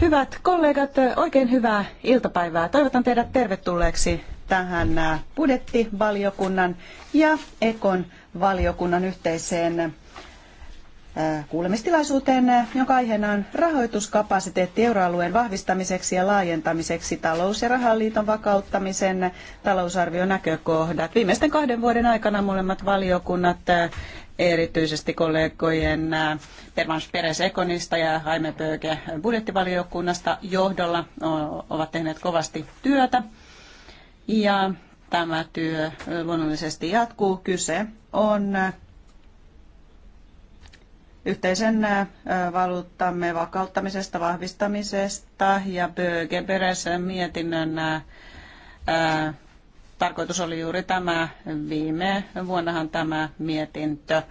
Hyvät kollegat, oikein hyvää iltapäivää. Toivotan teidät tervetulleeksi tähän äh, budjettivaliokunnan ja Ekon valiokunnan yhteiseen Äh, kuulemistilaisuuteen, äh, jonka aiheena on rahoituskapasiteetti euroalueen vahvistamiseksi ja laajentamiseksi talous- ja rahaliiton vakauttamisen talousarvionäkökohdat. Viimeisten kahden vuoden aikana molemmat valiokunnat äh, erityisesti kollegojen Pervans Peres Ekonista ja Jaime Pööke budjettivaliokunnasta johdolla ovat tehneet kovasti työtä. Ja tämä työ luonnollisesti jatkuu. Kyse on yhteisen valuuttamme vakauttamisesta, vahvistamisesta ja Bögeberesen mietinnön tarkoitus oli juuri tämä. Viime vuonnahan tämä mietintö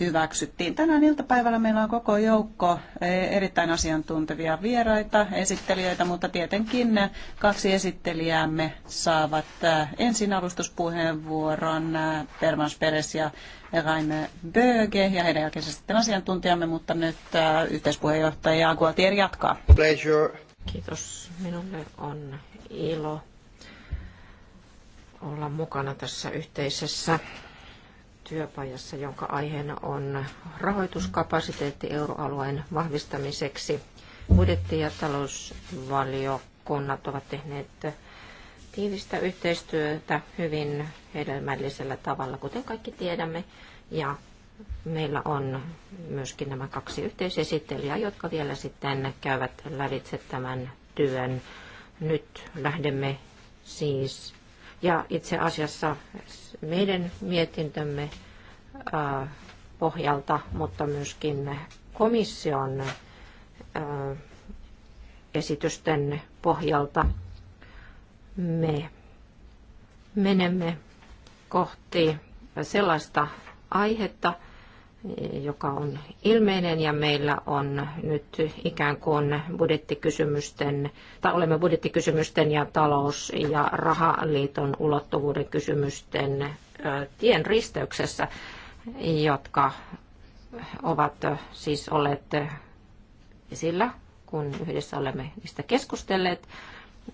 hyväksyttiin. Tänään iltapäivällä meillä on koko joukko eh, erittäin asiantuntevia vieraita, esittelijöitä, mutta tietenkin kaksi esittelijäämme saavat eh, ensin alustuspuheenvuoron eh, Permans Peres ja Raime Böge ja heidän jälkeensä sitten asiantuntijamme, mutta nyt yhteispuheenjohtaja Gualtier jatkaa. Pleasure. Kiitos. Minulle on ilo olla mukana tässä yhteisessä työpajassa, jonka aiheena on rahoituskapasiteetti euroalueen vahvistamiseksi. Budjetti- ja talousvaliokunnat ovat tehneet tiivistä yhteistyötä hyvin hedelmällisellä tavalla, kuten kaikki tiedämme. Ja meillä on myöskin nämä kaksi yhteisesittelijää, jotka vielä sitten käyvät lävitse tämän työn. Nyt lähdemme siis ja itse asiassa meidän mietintömme pohjalta, mutta myöskin komission esitysten pohjalta me menemme kohti sellaista aihetta, joka on ilmeinen ja meillä on nyt ikään kuin budjettikysymysten, tai olemme budjettikysymysten ja talous- ja rahaliiton ulottuvuuden kysymysten tien risteyksessä, jotka ovat siis olleet esillä, kun yhdessä olemme niistä keskustelleet,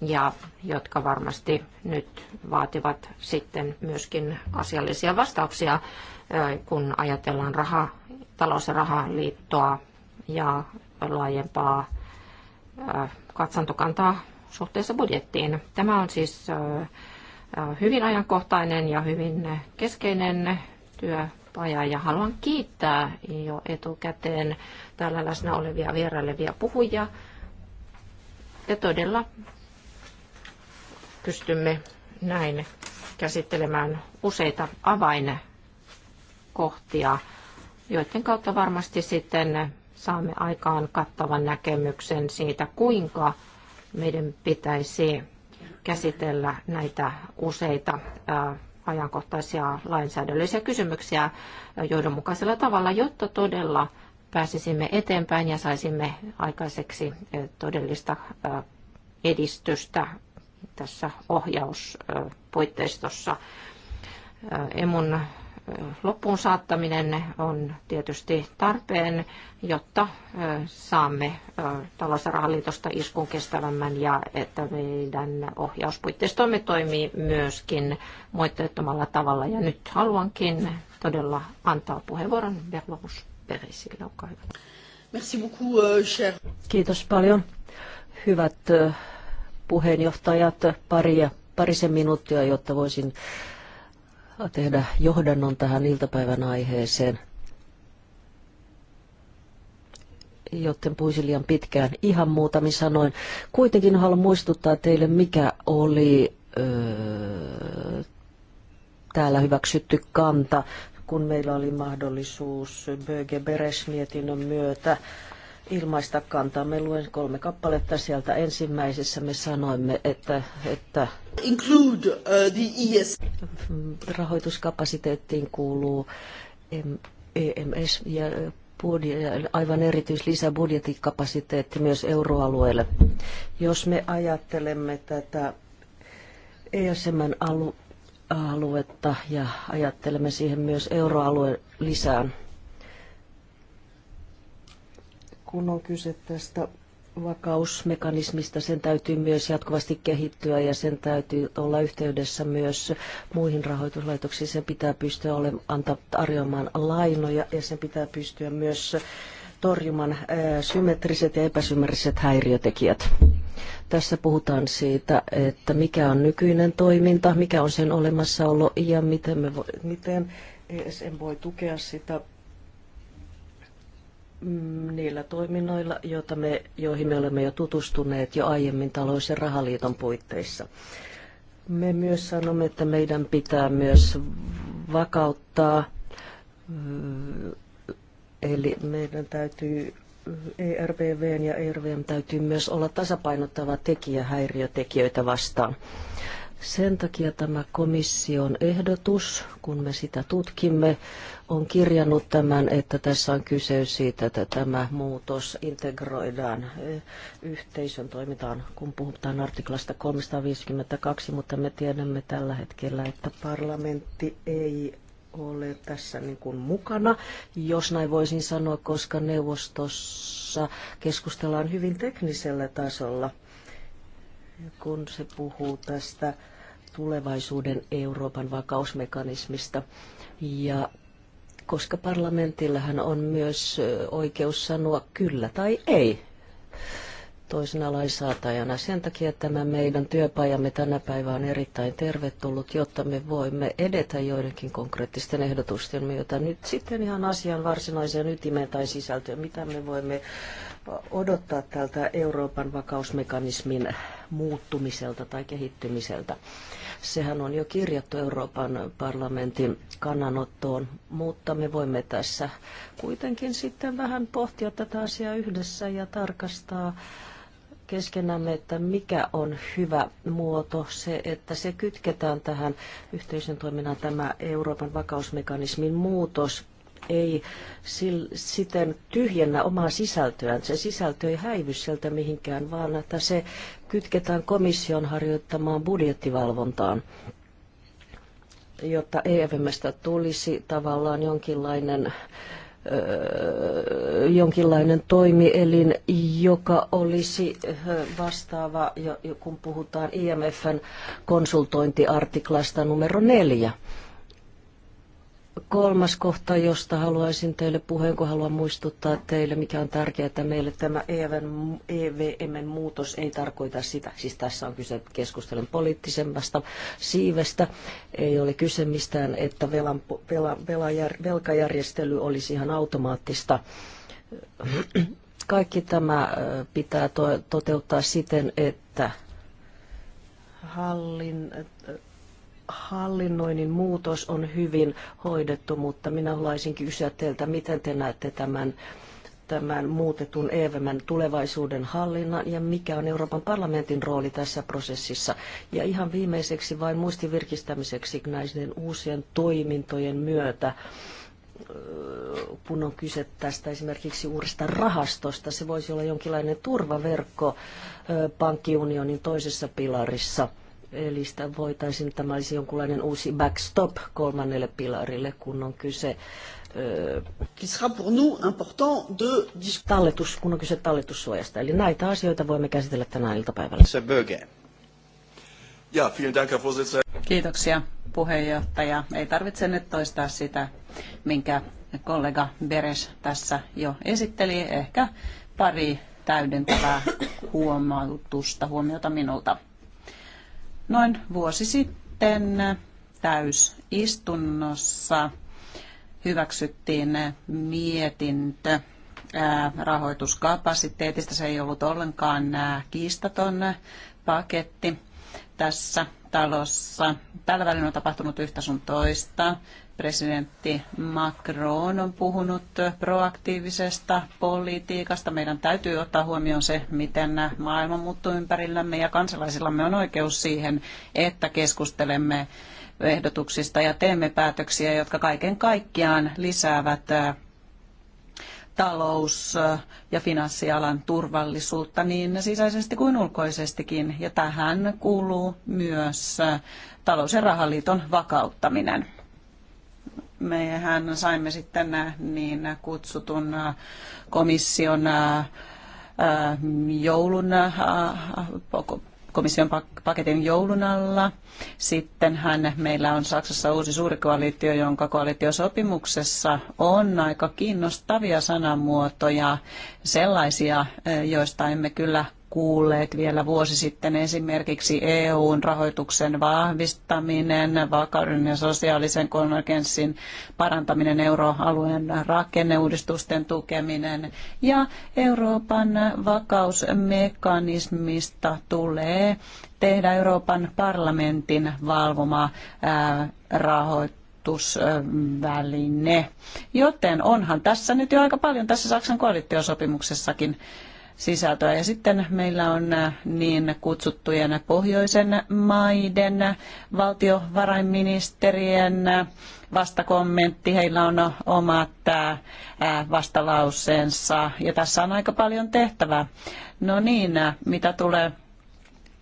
ja jotka varmasti nyt vaativat sitten myöskin asiallisia vastauksia kun ajatellaan raha, talous- ja rahaliittoa ja laajempaa katsantokantaa suhteessa budjettiin. Tämä on siis hyvin ajankohtainen ja hyvin keskeinen työpaja ja haluan kiittää jo etukäteen täällä läsnä olevia vierailevia puhujia. Ja todella pystymme näin käsittelemään useita avainaiheita kohtia, joiden kautta varmasti sitten saamme aikaan kattavan näkemyksen siitä, kuinka meidän pitäisi käsitellä näitä useita ajankohtaisia lainsäädännöllisiä kysymyksiä johdonmukaisella tavalla, jotta todella pääsisimme eteenpäin ja saisimme aikaiseksi todellista edistystä tässä ohjauspuitteistossa. Emun loppuun saattaminen on tietysti tarpeen, jotta saamme talous- ja iskun kestävämmän ja että meidän ohjauspuitteistoimme toimii myöskin moitteettomalla tavalla. Ja nyt haluankin todella antaa puheenvuoron Berlovus Perisille. Olkaa hyvä. Merci beaucoup, euh, cher. Kiitos paljon. Hyvät puheenjohtajat, pari ja parisen minuuttia, jotta voisin tehdä johdannon tähän iltapäivän aiheeseen, joten puisi liian pitkään ihan muutamin sanoin. Kuitenkin haluan muistuttaa teille, mikä oli öö, täällä hyväksytty kanta, kun meillä oli mahdollisuus Böge Beres-mietinnön myötä ilmaista kantaa. Me luen kolme kappaletta sieltä. Ensimmäisessä me sanoimme, että, että Include, uh, the ES. rahoituskapasiteettiin kuuluu EMS ja aivan erityislisä budjetikapasiteetti myös euroalueelle. Jos me ajattelemme tätä ESMn alu, aluetta ja ajattelemme siihen myös euroalueen lisään kun on kyse tästä vakausmekanismista, sen täytyy myös jatkuvasti kehittyä ja sen täytyy olla yhteydessä myös muihin rahoituslaitoksiin. Sen pitää pystyä ole, antaa, tarjoamaan lainoja ja sen pitää pystyä myös torjumaan symmetriset ja epäsymmetriset häiriötekijät. Tässä puhutaan siitä, että mikä on nykyinen toiminta, mikä on sen olemassaolo ja miten, me vo, miten ESM voi tukea sitä niillä toiminnoilla, joita me, joihin me olemme jo tutustuneet jo aiemmin talous- ja rahaliiton puitteissa. Me myös sanomme, että meidän pitää myös vakauttaa, mm, eli meidän täytyy ERVV ja ERVM täytyy myös olla tasapainottava tekijä häiriötekijöitä vastaan. Sen takia tämä komission ehdotus, kun me sitä tutkimme, on kirjannut tämän, että tässä on kyse siitä, että tämä muutos integroidaan yhteisön toimintaan, kun puhutaan artiklasta 352, mutta me tiedämme tällä hetkellä, että parlamentti ei ole tässä niin kuin mukana, jos näin voisin sanoa, koska neuvostossa keskustellaan hyvin teknisellä tasolla, kun se puhuu tästä tulevaisuuden Euroopan vakausmekanismista. Ja koska parlamentillahan on myös oikeus sanoa kyllä tai ei toisena lainsaatajana. Sen takia tämä meidän työpajamme tänä päivänä on erittäin tervetullut, jotta me voimme edetä joidenkin konkreettisten ehdotusten myötä. Nyt sitten ihan asian varsinaiseen ytimeen tai sisältöön, mitä me voimme odottaa tältä Euroopan vakausmekanismin muuttumiselta tai kehittymiseltä. Sehän on jo kirjattu Euroopan parlamentin kannanottoon, mutta me voimme tässä kuitenkin sitten vähän pohtia tätä asiaa yhdessä ja tarkastaa keskenämme, että mikä on hyvä muoto, se, että se kytketään tähän yhteisön toiminnan tämä Euroopan vakausmekanismin muutos ei siten tyhjennä omaa sisältöään. Se sisältö ei häivy sieltä mihinkään, vaan että se kytketään komission harjoittamaan budjettivalvontaan jotta EFMstä tulisi tavallaan jonkinlainen öö, jonkinlainen toimielin, joka olisi öö, vastaava, kun puhutaan IMFn konsultointiartiklasta numero neljä. Kolmas kohta, josta haluaisin teille puheen, kun haluan muistuttaa teille, mikä on tärkeää, että meille tämä EVMn e muutos ei tarkoita sitä. Siis tässä on kyse keskustelun poliittisemmasta siivestä. Ei ole kyse mistään, että velan, vela, velkajärjestely olisi ihan automaattista. Kaikki tämä pitää to, toteuttaa siten, että hallin, hallinnoinnin muutos on hyvin hoidettu, mutta minä haluaisin kysyä teiltä, miten te näette tämän tämän muutetun EVMn tulevaisuuden hallinnan ja mikä on Euroopan parlamentin rooli tässä prosessissa. Ja ihan viimeiseksi vain muistivirkistämiseksi näiden uusien toimintojen myötä, kun on kyse tästä esimerkiksi uudesta rahastosta, se voisi olla jonkinlainen turvaverkko pankkiunionin toisessa pilarissa – Eli sitä voitaisiin, tämä olisi jonkunlainen uusi backstop kolmannelle pilarille, kun on kyse qui sera pour nous important de talletus, kun on kyse talletussuojasta. Eli näitä asioita voimme käsitellä tänään iltapäivällä. Ja, Dank, Kiitoksia puheenjohtaja. Ei tarvitse nyt toistaa sitä, minkä kollega Beres tässä jo esitteli. Ehkä pari täydentävää huomautusta huomiota minulta noin vuosi sitten täysistunnossa hyväksyttiin mietintö rahoituskapasiteetista. Se ei ollut ollenkaan kiistaton paketti tässä talossa. Tällä välin on tapahtunut yhtä sun toista presidentti Macron on puhunut proaktiivisesta politiikasta. Meidän täytyy ottaa huomioon se, miten maailma muuttuu ympärillämme ja kansalaisillamme on oikeus siihen, että keskustelemme ehdotuksista ja teemme päätöksiä, jotka kaiken kaikkiaan lisäävät äh, talous- ja finanssialan turvallisuutta niin sisäisesti kuin ulkoisestikin. Ja tähän kuuluu myös äh, talous- ja rahaliiton vakauttaminen mehän saimme sitten äh, niin kutsutun äh, komission äh, joulun, komission paketin joulun alla. Sittenhän meillä on Saksassa uusi suuri koalitio, jonka koalitiosopimuksessa on aika kiinnostavia sanamuotoja, sellaisia, joista emme kyllä kuulleet vielä vuosi sitten esimerkiksi EUn rahoituksen vahvistaminen, vakauden ja sosiaalisen konvergenssin parantaminen, euroalueen rakenneuudistusten tukeminen ja Euroopan vakausmekanismista tulee tehdä Euroopan parlamentin valvoma rahoitus rahoitusväline. Joten onhan tässä nyt jo aika paljon tässä Saksan koalitiosopimuksessakin sisältöä. Ja sitten meillä on äh, niin kutsuttujen pohjoisen maiden valtiovarainministerien äh, vastakommentti. Heillä on äh, omat vastalauseensa ja tässä on aika paljon tehtävää. No niin, mitä tulee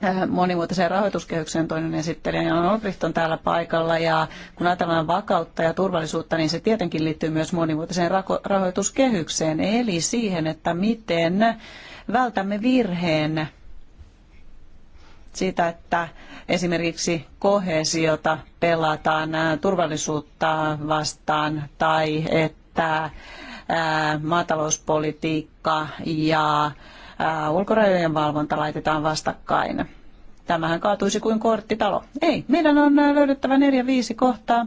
Äh, monimuotoiseen rahoituskehykseen toinen esittelijä Jan Olbricht on täällä paikalla ja kun ajatellaan vakautta ja turvallisuutta, niin se tietenkin liittyy myös monimuotoiseen rahoituskehykseen, eli siihen, että miten vältämme virheen siitä, että esimerkiksi kohesiota pelataan äh, turvallisuutta vastaan tai että äh, maatalouspolitiikka ja ulkorajojen valvonta laitetaan vastakkain. Tämähän kaatuisi kuin korttitalo. Ei, meidän on löydettävä neljä viisi kohtaa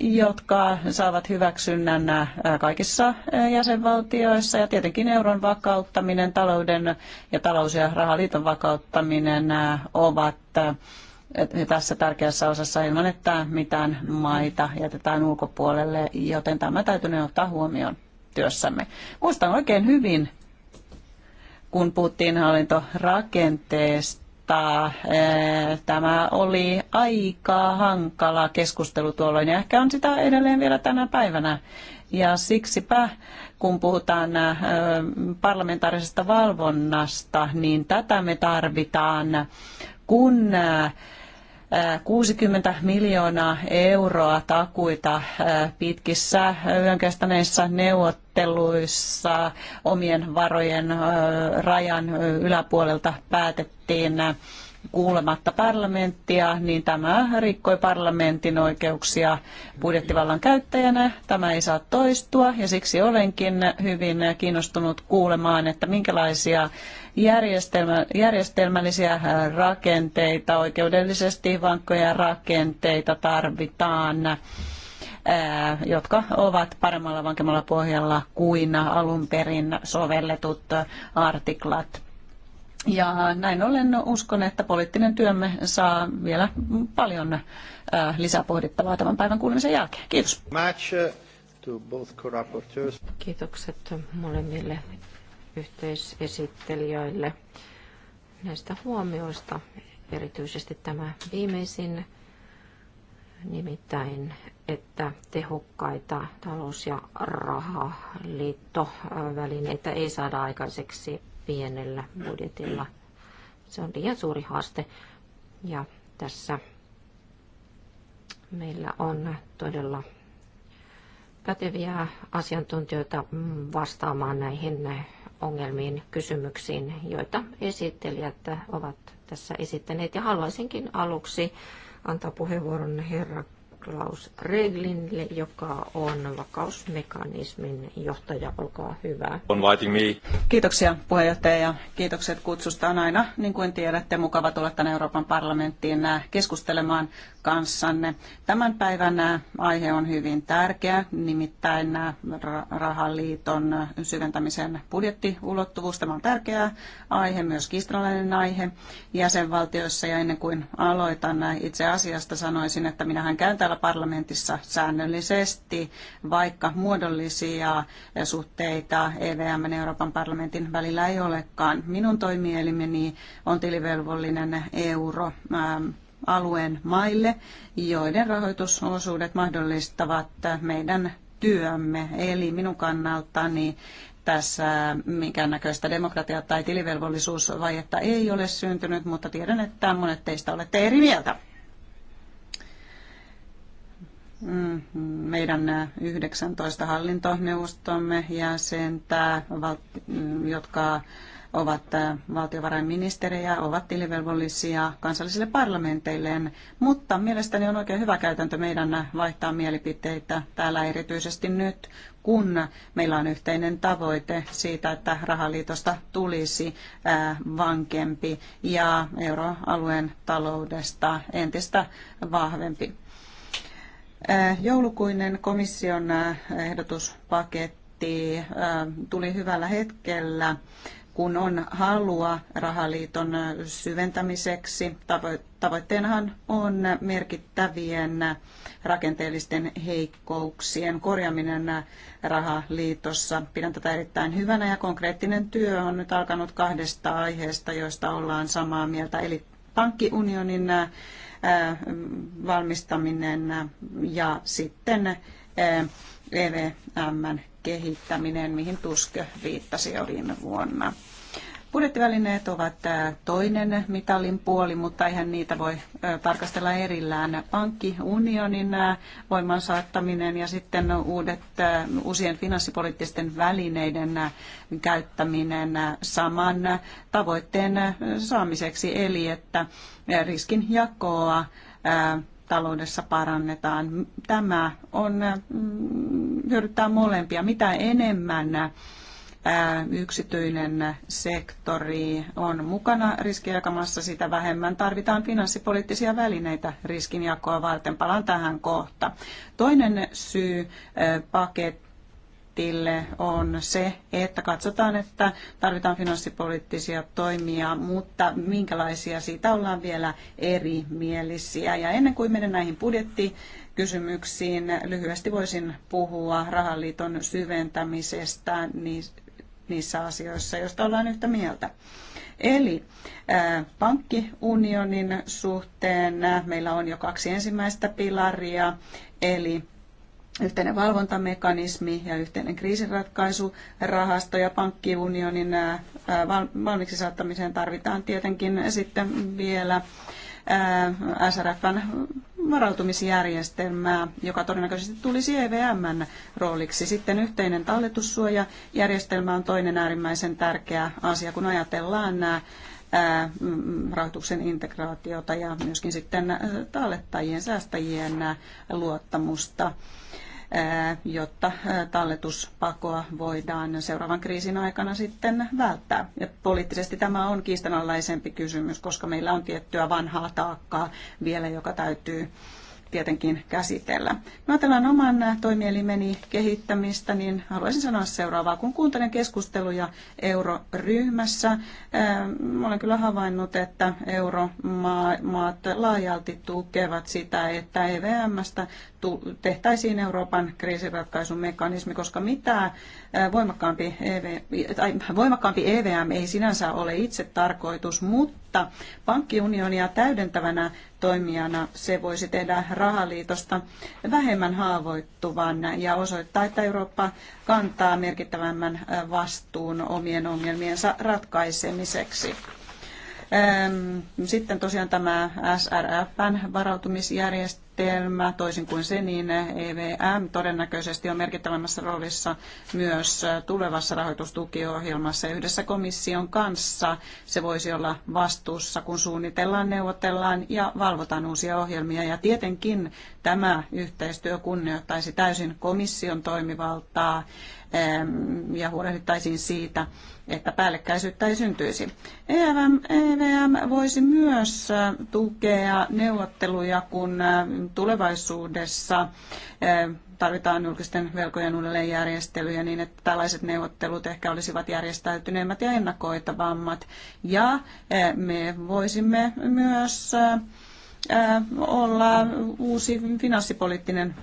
jotka saavat hyväksynnän kaikissa jäsenvaltioissa ja tietenkin euron vakauttaminen, talouden ja talous- ja rahaliiton vakauttaminen ovat tässä tärkeässä osassa ilman, että mitään maita jätetään ulkopuolelle, joten tämä täytyy ottaa huomioon työssämme. Muistan oikein hyvin kun puhuttiin hallintorakenteesta. Eh, tämä oli aika hankala keskustelu tuolloin ja ehkä on sitä edelleen vielä tänä päivänä. Ja siksipä, kun puhutaan eh, parlamentaarisesta valvonnasta, niin tätä me tarvitaan, kun eh, 60 miljoonaa euroa takuita äh, pitkissä äh, yönkestäneissä neuvotteluissa omien varojen äh, rajan yläpuolelta päätettiin kuulematta parlamenttia, niin tämä rikkoi parlamentin oikeuksia budjettivallan käyttäjänä. Tämä ei saa toistua ja siksi olenkin hyvin kiinnostunut kuulemaan, että minkälaisia järjestelmä, järjestelmällisiä rakenteita, oikeudellisesti vankkoja rakenteita tarvitaan jotka ovat paremmalla vankemmalla pohjalla kuin alun perin sovelletut artiklat. Ja näin ollen uskon, että poliittinen työmme saa vielä paljon äh, pohdittavaa tämän päivän kuulemisen jälkeen. Kiitos. Äh, Kiitokset molemmille yhteisesittelijöille näistä huomioista. Erityisesti tämä viimeisin nimittäin, että tehokkaita talous- ja rahaliittovälineitä ei saada aikaiseksi pienellä budjetilla. Se on liian suuri haaste. Ja tässä meillä on todella päteviä asiantuntijoita vastaamaan näihin ongelmiin, kysymyksiin, joita esittelijät ovat tässä esittäneet. Ja haluaisinkin aluksi antaa puheenvuoron herra Klaus Reglinille, joka on vakausmekanismin johtaja. Olkaa hyvä. Kiitoksia puheenjohtaja ja kiitokset kutsusta. On aina, niin kuin tiedätte, mukava tulla tänne Euroopan parlamenttiin äh, keskustelemaan kanssanne. Tämän päivän äh, aihe on hyvin tärkeä, nimittäin äh, rahaliiton syventämisen budjettiulottuvuus. Tämä on tärkeä aihe, myös kiistalainen aihe jäsenvaltioissa. Ja ennen kuin aloitan itse asiasta, sanoisin, että minähän käyn täällä täällä parlamentissa säännöllisesti, vaikka muodollisia suhteita EVM ja Euroopan parlamentin välillä ei olekaan. Minun toimielimeni on tilivelvollinen euro alueen maille, joiden rahoitusosuudet mahdollistavat meidän työmme. Eli minun kannaltani tässä minkäännäköistä demokratia- tai tilivelvollisuusvajetta ei ole syntynyt, mutta tiedän, että monet teistä olette eri mieltä. Mm-hmm. meidän 19 hallintoneuvostomme jäsentä, mm, jotka ovat valtiovarainministeriä, ovat tilivelvollisia kansallisille parlamenteilleen, mutta mielestäni on oikein hyvä käytäntö meidän vaihtaa mielipiteitä täällä erityisesti nyt, kun meillä on yhteinen tavoite siitä, että rahaliitosta tulisi vankempi ja euroalueen taloudesta entistä vahvempi. Äh, joulukuinen komission äh, ehdotuspaketti äh, tuli hyvällä hetkellä, kun on halua rahaliiton syventämiseksi. Tavoitteenahan on merkittävien rakenteellisten heikkouksien korjaaminen rahaliitossa. Pidän tätä erittäin hyvänä ja konkreettinen työ on nyt alkanut kahdesta aiheesta, joista ollaan samaa mieltä, eli pankkiunionin valmistaminen ja sitten EVMn kehittäminen, mihin Tusk viittasi jo viime vuonna. Budjettivälineet ovat toinen mitalin puoli, mutta eihän niitä voi tarkastella erillään. Pankkiunionin voiman saattaminen ja sitten uudet, uusien finanssipoliittisten välineiden käyttäminen saman tavoitteen saamiseksi, eli että riskin jakoa taloudessa parannetaan. Tämä on, mm, hyödyttää molempia. Mitä enemmän yksityinen sektori on mukana riskijakamassa, sitä vähemmän tarvitaan finanssipoliittisia välineitä riskinjakoa varten. Palaan tähän kohta. Toinen syy paketille on se, että katsotaan, että tarvitaan finanssipoliittisia toimia, mutta minkälaisia siitä ollaan vielä erimielisiä. Ja ennen kuin menen näihin budjettiin, kysymyksiin. Lyhyesti voisin puhua rahaliiton syventämisestä, niin niissä asioissa, joista ollaan yhtä mieltä. Eli pankkiunionin suhteen meillä on jo kaksi ensimmäistä pilaria, eli yhteinen valvontamekanismi ja yhteinen kriisinratkaisurahasto ja pankkiunionin valmiiksi saattamiseen tarvitaan tietenkin sitten vielä SRFn varautumisjärjestelmää, joka todennäköisesti tulisi EVMn rooliksi. Sitten yhteinen talletussuojajärjestelmä on toinen äärimmäisen tärkeä asia, kun ajatellaan nämä mm, rahoituksen integraatiota ja myöskin sitten tallettajien, säästäjien luottamusta jotta talletuspakoa voidaan seuraavan kriisin aikana sitten välttää. Ja poliittisesti tämä on kiistanalaisempi kysymys, koska meillä on tiettyä vanhaa taakkaa vielä, joka täytyy tietenkin käsitellä. Me ajatellaan oman toimielimeni kehittämistä, niin haluaisin sanoa seuraavaa. Kun kuuntelen keskusteluja euroryhmässä, eh, olen kyllä havainnut, että euromaat laajalti tukevat sitä, että EVMstä tehtäisiin Euroopan kriisiratkaisun mekanismi, koska mitä eh, voimakkaampi, EV, tai voimakkaampi EVM ei sinänsä ole itse tarkoitus, mutta mutta pankkiunionia täydentävänä toimijana se voisi tehdä rahaliitosta vähemmän haavoittuvan ja osoittaa, että Eurooppa kantaa merkittävämmän vastuun omien ongelmiensa ratkaisemiseksi. Sitten tosiaan tämä SRFn varautumisjärjestelmä järjestelmä, toisin kuin se, niin EVM todennäköisesti on merkittävämmässä roolissa myös tulevassa rahoitustukiohjelmassa yhdessä komission kanssa. Se voisi olla vastuussa, kun suunnitellaan, neuvotellaan ja valvotaan uusia ohjelmia. Ja tietenkin tämä yhteistyö kunnioittaisi täysin komission toimivaltaa ja huolehdittaisiin siitä, että päällekkäisyyttä ei syntyisi. EVM, EVM voisi myös äh, tukea neuvotteluja, kun äh, tulevaisuudessa äh, tarvitaan julkisten velkojen uudelleenjärjestelyjä niin, että tällaiset neuvottelut ehkä olisivat järjestäytyneemmät ja ennakoitavammat. Ja me voisimme myös olla uusi finanssipoliittinen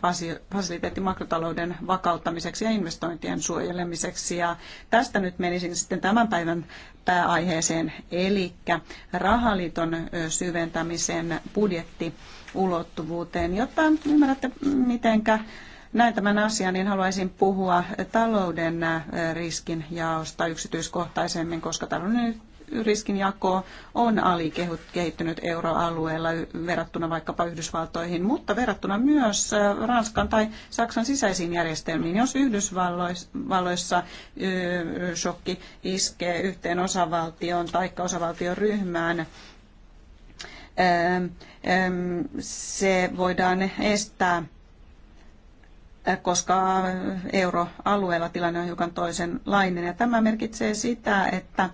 fasiliteetti makrotalouden vakauttamiseksi ja investointien suojelemiseksi. Ja tästä nyt menisin sitten tämän päivän pääaiheeseen, eli rahaliiton syventämisen budjettiulottuvuuteen, jotta ymmärrätte mitenkä näin tämän asian, niin haluaisin puhua talouden riskin jaosta yksityiskohtaisemmin, koska talouden riskinjako on alikehittynyt euroalueella verrattuna vaikkapa Yhdysvaltoihin, mutta verrattuna myös Ranskan tai Saksan sisäisiin järjestelmiin. Jos Yhdysvalloissa shokki iskee yhteen osavaltioon tai osavaltion ryhmään, se voidaan estää koska euroalueella tilanne on hiukan toisenlainen. Ja tämä merkitsee sitä, että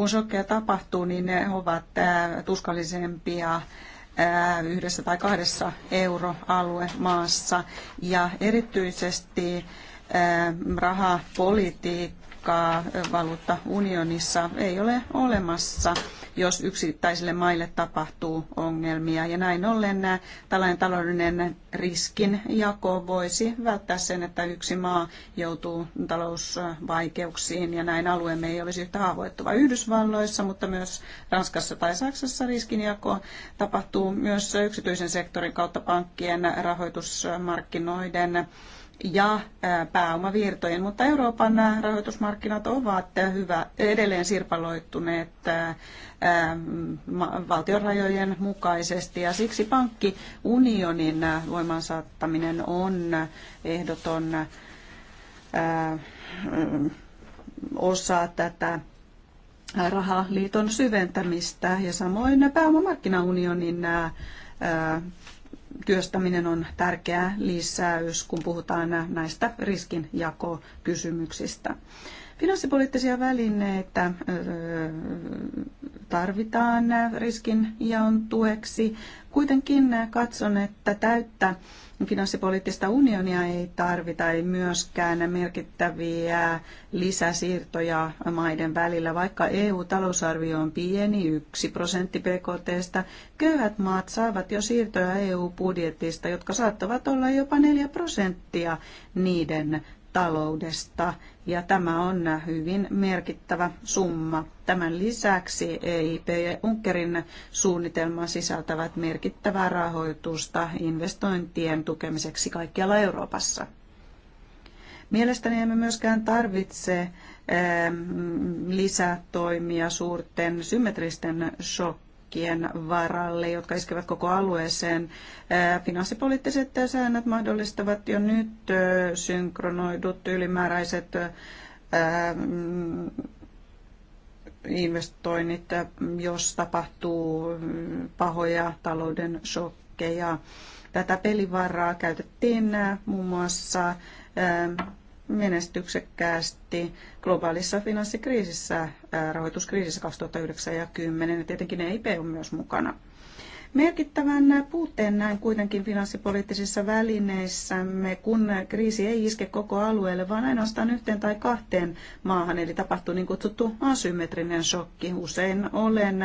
kun shokkeja tapahtuu, niin ne ovat äh, tuskallisempia äh, yhdessä tai kahdessa euroaluemaassa. Ja erityisesti äh, rahapolitiikka tarkkaa valuuttaunionissa ei ole olemassa, jos yksittäisille maille tapahtuu ongelmia. Ja näin ollen tällainen taloudellinen riskinjako voisi välttää sen, että yksi maa joutuu talousvaikeuksiin ja näin alueemme ei olisi yhtä haavoittuva. Yhdysvalloissa, mutta myös Ranskassa tai Saksassa riskinjako tapahtuu myös yksityisen sektorin kautta pankkien rahoitusmarkkinoiden ja pääomavirtojen, mutta Euroopan rahoitusmarkkinat ovat hyvä, edelleen sirpaloittuneet valtionrajojen mukaisesti ja siksi pankkiunionin voimansaattaminen on ehdoton osa tätä rahaliiton syventämistä ja samoin pääomamarkkinaunionin työstäminen on tärkeä lisäys, kun puhutaan näistä riskinjakokysymyksistä. Finanssipoliittisia välineitä tarvitaan riskin jaon tueksi. Kuitenkin katson, että täyttä finanssipoliittista unionia ei tarvita, ei myöskään merkittäviä lisäsiirtoja maiden välillä. Vaikka EU-talousarvio on pieni, yksi prosentti BKTstä, köyhät maat saavat jo siirtoja EU-budjetista, jotka saattavat olla jopa neljä prosenttia niiden taloudesta ja tämä on hyvin merkittävä summa. Tämän lisäksi EIP ja Unkerin suunnitelma sisältävät merkittävää rahoitusta investointien tukemiseksi kaikkialla Euroopassa. Mielestäni emme myöskään tarvitse lisätoimia suurten symmetristen shokkien pankkien varalle, jotka iskevät koko alueeseen. Finanssipoliittiset säännöt mahdollistavat jo nyt synkronoidut ylimääräiset mm, investoinnit, jos tapahtuu pahoja talouden shokkeja. Tätä pelivaraa käytettiin muun muassa menestyksekkäästi globaalissa finanssikriisissä, rahoituskriisissä 2009 ja 2010, ja tietenkin EIP on myös mukana. Merkittävän puutteen näin kuitenkin finanssipoliittisissa välineissämme, kun kriisi ei iske koko alueelle, vaan ainoastaan yhteen tai kahteen maahan, eli tapahtuu niin kutsuttu asymmetrinen shokki. Usein olen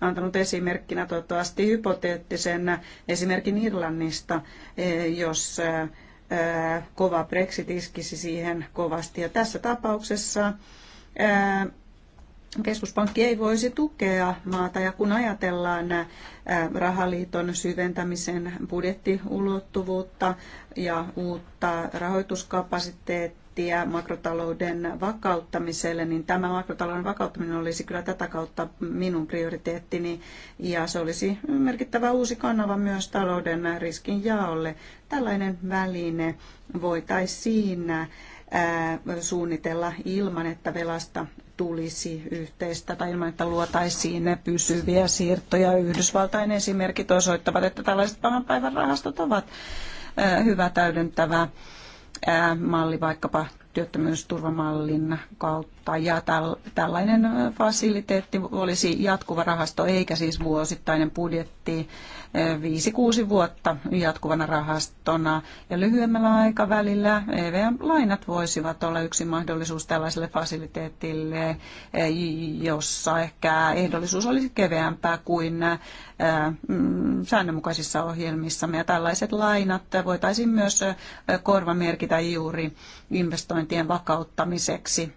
antanut esimerkkinä toivottavasti hypoteettisen esimerkin Irlannista, eh, jos eh, kova Brexit iskisi siihen kovasti. Ja tässä tapauksessa keskuspankki ei voisi tukea maata ja kun ajatellaan rahaliiton syventämisen budjettiulottuvuutta ja uutta rahoituskapasiteettia, budjettia makrotalouden vakauttamiselle, niin tämä makrotalouden vakauttaminen olisi kyllä tätä kautta minun prioriteettini ja se olisi merkittävä uusi kanava myös talouden riskin jaolle. Tällainen väline voitaisiin suunnitella ilman, että velasta tulisi yhteistä tai ilman, että luotaisiin ne pysyviä siirtoja. Yhdysvaltain esimerkit osoittavat, että tällaiset pahan päivän rahastot ovat hyvä täydentävä malli vaikkapa työttömyysturvamallin kautta tai ja tällainen fasiliteetti olisi jatkuva rahasto eikä siis vuosittainen budjetti 5-6 eh, vuotta jatkuvana rahastona. Ja lyhyemmällä aikavälillä EVM-lainat voisivat olla yksi mahdollisuus tällaiselle fasiliteetille, eh, jossa ehkä ehdollisuus olisi keveämpää kuin eh, mm, säännönmukaisissa ohjelmissa. Ja tällaiset lainat voitaisiin myös korvamerkitä juuri investointien vakauttamiseksi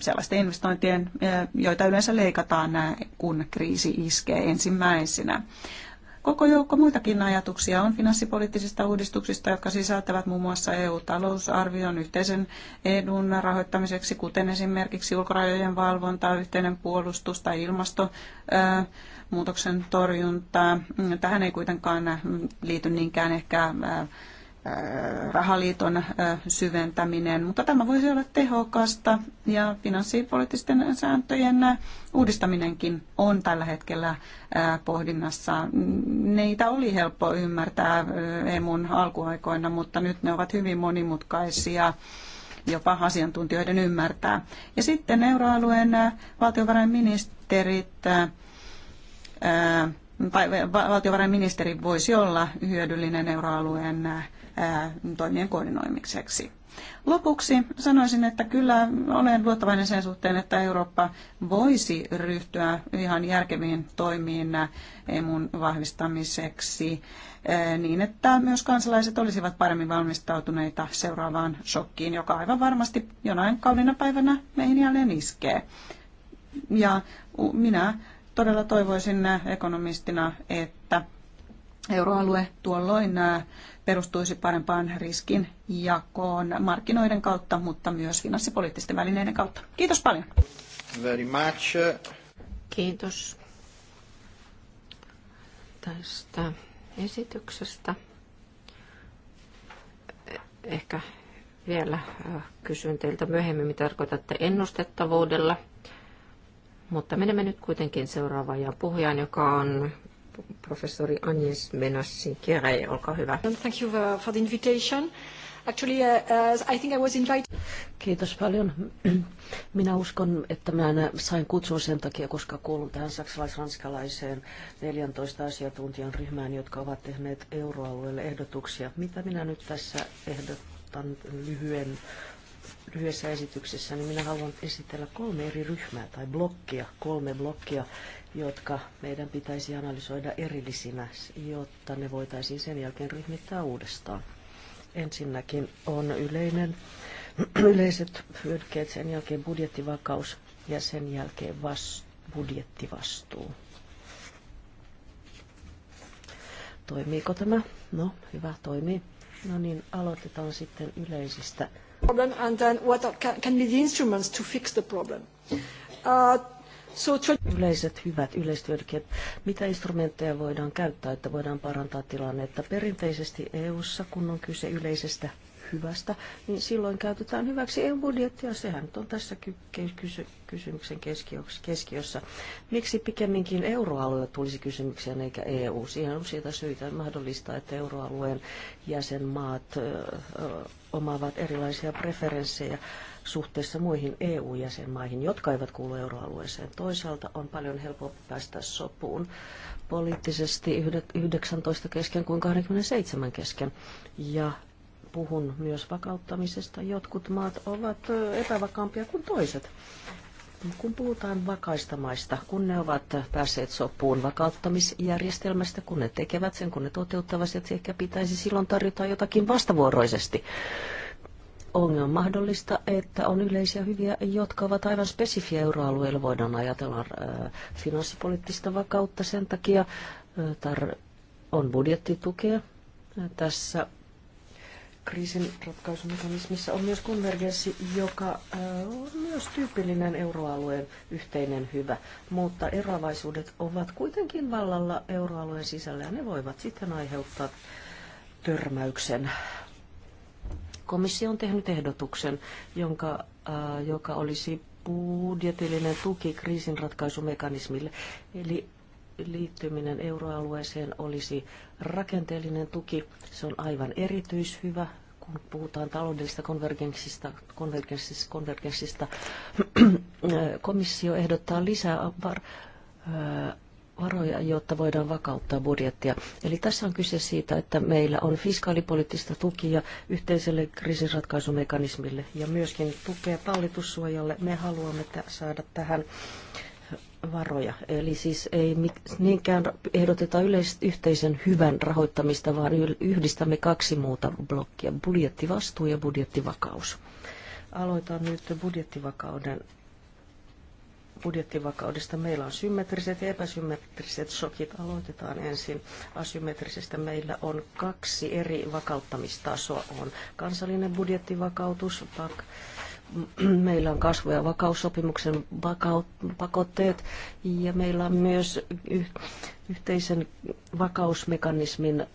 sellaisten investointien, joita yleensä leikataan, kun kriisi iskee ensimmäisenä. Koko joukko muitakin ajatuksia on finanssipoliittisista uudistuksista, jotka sisältävät muun muassa EU-talousarvion yhteisen edun rahoittamiseksi, kuten esimerkiksi ulkorajojen valvontaa, yhteinen puolustus tai ilmastonmuutoksen torjuntaa. Tähän ei kuitenkaan liity niinkään ehkä rahaliiton syventäminen, mutta tämä voisi olla tehokasta ja finanssipoliittisten sääntöjen uudistaminenkin on tällä hetkellä pohdinnassa. Neitä oli helppo ymmärtää EMUn alkuaikoina, mutta nyt ne ovat hyvin monimutkaisia jopa asiantuntijoiden ymmärtää. Ja sitten euroalueen valtiovarainministerit tai valtiovarainministeri voisi olla hyödyllinen euroalueen toimien koordinoimiseksi. Lopuksi sanoisin, että kyllä olen luottavainen sen suhteen, että Eurooppa voisi ryhtyä ihan järkeviin toimiin emun vahvistamiseksi niin, että myös kansalaiset olisivat paremmin valmistautuneita seuraavaan shokkiin, joka aivan varmasti jonain kauniina päivänä meihin jälleen iskee. Ja minä todella toivoisin ekonomistina, että euroalue tuolloin perustuisi parempaan riskin jakoon markkinoiden kautta, mutta myös finanssipoliittisten välineiden kautta. Kiitos paljon. Very much. Kiitos tästä esityksestä. Ehkä vielä kysyn teiltä myöhemmin, mitä tarkoitatte ennustettavuudella. Mutta menemme nyt kuitenkin seuraavaan puhujaan, joka on professori Agnes Menassi Kerei, olkaa hyvä. Thank you uh, for the invitation. Actually, uh, I think I was invited. Kiitos paljon. Minä uskon, että minä äh, sain kutsun sen takia, koska kuulun tähän saksalais-ranskalaiseen 14 asiantuntijan ryhmään, jotka ovat tehneet euroalueelle ehdotuksia. Mitä minä nyt tässä ehdotan lyhyen lyhyessä esityksessä, niin minä haluan esitellä kolme eri ryhmää tai blokkia, kolme blokkia, jotka meidän pitäisi analysoida erillisinä, jotta ne voitaisiin sen jälkeen ryhmittää uudestaan. Ensinnäkin on yleinen, yleiset hyödykkeet, sen jälkeen budjettivakaus ja sen jälkeen vas, budjettivastuu. Toimiiko tämä? No, hyvä, toimii. No niin, aloitetaan sitten yleisistä. Problem and then what can, can be the instruments to fix the problem. Uh, Yleiset hyvät yleistyödykkeet. Mitä instrumentteja voidaan käyttää, että voidaan parantaa tilannetta? Perinteisesti EU:ssa, kun on kyse yleisestä hyvästä, niin silloin käytetään hyväksi EU-budjettia. Sehän nyt on tässä kysymyksen keskiössä. Miksi pikemminkin euroalue tulisi kysymykseen eikä EU? Siihen on useita syitä. Mahdollista, että euroalueen jäsenmaat ö, ö, omaavat erilaisia preferenssejä suhteessa muihin EU-jäsenmaihin, jotka eivät kuulu euroalueeseen. Toisaalta on paljon helpompi päästä sopuun poliittisesti 19 kesken kuin 27 kesken. Ja puhun myös vakauttamisesta. Jotkut maat ovat epävakaampia kuin toiset kun puhutaan vakaista maista, kun ne ovat päässeet sopuun vakauttamisjärjestelmästä, kun ne tekevät sen, kun ne toteuttavat sen, että ehkä pitäisi silloin tarjota jotakin vastavuoroisesti on mahdollista, että on yleisiä hyviä, jotka ovat aivan spesifiä euroalueilla. Voidaan ajatella äh, finanssipoliittista vakautta sen takia. Äh, tar- on budjettitukea tässä kriisin ratkaisumekanismissa on myös konvergenssi, joka äh, on myös tyypillinen euroalueen yhteinen hyvä, mutta eroavaisuudet ovat kuitenkin vallalla euroalueen sisällä ja ne voivat sitten aiheuttaa törmäyksen Komissio on tehnyt ehdotuksen, jonka, äh, joka olisi budjetillinen tuki kriisinratkaisumekanismille. Eli liittyminen euroalueeseen olisi rakenteellinen tuki. Se on aivan erityishyvä, kun puhutaan taloudellisesta konvergenssista, konvergenssista, konvergenssista. komissio ehdottaa lisää äh, varoja, jotta voidaan vakauttaa budjettia. Eli tässä on kyse siitä, että meillä on fiskaalipoliittista tukia yhteiselle kriisinratkaisumekanismille ja myöskin tukea pallitussuojalle. Me haluamme saada tähän varoja. Eli siis ei niinkään ehdoteta yhteisen hyvän rahoittamista, vaan yhdistämme kaksi muuta blokkia, budjettivastuu ja budjettivakaus. Aloitan nyt budjettivakauden budjettivakaudesta. Meillä on symmetriset ja epäsymmetriset shokit. Aloitetaan ensin asymmetrisestä. Meillä on kaksi eri vakauttamistasoa. On kansallinen budjettivakautus, PAK, meillä on kasvu- ja vakaussopimuksen vakaut- pakotteet ja meillä on myös yhteisen vakausmekanismin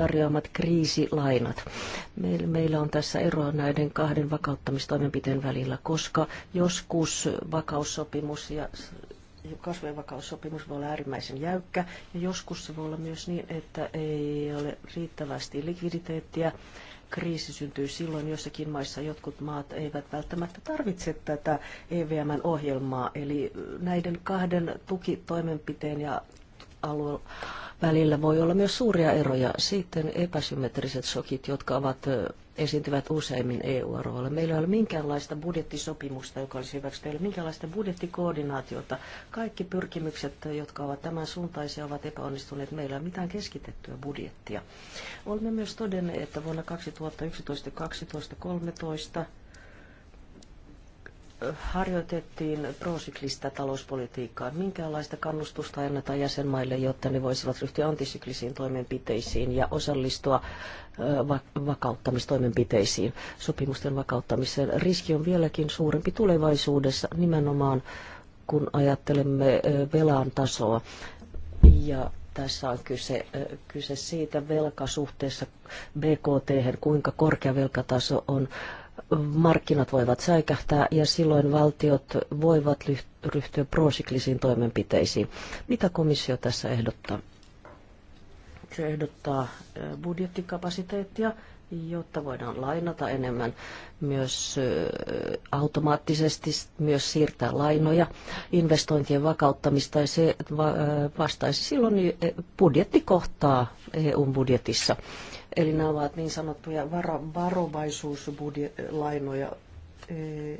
tarjoamat kriisilainat. Meillä, on tässä eroa näiden kahden vakauttamistoimenpiteen välillä, koska joskus vakaussopimus ja kasvojen vakaussopimus voi olla äärimmäisen jäykkä ja joskus se voi olla myös niin, että ei ole riittävästi likviditeettiä. Kriisi syntyy silloin jossakin maissa. Jotkut maat eivät välttämättä tarvitse tätä EVMn ohjelmaa. Eli näiden kahden tukitoimenpiteen ja alue, välillä voi olla myös suuria eroja. Sitten epäsymmetriset shokit, jotka ovat esiintyvät useimmin eu arvoilla Meillä ei ole minkäänlaista budjettisopimusta, joka olisi hyväksi. Meillä ei ole minkäänlaista budjettikoordinaatiota. Kaikki pyrkimykset, jotka ovat tämän suuntaisia, ovat epäonnistuneet. Meillä ei ole mitään keskitettyä budjettia. Olemme myös todenneet, että vuonna 2011, 2012, 2013 harjoitettiin prosyklistä talouspolitiikkaa. Minkälaista kannustusta annetaan jäsenmaille, jotta ne voisivat ryhtyä antisyklisiin toimenpiteisiin ja osallistua vakauttamistoimenpiteisiin, sopimusten vakauttamiseen? Riski on vieläkin suurempi tulevaisuudessa nimenomaan, kun ajattelemme velan tasoa. Ja tässä on kyse, kyse siitä velkasuhteessa BKT, kuinka korkea velkataso on markkinat voivat säikähtää ja silloin valtiot voivat ryhtyä prosyklisiin toimenpiteisiin. Mitä komissio tässä ehdottaa? Se ehdottaa budjettikapasiteettia, jotta voidaan lainata enemmän, myös automaattisesti myös siirtää lainoja, investointien vakauttamista ja se vastaisi silloin budjettikohtaa eu budjetissa. Eli nämä ovat niin sanottuja varovaisuusbudjelainoja varovaisuuslainoja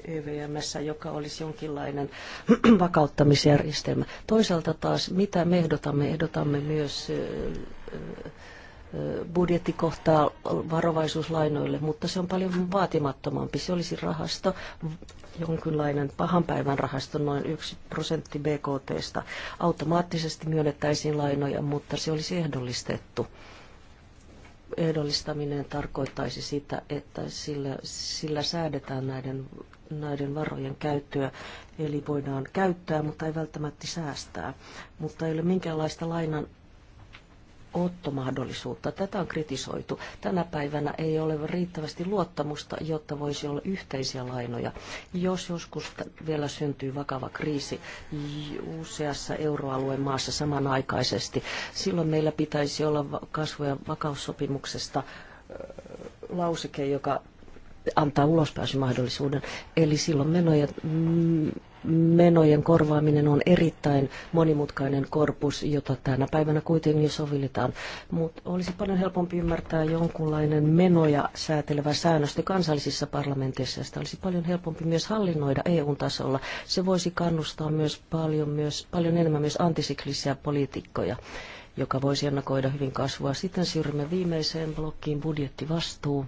EVMssä, e joka olisi jonkinlainen vakauttamisjärjestelmä. Toisaalta taas, mitä me ehdotamme? Ehdotamme myös e, e, budjettikohtaa varovaisuuslainoille, mutta se on paljon vaatimattomampi. Se olisi rahasto, jonkinlainen pahan päivän rahasto, noin 1 prosentti BKTstä. Automaattisesti myönnettäisiin lainoja, mutta se olisi ehdollistettu ehdollistaminen tarkoittaisi sitä, että sillä, sillä säädetään näiden, näiden varojen käyttöä, eli voidaan käyttää, mutta ei välttämättä säästää. Mutta ei ole minkäänlaista lainan ottomahdollisuutta. Tätä on kritisoitu. Tänä päivänä ei ole riittävästi luottamusta, jotta voisi olla yhteisiä lainoja. Jos joskus vielä syntyy vakava kriisi useassa euroalueen maassa samanaikaisesti, silloin meillä pitäisi olla kasvu- ja vakaussopimuksesta lauseke, joka antaa ulospääsymahdollisuuden. Eli silloin menoja, mm, menojen korvaaminen on erittäin monimutkainen korpus, jota tänä päivänä kuitenkin jo sovelletaan. Mutta olisi paljon helpompi ymmärtää jonkunlainen menoja säätelevä säännöstö kansallisissa parlamenteissa. Sitä olisi paljon helpompi myös hallinnoida EU-tasolla. Se voisi kannustaa myös paljon, myös, paljon enemmän myös antisiklisiä poliitikkoja joka voisi ennakoida hyvin kasvua. Sitten siirrymme viimeiseen blokkiin budjettivastuu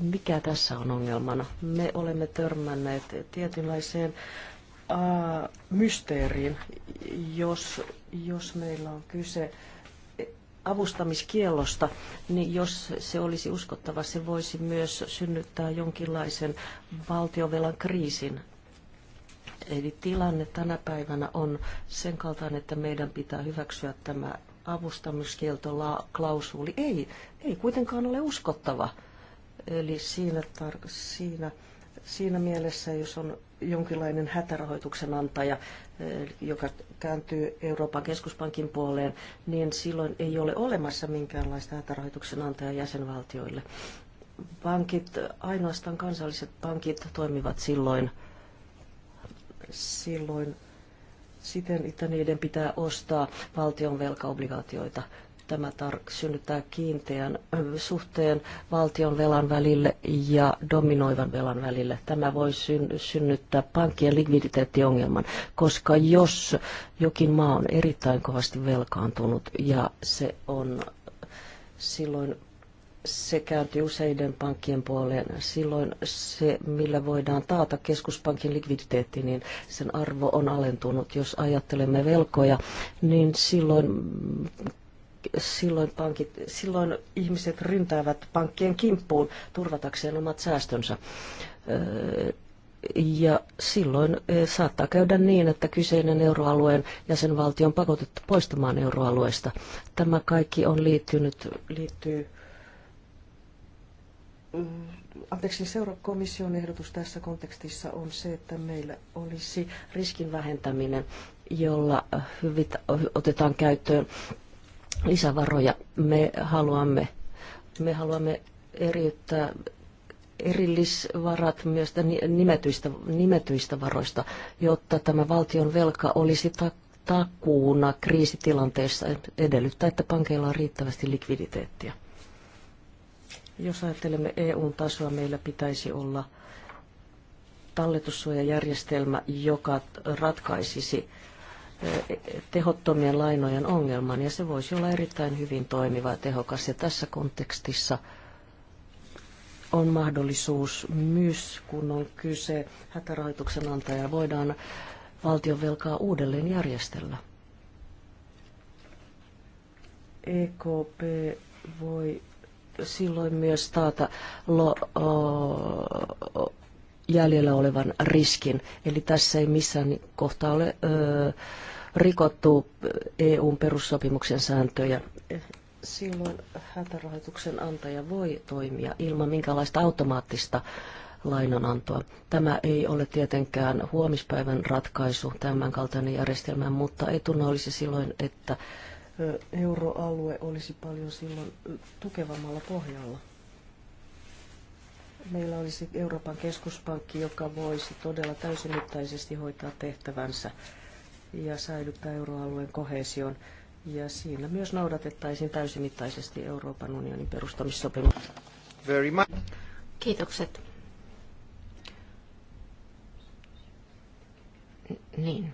mikä tässä on ongelmana? Me olemme törmänneet tietynlaiseen ää, mysteeriin, jos, jos meillä on kyse avustamiskielosta, niin jos se olisi uskottava, se voisi myös synnyttää jonkinlaisen valtiovelan kriisin. Eli tilanne tänä päivänä on sen kaltainen, että meidän pitää hyväksyä tämä avustamiskielto klausuli. Ei, ei kuitenkaan ole uskottava Eli siinä, tar- siinä, siinä mielessä, jos on jonkinlainen hätärahoituksen antaja, eh, joka kääntyy Euroopan keskuspankin puoleen, niin silloin ei ole olemassa minkäänlaista hätärahoituksen antajaa jäsenvaltioille. Pankit, ainoastaan kansalliset pankit toimivat silloin, silloin siten, että niiden pitää ostaa valtion velkaobligaatioita Tämä tar- synnyttää kiinteän suhteen valtion velan välille ja dominoivan velan välille. Tämä voi syn- synnyttää pankkien likviditeettiongelman, koska jos jokin maa on erittäin kovasti velkaantunut ja se on silloin se kääntyy useiden pankkien puoleen. Silloin se, millä voidaan taata keskuspankin likviditeetti, niin sen arvo on alentunut. Jos ajattelemme velkoja, niin silloin silloin, pankit, silloin ihmiset ryntäävät pankkien kimppuun turvatakseen omat säästönsä. Ja silloin saattaa käydä niin, että kyseinen euroalueen jäsenvaltio on pakotettu poistumaan euroalueesta. Tämä kaikki on liittynyt, liittyy mm, anteeksi, komission ehdotus tässä kontekstissa on se, että meillä olisi riskin vähentäminen, jolla hyvit, otetaan käyttöön lisävaroja. Me haluamme, me haluamme eriyttää erillisvarat myös nimetyistä, nimetyistä varoista, jotta tämä valtion velka olisi ta- takuuna kriisitilanteessa edellyttää, että pankeilla on riittävästi likviditeettiä. Jos ajattelemme eu tasoa, meillä pitäisi olla talletussuojajärjestelmä, joka ratkaisisi tehottomien lainojen ongelman, ja se voisi olla erittäin hyvin toimiva ja tehokas. Ja tässä kontekstissa on mahdollisuus myös, kun on kyse hätärahoituksen antaja, voidaan valtionvelkaa uudelleen järjestellä. EKP voi silloin myös taata lo, o, o, jäljellä olevan riskin. Eli tässä ei missään kohtaa ole ö, rikottu EUn perussopimuksen sääntöjä. Silloin hätärahoituksen antaja voi toimia ilman minkälaista automaattista lainanantoa. Tämä ei ole tietenkään huomispäivän ratkaisu tämän kaltainen järjestelmä, mutta etuna olisi silloin, että euroalue olisi paljon silloin tukevammalla pohjalla meillä olisi Euroopan keskuspankki, joka voisi todella täysimittaisesti hoitaa tehtävänsä ja säilyttää euroalueen kohesion. Ja siinä myös noudatettaisiin täysimittaisesti Euroopan unionin perustamissopimusta. Very much. Kiitokset. Niin.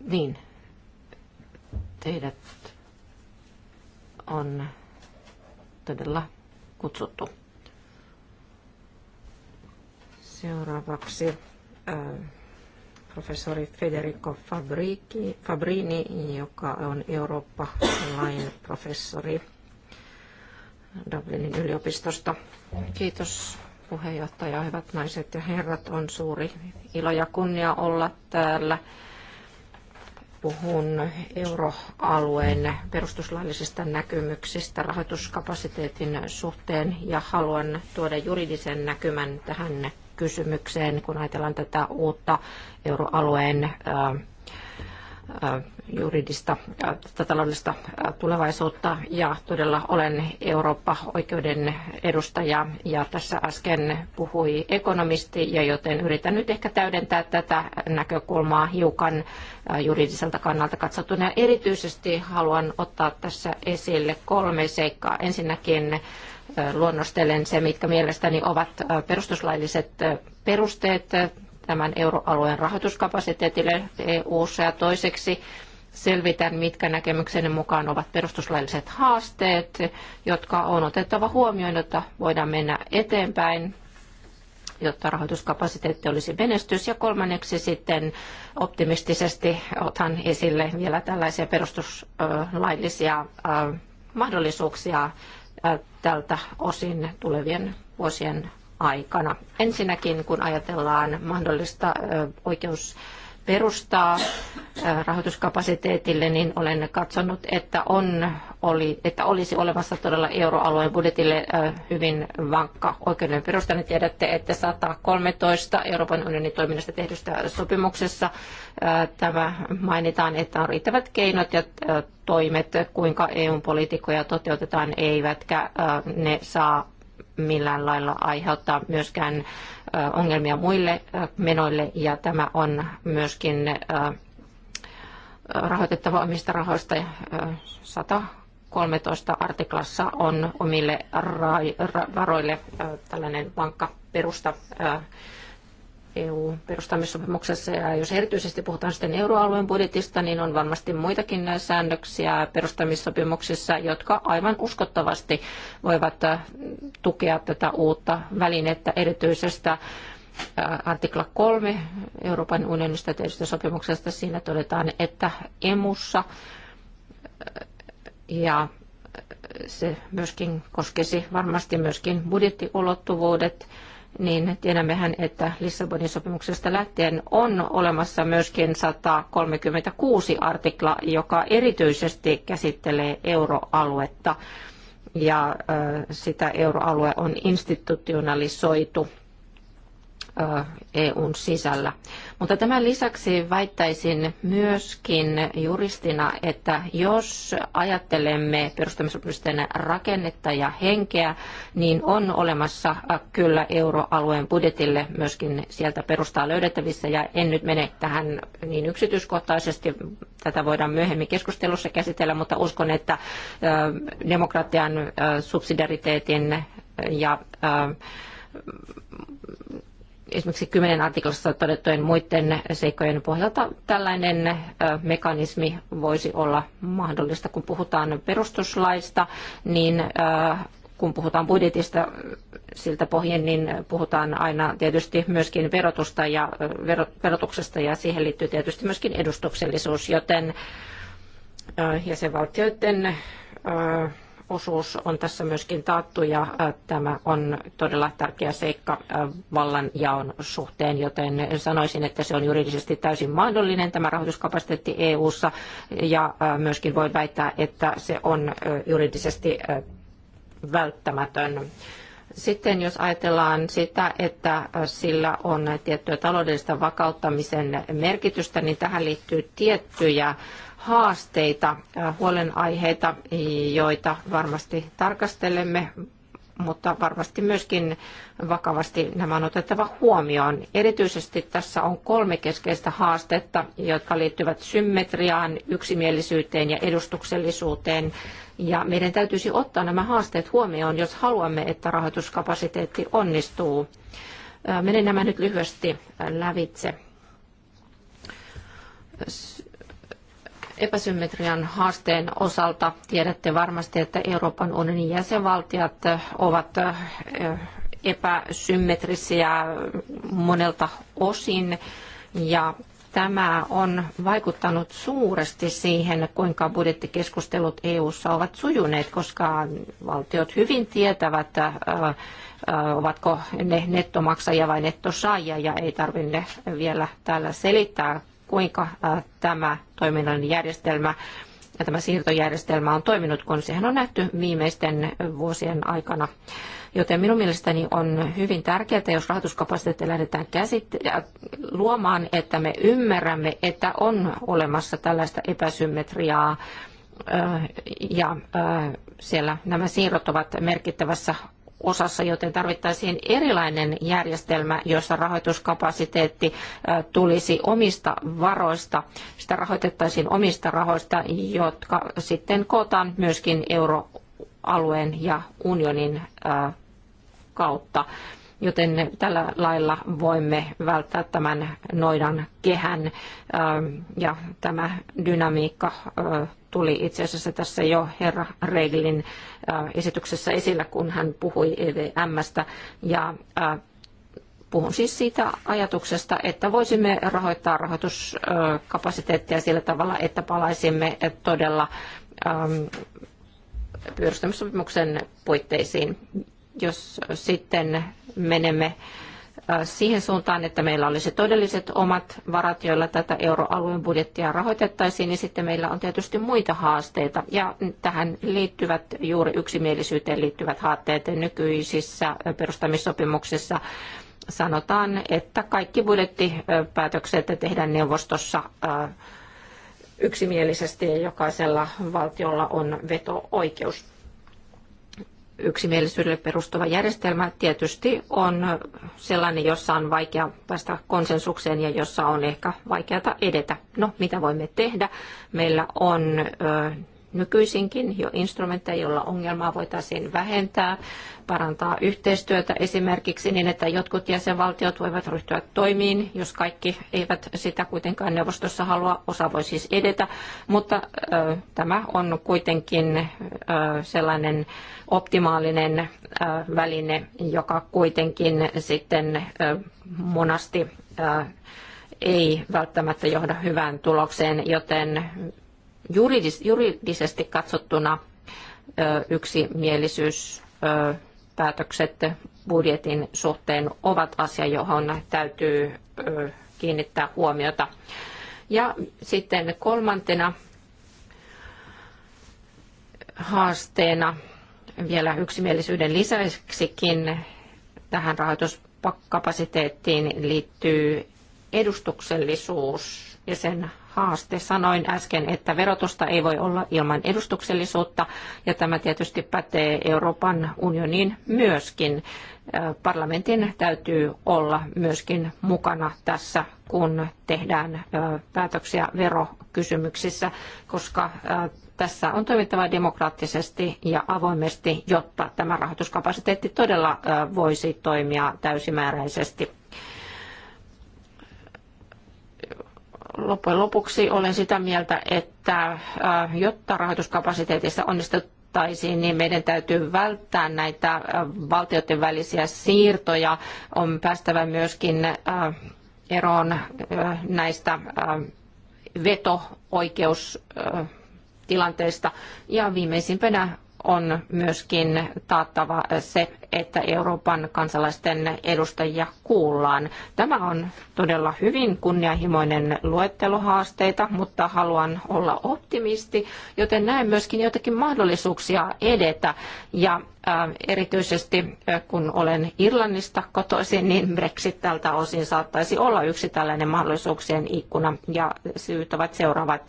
Niin. Teidät on todella kutsuttu. Seuraavaksi professori Federico Fabriki, Fabrini, joka on eurooppalainen professori Dublinin yliopistosta. Kiitos puheenjohtaja, hyvät naiset ja herrat. On suuri ilo ja kunnia olla täällä puhun euroalueen perustuslaillisista näkymyksistä rahoituskapasiteetin suhteen ja haluan tuoda juridisen näkymän tähän kysymykseen, kun ajatellaan tätä uutta euroalueen äh, juridista taloudellista tulevaisuutta ja todella olen Eurooppa-oikeuden edustaja ja tässä äsken puhui ekonomisti ja joten yritän nyt ehkä täydentää tätä näkökulmaa hiukan juridiselta kannalta katsottuna. Erityisesti haluan ottaa tässä esille kolme seikkaa. Ensinnäkin luonnostelen se, mitkä mielestäni ovat perustuslailliset perusteet tämän euroalueen rahoituskapasiteetille EU-ssa ja toiseksi selvitän, mitkä näkemykseni mukaan ovat perustuslailliset haasteet, jotka on otettava huomioon, jotta voidaan mennä eteenpäin jotta rahoituskapasiteetti olisi menestys. Ja kolmanneksi sitten optimistisesti otan esille vielä tällaisia perustuslaillisia äh, mahdollisuuksia äh, tältä osin tulevien vuosien aikana. Ensinnäkin, kun ajatellaan mahdollista oikeus perustaa rahoituskapasiteetille, niin olen katsonut, että, on, oli, että olisi olemassa todella euroalueen budjetille hyvin vankka oikeuden perusta. Niin tiedätte, että 113 Euroopan unionin toiminnasta tehdystä sopimuksessa tämä mainitaan, että on riittävät keinot ja toimet, kuinka eu poliitikkoja toteutetaan, eivätkä ne saa millään lailla aiheuttaa myöskään ongelmia muille menoille ja tämä on myöskin rahoitettava omista rahoista 113 artiklassa on omille varoille tällainen vankka perusta EU-perustamissopimuksessa. Ja jos erityisesti puhutaan sitten euroalueen budjetista, niin on varmasti muitakin säännöksiä perustamissopimuksissa, jotka aivan uskottavasti voivat äh, tukea tätä uutta välinettä erityisestä äh, artikla 3 Euroopan unionista tehdystä sopimuksesta. Siinä todetaan, että emussa äh, ja se myöskin koskisi varmasti myöskin budjettiulottuvuudet niin tiedämmehän, että Lissabonin sopimuksesta lähtien on olemassa myöskin 136 artikla, joka erityisesti käsittelee euroaluetta ja sitä euroalue on institutionalisoitu EUn sisällä. Mutta tämän lisäksi väittäisin myöskin juristina, että jos ajattelemme perustamisopimusten rakennetta ja henkeä, niin on olemassa kyllä euroalueen budjetille myöskin sieltä perustaa löydettävissä. Ja en nyt mene tähän niin yksityiskohtaisesti, tätä voidaan myöhemmin keskustelussa käsitellä, mutta uskon, että demokratian subsidiariteetin ja esimerkiksi kymmenen artiklassa todettujen muiden seikkojen pohjalta tällainen mekanismi voisi olla mahdollista. Kun puhutaan perustuslaista, niin kun puhutaan budjetista siltä pohjin, niin puhutaan aina tietysti myöskin verotusta ja verotuksesta ja siihen liittyy tietysti myöskin edustuksellisuus, joten jäsenvaltioiden osuus on tässä myöskin taattu ja tämä on todella tärkeä seikka vallanjaon suhteen, joten sanoisin, että se on juridisesti täysin mahdollinen tämä rahoituskapasiteetti EU-ssa ja myöskin voi väittää, että se on juridisesti välttämätön. Sitten jos ajatellaan sitä, että sillä on tiettyä taloudellista vakauttamisen merkitystä, niin tähän liittyy tiettyjä haasteita, huolenaiheita, joita varmasti tarkastelemme, mutta varmasti myöskin vakavasti nämä on otettava huomioon. Erityisesti tässä on kolme keskeistä haastetta, jotka liittyvät symmetriaan, yksimielisyyteen ja edustuksellisuuteen. Ja meidän täytyisi ottaa nämä haasteet huomioon, jos haluamme, että rahoituskapasiteetti onnistuu. Menen nämä nyt lyhyesti lävitse epäsymmetrian haasteen osalta tiedätte varmasti, että Euroopan unionin jäsenvaltiot ovat epäsymmetrisiä monelta osin ja tämä on vaikuttanut suuresti siihen, kuinka budjettikeskustelut EU:ssa ovat sujuneet, koska valtiot hyvin tietävät, ovatko ne nettomaksajia vai nettosaajia, ja ei tarvinne vielä täällä selittää, kuinka tämä toiminnallinen järjestelmä ja tämä siirtojärjestelmä on toiminut, kun sehän on nähty viimeisten vuosien aikana. Joten minun mielestäni on hyvin tärkeää, että jos rahoituskapasiteettia lähdetään luomaan, että me ymmärrämme, että on olemassa tällaista epäsymmetriaa ja siellä nämä siirrot ovat merkittävässä osassa, joten tarvittaisiin erilainen järjestelmä, jossa rahoituskapasiteetti tulisi omista varoista. Sitä rahoitettaisiin omista rahoista, jotka sitten kootaan myöskin euroalueen ja unionin kautta joten tällä lailla voimme välttää tämän noidan kehän ja tämä dynamiikka tuli itse asiassa tässä jo herra Reglin äh, esityksessä esillä, kun hän puhui EVMstä. Ja äh, Puhun siis siitä ajatuksesta, että voisimme rahoittaa rahoituskapasiteettia sillä tavalla, että palaisimme todella ähm, pyöristämissopimuksen puitteisiin. Jos sitten menemme siihen suuntaan, että meillä olisi todelliset omat varat, joilla tätä euroalueen budjettia rahoitettaisiin, niin sitten meillä on tietysti muita haasteita. Ja tähän liittyvät juuri yksimielisyyteen liittyvät haasteet nykyisissä perustamissopimuksissa sanotaan, että kaikki budjettipäätökset tehdään neuvostossa yksimielisesti ja jokaisella valtiolla on veto-oikeus yksimielisyydelle perustuva järjestelmä tietysti on sellainen, jossa on vaikea päästä konsensukseen ja jossa on ehkä vaikeata edetä. No, mitä voimme tehdä? Meillä on nykyisinkin jo instrumentteja, joilla ongelmaa voitaisiin vähentää, parantaa yhteistyötä esimerkiksi niin, että jotkut jäsenvaltiot voivat ryhtyä toimiin, jos kaikki eivät sitä kuitenkaan neuvostossa halua, osa voi siis edetä, mutta ö, tämä on kuitenkin ö, sellainen optimaalinen ö, väline, joka kuitenkin sitten ö, monasti ö, ei välttämättä johda hyvään tulokseen, joten juridis, juridisesti katsottuna yksimielisyys päätökset budjetin suhteen ovat asia, johon täytyy kiinnittää huomiota. Ja sitten kolmantena haasteena vielä yksimielisyyden lisäksikin tähän rahoituskapasiteettiin liittyy edustuksellisuus ja sen haaste. Sanoin äsken, että verotusta ei voi olla ilman edustuksellisuutta, ja tämä tietysti pätee Euroopan unioniin myöskin. Parlamentin täytyy olla myöskin mukana tässä, kun tehdään päätöksiä verokysymyksissä, koska tässä on toimittava demokraattisesti ja avoimesti, jotta tämä rahoituskapasiteetti todella voisi toimia täysimääräisesti. loppujen lopuksi olen sitä mieltä, että äh, jotta rahoituskapasiteetissa onnistuttaisiin, niin meidän täytyy välttää näitä äh, valtioiden välisiä siirtoja. On päästävä myöskin äh, eroon näistä veto-oikeustilanteista. Ja viimeisimpänä on myöskin taattava se, että Euroopan kansalaisten edustajia kuullaan. Tämä on todella hyvin kunnianhimoinen luettelo haasteita, mutta haluan olla optimisti, joten näen myöskin jotakin mahdollisuuksia edetä. Ja äh, erityisesti äh, kun olen Irlannista kotoisin, niin Brexit tältä osin saattaisi olla yksi tällainen mahdollisuuksien ikkuna ja syyt ovat seuraavat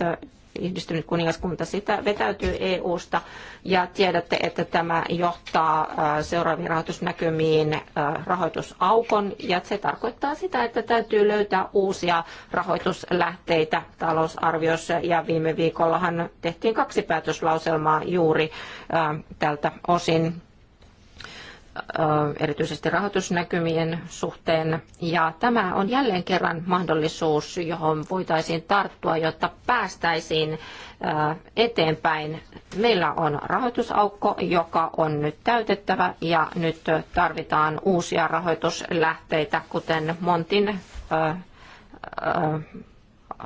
yhdistynyt kuningaskunta sitä vetäytyy EU-sta ja tiedätte, että tämä johtaa äh, seuraaviin rahoitusnäkymiin äh, rahoitusaukon ja se tarkoittaa sitä, että täytyy löytää uusia rahoituslähteitä talousarviossa ja viime viikollahan tehtiin kaksi päätöslauselmaa juuri äh, tältä osin erityisesti rahoitusnäkymien suhteen. Ja tämä on jälleen kerran mahdollisuus, johon voitaisiin tarttua, jotta päästäisiin eteenpäin. Meillä on rahoitusaukko, joka on nyt täytettävä ja nyt tarvitaan uusia rahoituslähteitä, kuten Montin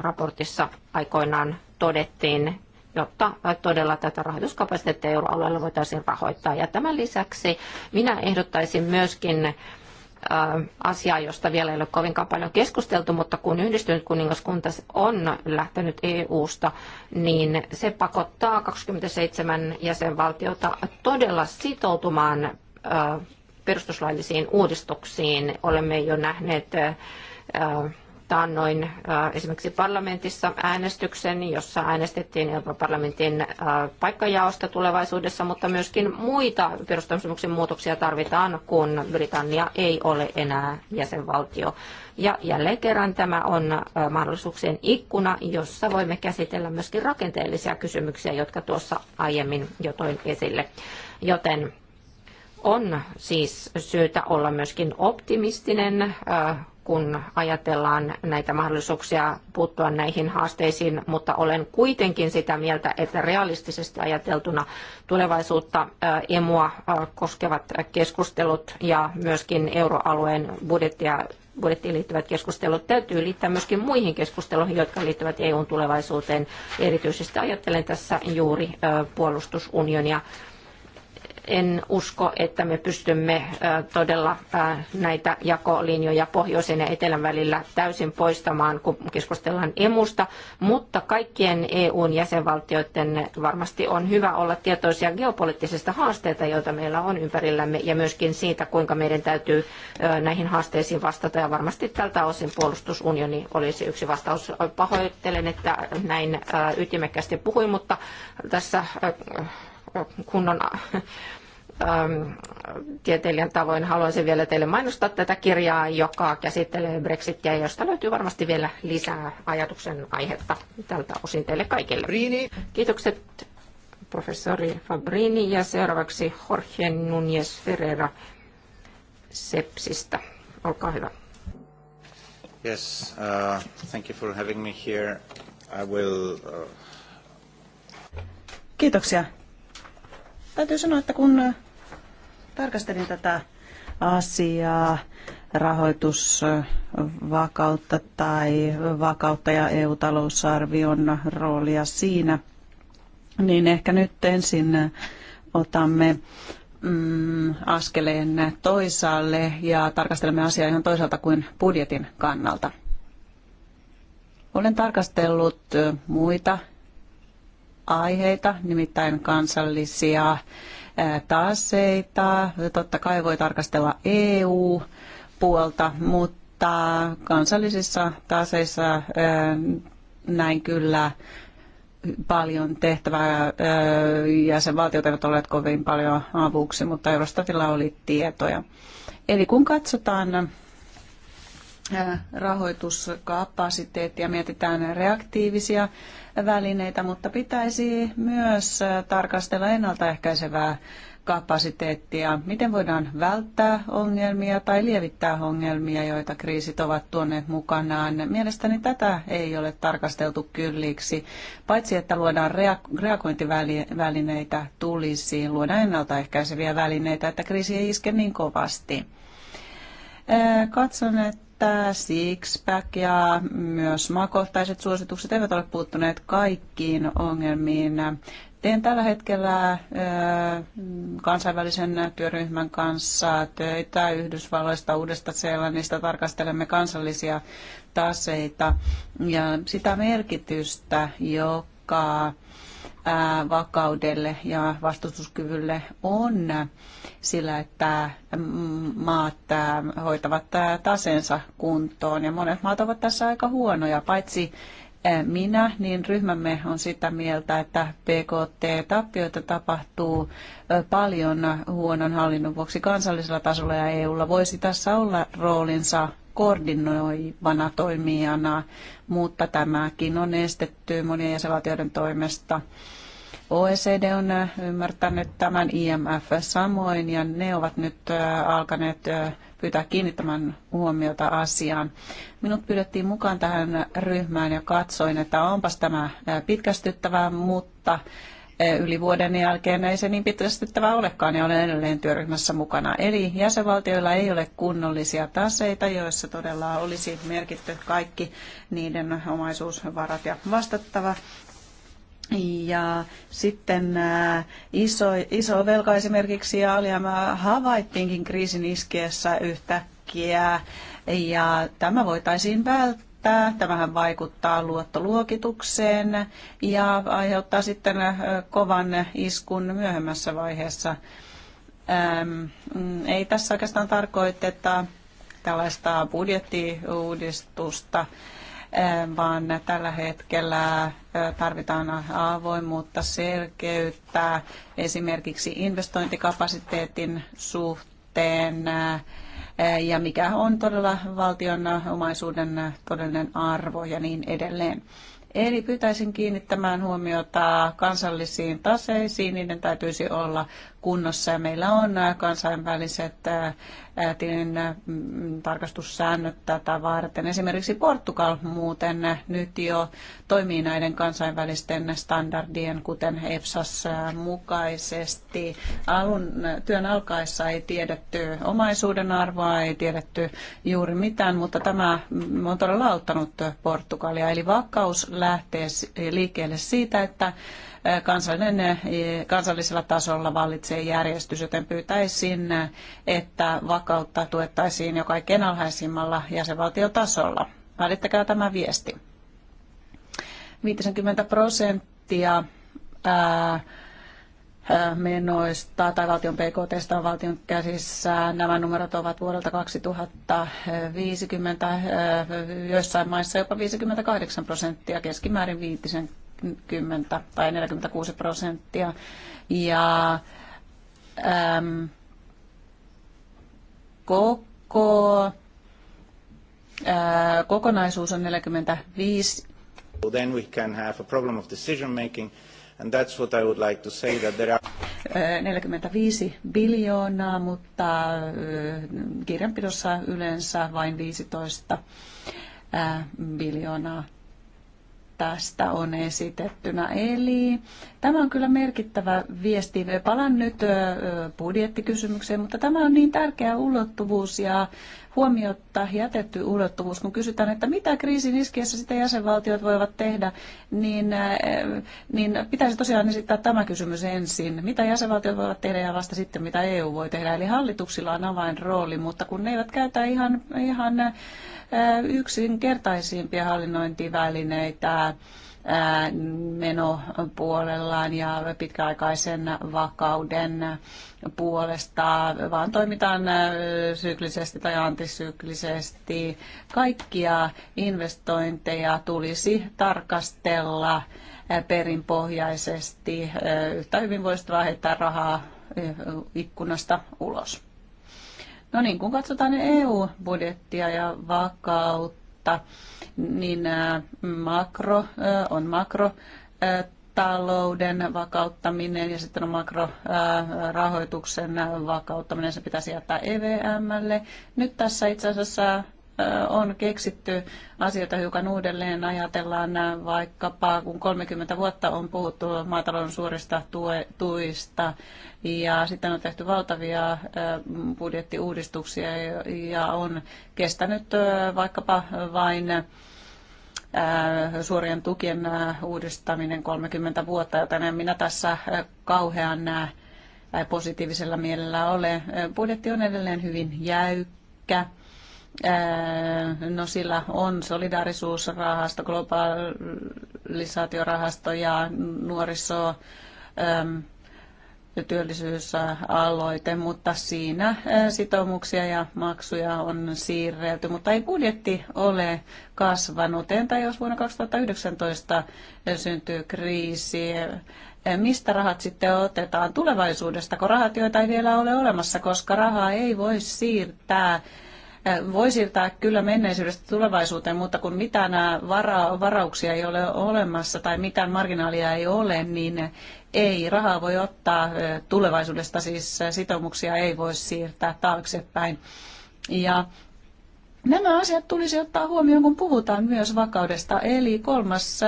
raportissa aikoinaan todettiin jotta todella tätä rahoituskapasiteettia euroalueella voitaisiin rahoittaa. Ja tämän lisäksi minä ehdottaisin myöskin äh, asiaa, josta vielä ei ole kovinkaan paljon keskusteltu, mutta kun yhdistynyt kuningaskunta on lähtenyt EU-sta, niin se pakottaa 27 jäsenvaltiota todella sitoutumaan äh, perustuslaillisiin uudistuksiin. Olemme jo nähneet äh, taannoin esimerkiksi parlamentissa äänestyksen, jossa äänestettiin Euroopan parlamentin paikkajaosta tulevaisuudessa, mutta myöskin muita perustamisen muutoksia tarvitaan, kun Britannia ei ole enää jäsenvaltio. Ja jälleen kerran tämä on mahdollisuuksien ikkuna, jossa voimme käsitellä myöskin rakenteellisia kysymyksiä, jotka tuossa aiemmin jo toin esille. Joten on siis syytä olla myöskin optimistinen kun ajatellaan näitä mahdollisuuksia puuttua näihin haasteisiin, mutta olen kuitenkin sitä mieltä, että realistisesti ajateltuna tulevaisuutta emua koskevat keskustelut ja myöskin euroalueen budjettia budjettiin liittyvät keskustelut täytyy liittää myöskin muihin keskusteluihin, jotka liittyvät EUn tulevaisuuteen. Erityisesti ajattelen tässä juuri puolustusunionia en usko, että me pystymme todella näitä jakolinjoja pohjoisen ja etelän välillä täysin poistamaan, kun keskustellaan emusta, mutta kaikkien EUn jäsenvaltioiden varmasti on hyvä olla tietoisia geopoliittisista haasteita, joita meillä on ympärillämme, ja myöskin siitä, kuinka meidän täytyy näihin haasteisiin vastata, ja varmasti tältä osin puolustusunioni olisi yksi vastaus. Pahoittelen, että näin ytimekkäästi puhuin, mutta tässä kunnon Ähm, tieteilijän tavoin haluaisin vielä teille mainostaa tätä kirjaa, joka käsittelee Brexitia, josta löytyy varmasti vielä lisää ajatuksen aihetta tältä osin teille kaikille. Brini. Kiitokset professori Fabrini ja seuraavaksi Jorge Nunes Ferreira Sepsistä. Olkaa hyvä. Yes, uh, thank you for having me here. I will, uh... Kiitoksia. Täytyy sanoa, että kun tarkastelin tätä asiaa, rahoitusvakautta tai vakautta ja EU-talousarvion roolia siinä, niin ehkä nyt ensin otamme mm, askeleen toisaalle ja tarkastelemme asiaa ihan toisaalta kuin budjetin kannalta. Olen tarkastellut muita aiheita, nimittäin kansallisia taseita. Totta kai voi tarkastella EU-puolta, mutta kansallisissa taseissa näin kyllä paljon tehtävää. Jäsenvaltiot eivät olleet kovin paljon avuksi, mutta Eurostatilla oli tietoja. Eli kun katsotaan rahoituskapasiteettia, mietitään reaktiivisia välineitä, mutta pitäisi myös tarkastella ennaltaehkäisevää kapasiteettia. Miten voidaan välttää ongelmia tai lievittää ongelmia, joita kriisit ovat tuoneet mukanaan? Mielestäni tätä ei ole tarkasteltu kylliksi. Paitsi, että luodaan reagointivälineitä tulisi luodaan ennaltaehkäiseviä välineitä, että kriisi ei iske niin kovasti. Katson, että että Sixpack ja myös makohtaiset suositukset eivät ole puuttuneet kaikkiin ongelmiin. Teen tällä hetkellä kansainvälisen työryhmän kanssa töitä Yhdysvalloista, Uudesta Seelannista. Tarkastelemme kansallisia taseita ja sitä merkitystä, joka vakaudelle ja vastustuskyvylle on sillä, että maat hoitavat tasensa kuntoon. Ja monet maat ovat tässä aika huonoja, paitsi minä, niin ryhmämme on sitä mieltä, että PKT-tappioita tapahtuu paljon huonon hallinnon vuoksi kansallisella tasolla ja EUlla voisi tässä olla roolinsa koordinoivana toimijana, mutta tämäkin on estetty monien jäsenvaltioiden toimesta. OECD on ymmärtänyt tämän IMF samoin ja ne ovat nyt alkaneet pyytää kiinnittämään huomiota asiaan. Minut pyydettiin mukaan tähän ryhmään ja katsoin, että onpas tämä pitkästyttävää, mutta yli vuoden jälkeen ei se niin pitkästyttävä olekaan, ja olen edelleen työryhmässä mukana. Eli jäsenvaltioilla ei ole kunnollisia taseita, joissa todella olisi merkitty kaikki niiden omaisuusvarat ja vastattava. Ja sitten äh, iso, iso velka esimerkiksi ja alijäämä havaittiinkin kriisin iskiessä yhtäkkiä, ja tämä voitaisiin välttää päättää. Tämähän vaikuttaa luottoluokitukseen ja aiheuttaa sitten kovan iskun myöhemmässä vaiheessa. Mm, ei tässä oikeastaan tarkoiteta tällaista budjettiuudistusta, vaan tällä hetkellä tarvitaan avoimuutta, selkeyttä esimerkiksi investointikapasiteetin suhteen suhteen Eh, ja mikä on todella valtion omaisuuden todellinen arvo ja niin edelleen. Eli pyytäisin kiinnittämään huomiota kansallisiin taseisiin, niiden täytyisi olla kunnossa ja meillä on äh, kansainväliset äh, äh, tilin mm, tarkastussäännöt tätä varten. Esimerkiksi Portugal muuten nyt jo toimii näiden kansainvälisten standardien, kuten EPSAS mukaisesti. Alun työn alkaessa ei tiedetty omaisuuden arvoa, ei tiedetty juuri mitään, mutta tämä mm, on todella auttanut Portugalia. Eli vakaus lähtee liikkeelle siitä, että kansallinen, kansallisella tasolla vallitsee järjestys, joten pyytäisin, että vakautta tuettaisiin jo kaikkein alhaisimmalla jäsenvaltiotasolla. Välittäkää tämä viesti. 50 prosenttia menoista tai valtion PKT on valtion käsissä. Nämä numerot ovat vuodelta 2050, joissain maissa jopa 58 prosenttia, keskimäärin 40 tai 46 prosenttia. Ja äm, koko ää, kokonaisuus on 45. So then we can have a problem of decision making and that's what I would like to say that there are 45 biljoonaa, mutta kirjanpidossa yleensä vain 15 biljoonaa tästä on esitettynä. Eli tämä on kyllä merkittävä viesti. Palaan nyt budjettikysymykseen, mutta tämä on niin tärkeä ulottuvuus ja huomiotta jätetty ulottuvuus. Kun kysytään, että mitä kriisin iskiessä sitä jäsenvaltiot voivat tehdä, niin, niin pitäisi tosiaan esittää tämä kysymys ensin. Mitä jäsenvaltiot voivat tehdä ja vasta sitten mitä EU voi tehdä. Eli hallituksilla on avainrooli, mutta kun ne eivät käytä ihan, ihan yksinkertaisimpia hallinnointivälineitä menopuolellaan ja pitkäaikaisen vakauden puolesta, vaan toimitaan syklisesti tai antisyklisesti. Kaikkia investointeja tulisi tarkastella perinpohjaisesti. Yhtä hyvin voisi vaihtaa rahaa ikkunasta ulos. No niin, kun katsotaan EU-budjettia ja vakautta, niin makro on makro talouden vakauttaminen ja sitten on makrorahoituksen vakauttaminen, se pitäisi jättää EVMlle. Nyt tässä itse asiassa on keksitty asioita hiukan uudelleen. Ajatellaan vaikkapa, kun 30 vuotta on puhuttu maatalouden suurista tuista ja sitten on tehty valtavia budjettiuudistuksia ja on kestänyt vaikkapa vain suorien tukien uudistaminen 30 vuotta, joten en minä tässä kauhean positiivisella mielellä ole. Budjetti on edelleen hyvin jäykkä No sillä on solidaarisuusrahasto, globalisaatiorahasto ja nuoriso työllisyysaloite, mutta siinä sitoumuksia ja maksuja on siirrelty, mutta ei budjetti ole kasvanut. Entä jos vuonna 2019 syntyy kriisi? Mistä rahat sitten otetaan tulevaisuudesta, kun rahat, joita ei vielä ole olemassa, koska rahaa ei voi siirtää voi siirtää kyllä menneisyydestä tulevaisuuteen, mutta kun mitään vara- varauksia ei ole olemassa tai mitään marginaalia ei ole, niin ei rahaa voi ottaa tulevaisuudesta, siis sitoumuksia ei voi siirtää taaksepäin. Ja Nämä asiat tulisi ottaa huomioon, kun puhutaan myös vakaudesta. Eli kolmas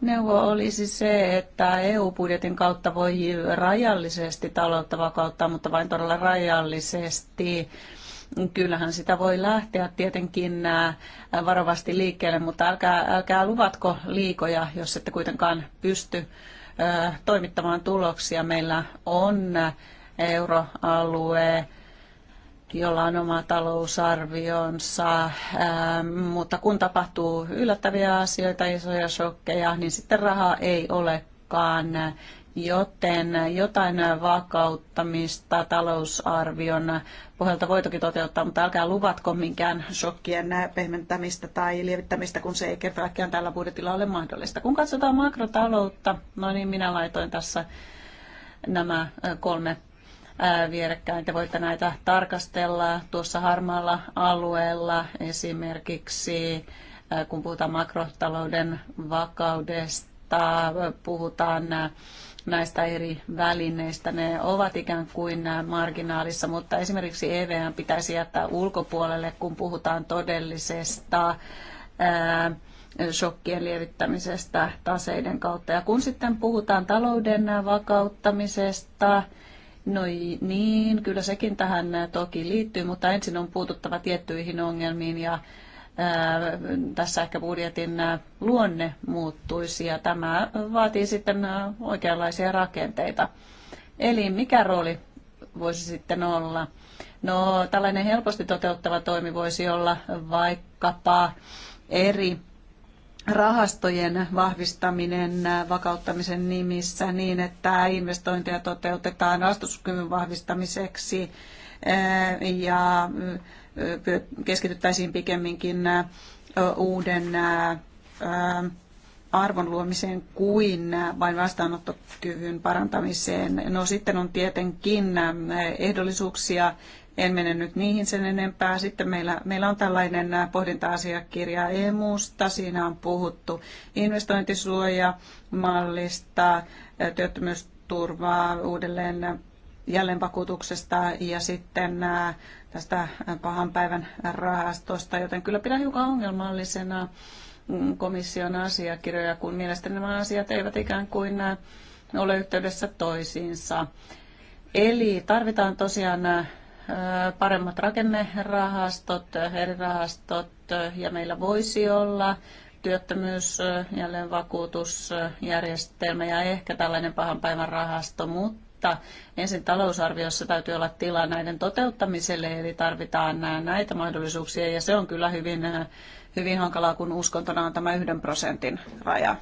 neuvo olisi se, että EU-budjetin kautta voi rajallisesti taloutta vakauttaa, mutta vain todella rajallisesti Kyllähän sitä voi lähteä tietenkin äh, äh, varovasti liikkeelle, mutta älkää, älkää luvatko liikoja, jos ette kuitenkaan pysty äh, toimittamaan tuloksia. Meillä on euroalue, jolla on oma talousarvionsa, mutta kun tapahtuu yllättäviä asioita, isoja shokkeja, niin sitten rahaa ei olekaan. Joten jotain vakauttamista talousarvion pohjalta voitokin toki toteuttaa, mutta älkää luvatko minkään shokkien pehmentämistä tai lievittämistä, kun se ei kertaakaan tällä budjetilla ole mahdollista. Kun katsotaan makrotaloutta, no niin minä laitoin tässä nämä kolme vierekkäin. Te voitte näitä tarkastella tuossa harmaalla alueella esimerkiksi, kun puhutaan makrotalouden vakaudesta, puhutaan näistä eri välineistä. Ne ovat ikään kuin marginaalissa, mutta esimerkiksi EVM pitäisi jättää ulkopuolelle, kun puhutaan todellisesta ää, shokkien lievittämisestä taseiden kautta. Ja kun sitten puhutaan talouden vakauttamisesta, no niin, kyllä sekin tähän toki liittyy, mutta ensin on puututtava tiettyihin ongelmiin ja tässä ehkä budjetin luonne muuttuisi ja tämä vaatii sitten oikeanlaisia rakenteita. Eli mikä rooli voisi sitten olla? No tällainen helposti toteuttava toimi voisi olla vaikkapa eri rahastojen vahvistaminen vakauttamisen nimissä niin, että investointeja toteutetaan vastuskyvyn vahvistamiseksi ja keskityttäisiin pikemminkin uuden arvon luomiseen kuin vain vastaanottokyvyn parantamiseen. No sitten on tietenkin ehdollisuuksia, en mene nyt niihin sen enempää. Sitten meillä, meillä on tällainen pohdinta-asiakirja EMUsta, siinä on puhuttu investointisuojamallista, työttömyysturvaa uudelleen jälleenvakuutuksesta ja sitten tästä äh, pahan päivän rahastosta, joten kyllä pidän hiukan ongelmallisena mm, komission asiakirjoja, kun mielestäni nämä asiat eivät ikään kuin äh, ole yhteydessä toisiinsa. Eli tarvitaan tosiaan äh, paremmat rakennerahastot, eri rahastot, ja meillä voisi olla työttömyys, jälleen vakuutusjärjestelmä ja ehkä tällainen pahan päivän rahasto, mutta mutta ensin talousarviossa täytyy olla tilaa näiden toteuttamiselle, eli tarvitaan näitä mahdollisuuksia, ja se on kyllä hyvin, äh, hyvin hankalaa, kun uskontona on tämä yhden prosentin raja.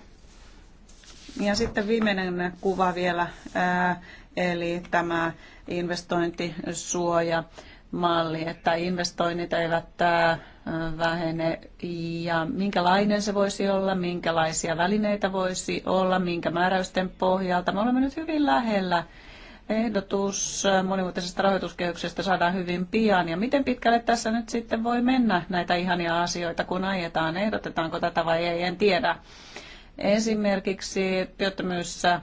Ja sitten viimeinen kuva vielä, äh, eli tämä investointisuoja malli, että investoinnit eivät äh, vähene ja minkälainen se voisi olla, minkälaisia välineitä voisi olla, minkä määräysten pohjalta. Me olemme nyt hyvin lähellä ehdotus monimuotoisesta rahoituskehyksestä saadaan hyvin pian. Ja miten pitkälle tässä nyt sitten voi mennä näitä ihania asioita, kun ajetaan? Ehdotetaanko tätä vai ei? En tiedä. Esimerkiksi työttömyyssä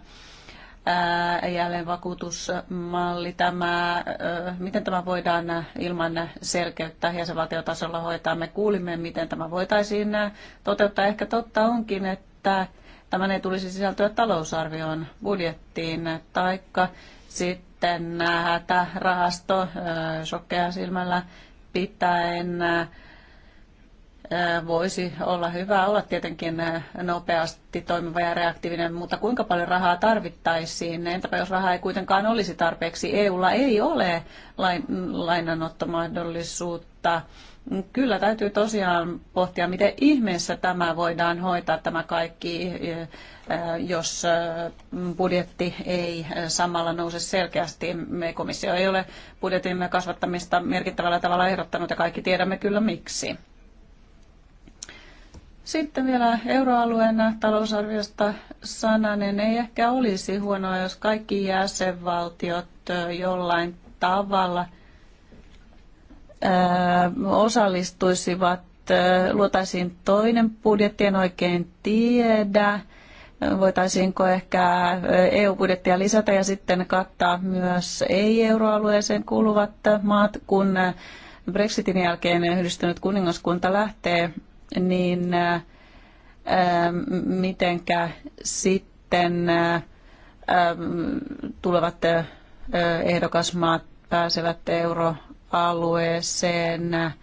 jälleenvakuutusmalli, tämä, miten tämä voidaan ilman selkeyttä jäsenvaltiotasolla hoitaa. Me kuulimme, miten tämä voitaisiin toteuttaa. Ehkä totta onkin, että tämän ei tulisi sisältyä talousarvioon, budjettiin, taikka sitten äh, hätärahasto äh, sokea silmällä pitäen äh, voisi olla hyvä olla tietenkin nopeasti toimiva ja reaktiivinen, mutta kuinka paljon rahaa tarvittaisiin? Entäpä jos rahaa ei kuitenkaan olisi tarpeeksi? EUlla ei ole lain, lainanottomahdollisuutta Kyllä täytyy tosiaan pohtia, miten ihmeessä tämä voidaan hoitaa tämä kaikki, jos budjetti ei samalla nouse selkeästi. Me komissio ei ole budjetimme kasvattamista merkittävällä tavalla ehdottanut ja kaikki tiedämme kyllä miksi. Sitten vielä euroalueen talousarviosta sananen. Ei ehkä olisi huonoa, jos kaikki jäsenvaltiot jollain tavalla – osallistuisivat, luotaisiin toinen budjetti, en oikein tiedä. Voitaisiinko ehkä EU-budjettia lisätä ja sitten kattaa myös ei-euroalueeseen kuuluvat maat, kun Brexitin jälkeen yhdistynyt kuningaskunta lähtee, niin mitenkä sitten tulevat ehdokasmaat pääsevät euro euroalueeseen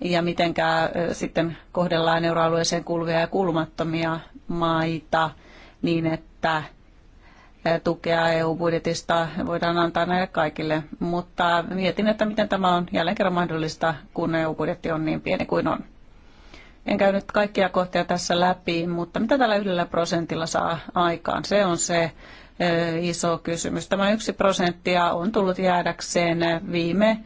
ja miten sitten kohdellaan euroalueeseen kuuluvia ja kulmattomia maita niin, että tukea EU-budjetista voidaan antaa näille kaikille, mutta mietin, että miten tämä on jälleen kerran mahdollista, kun EU-budjetti on niin pieni kuin on. En käy nyt kaikkia kohtia tässä läpi, mutta mitä tällä yhdellä prosentilla saa aikaan? Se on se iso kysymys. Tämä yksi prosenttia on tullut jäädäkseen viime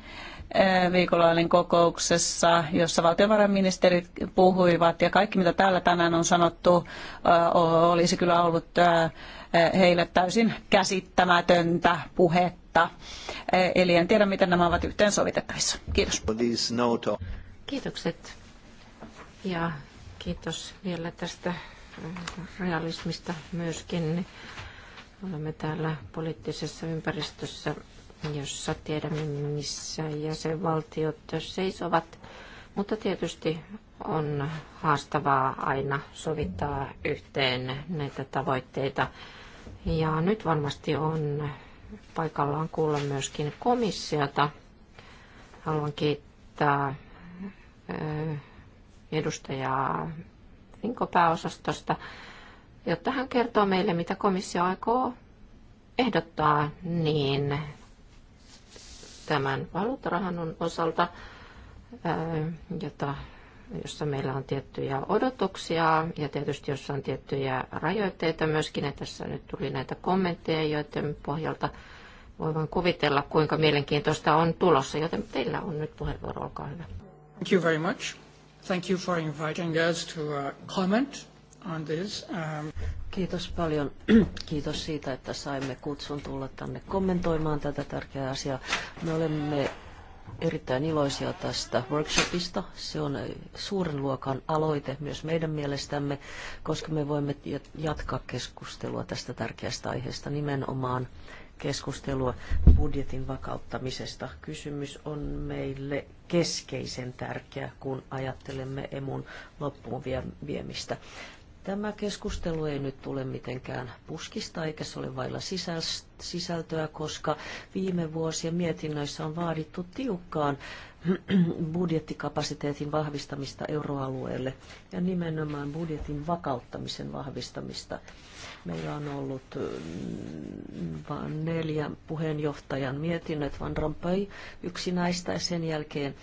viikolla olin kokouksessa, jossa valtiovarainministerit puhuivat ja kaikki mitä täällä tänään on sanottu olisi kyllä ollut heille täysin käsittämätöntä puhetta. Eli en tiedä, miten nämä ovat yhteensovitettavissa. Kiitos. Kiitokset. Ja kiitos vielä tästä realismista myöskin Olemme täällä poliittisessa ympäristössä, jossa tiedämme, missä jäsenvaltiot seisovat. Mutta tietysti on haastavaa aina sovittaa yhteen näitä tavoitteita. Ja nyt varmasti on paikallaan kuulla myöskin komissiota. Haluan kiittää edustajaa Finko-pääosastosta jotta hän kertoo meille, mitä komissio aikoo ehdottaa, niin tämän valuuttarahan osalta, jota, jossa meillä on tiettyjä odotuksia ja tietysti jossa on tiettyjä rajoitteita myöskin. Ja tässä nyt tuli näitä kommentteja, joiden pohjalta voi vain kuvitella, kuinka mielenkiintoista on tulossa, joten teillä on nyt puheenvuoro, olkaa hyvä. Thank you very much. Thank you for inviting us to uh, comment on this. Um... Kiitos paljon. Kiitos siitä, että saimme kutsun tulla tänne kommentoimaan tätä tärkeää asiaa. Me olemme erittäin iloisia tästä workshopista. Se on suuren luokan aloite myös meidän mielestämme, koska me voimme jatkaa keskustelua tästä tärkeästä aiheesta nimenomaan keskustelua budjetin vakauttamisesta. Kysymys on meille keskeisen tärkeä, kun ajattelemme emun loppuun viemistä. Tämä keskustelu ei nyt tule mitenkään puskista eikä se ole vailla sisältöä, koska viime vuosien mietinnöissä on vaadittu tiukkaan budjettikapasiteetin vahvistamista euroalueelle ja nimenomaan budjetin vakauttamisen vahvistamista. Meillä on ollut mm, vain neljä puheenjohtajan mietinnöt, Van Rompuy yksi näistä ja sen jälkeen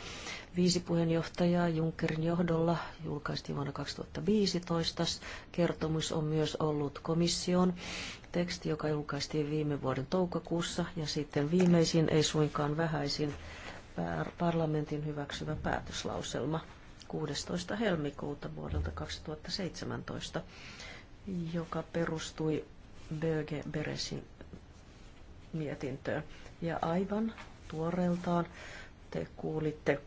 viisi puheenjohtajaa Junckerin johdolla julkaistiin vuonna 2015. Kertomus on myös ollut komission teksti, joka julkaistiin viime vuoden toukokuussa ja sitten viimeisin, ei suinkaan vähäisin, parlamentin hyväksymä päätöslauselma 16. helmikuuta vuodelta 2017, joka perustui Böge Beresin mietintöön. Ja aivan tuoreeltaan te kuulitte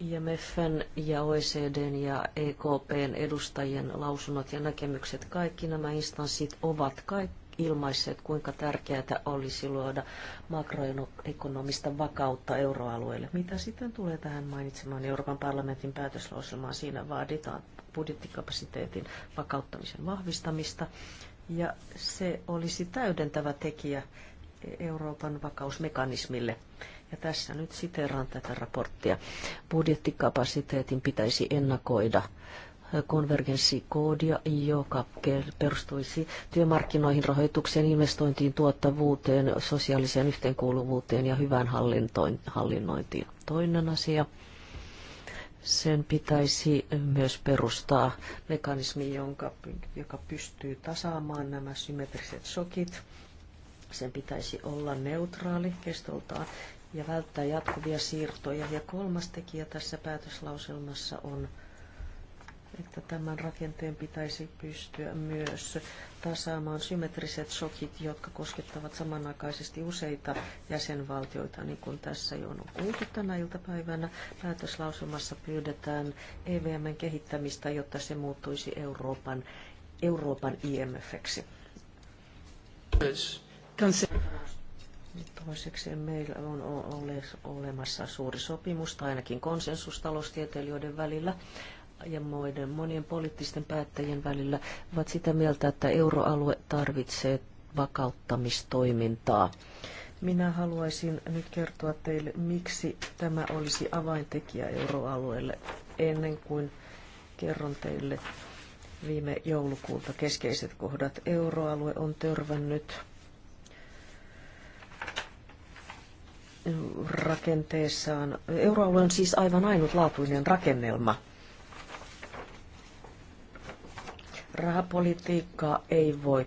IMFn ja OECDn ja EKPn edustajien lausunnot ja näkemykset. Kaikki nämä instanssit ovat kaikki ilmaisseet, kuinka tärkeää olisi luoda makroekonomista vakautta euroalueelle. Mitä sitten tulee tähän mainitsemaan Euroopan parlamentin päätöslauselmaan? Siinä vaaditaan budjettikapasiteetin vakauttamisen vahvistamista. Ja se olisi täydentävä tekijä Euroopan vakausmekanismille. Ja tässä nyt siteraan tätä raporttia. Budjettikapasiteetin pitäisi ennakoida konvergenssikoodia, joka perustuisi työmarkkinoihin, rahoitukseen, investointiin, tuottavuuteen, sosiaaliseen yhteenkuuluvuuteen ja hyvään hallinnointiin. Toinen asia sen pitäisi myös perustaa mekanismi, jonka, joka pystyy tasaamaan nämä symmetriset shokit. Sen pitäisi olla neutraali kestoltaan ja välttää jatkuvia siirtoja. Ja kolmas tekijä tässä päätöslauselmassa on että tämän rakenteen pitäisi pystyä myös tasaamaan symmetriset shokit, jotka koskettavat samanaikaisesti useita jäsenvaltioita, niin kuin tässä jo on kuultu tänä iltapäivänä. Päätöslausumassa pyydetään EVMn kehittämistä, jotta se muuttuisi Euroopan, Euroopan IMFksi. Toiseksi meillä on olemassa suuri sopimus, tai ainakin konsensus taloustieteilijöiden välillä ja muiden monien poliittisten päättäjien välillä ovat sitä mieltä, että euroalue tarvitsee vakauttamistoimintaa. Minä haluaisin nyt kertoa teille, miksi tämä olisi avaintekijä euroalueelle ennen kuin kerron teille viime joulukuulta keskeiset kohdat. Euroalue on törvännyt rakenteessaan. Euroalue on siis aivan ainutlaatuinen rakennelma – Rahapolitiikkaa ei voi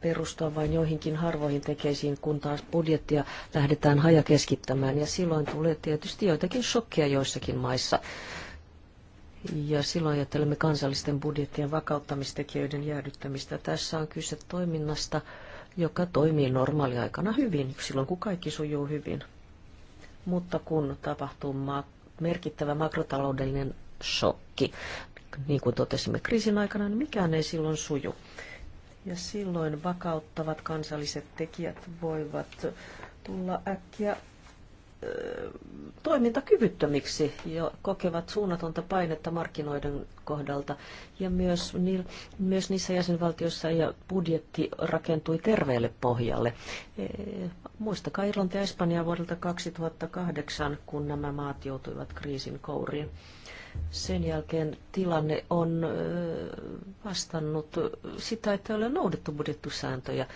perustua vain joihinkin harvoihin tekeisiin, kun taas budjettia lähdetään hajakeskittämään. Ja silloin tulee tietysti joitakin shokkia joissakin maissa. Ja silloin ajattelemme kansallisten budjettien vakauttamistekijöiden jäädyttämistä. Tässä on kyse toiminnasta, joka toimii normaaliaikana hyvin, silloin kun kaikki sujuu hyvin. Mutta kun tapahtuu merkittävä makrotaloudellinen shokki, niin kuin totesimme kriisin aikana, niin mikään ei silloin suju. Ja silloin vakauttavat kansalliset tekijät voivat tulla äkkiä toimintakyvyttömiksi ja kokevat suunnatonta painetta markkinoiden kohdalta. Ja myös, ni, myös niissä jäsenvaltioissa ja budjetti rakentui terveelle pohjalle. E, muistakaa Irlanti ja Espanja vuodelta 2008, kun nämä maat joutuivat kriisin kouriin. Sen jälkeen tilanne on vastannut sitä, että ei ole noudattu budjettisääntöjä.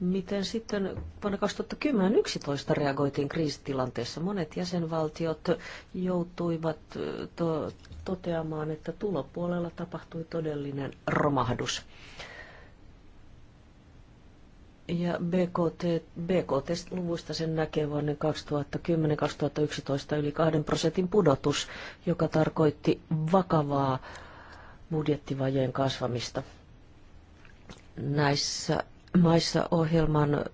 Miten sitten vuonna 2011 reagoitiin kriisitilanteessa? Monet jäsenvaltiot joutuivat to- toteamaan, että tulopuolella tapahtui todellinen romahdus. Ja BKT, BKT-luvuista sen näkee vuoden 2010-2011 yli 2 prosentin pudotus, joka tarkoitti vakavaa budjettivajeen kasvamista. Näissä maissa ohjelman,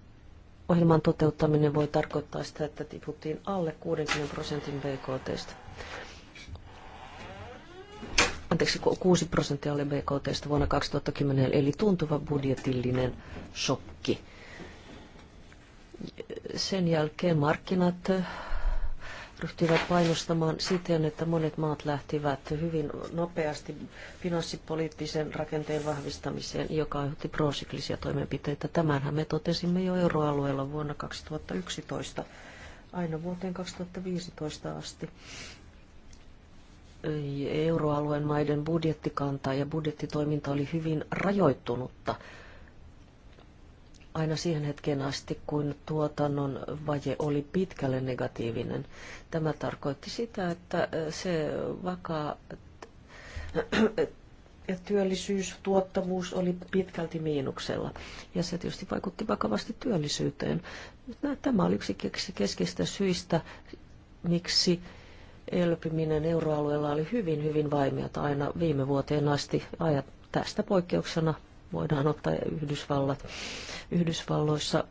ohjelman toteuttaminen voi tarkoittaa sitä, että tiputtiin alle 60 prosentin BKTstä anteeksi, 6 prosenttia oli BKT vuonna 2010, eli tuntuva budjetillinen shokki. Sen jälkeen markkinat ryhtyivät painostamaan siten, että monet maat lähtivät hyvin nopeasti finanssipoliittisen rakenteen vahvistamiseen, joka aiheutti prosyklisia toimenpiteitä. Tämänhän me totesimme jo euroalueella vuonna 2011 aina vuoteen 2015 asti euroalueen maiden budjettikanta ja budjettitoiminta oli hyvin rajoittunutta aina siihen hetkeen asti, kun tuotannon vaje oli pitkälle negatiivinen. Tämä tarkoitti sitä, että äh, se vakaa äh, työllisyys, tuottavuus oli pitkälti miinuksella. Ja se tietysti vaikutti vakavasti työllisyyteen. Tämä oli yksi keskeistä syistä, miksi elpyminen euroalueella oli hyvin, hyvin vaimeata aina viime vuoteen asti. Ajat tästä poikkeuksena voidaan ottaa Yhdysvallat. Yhdysvalloissa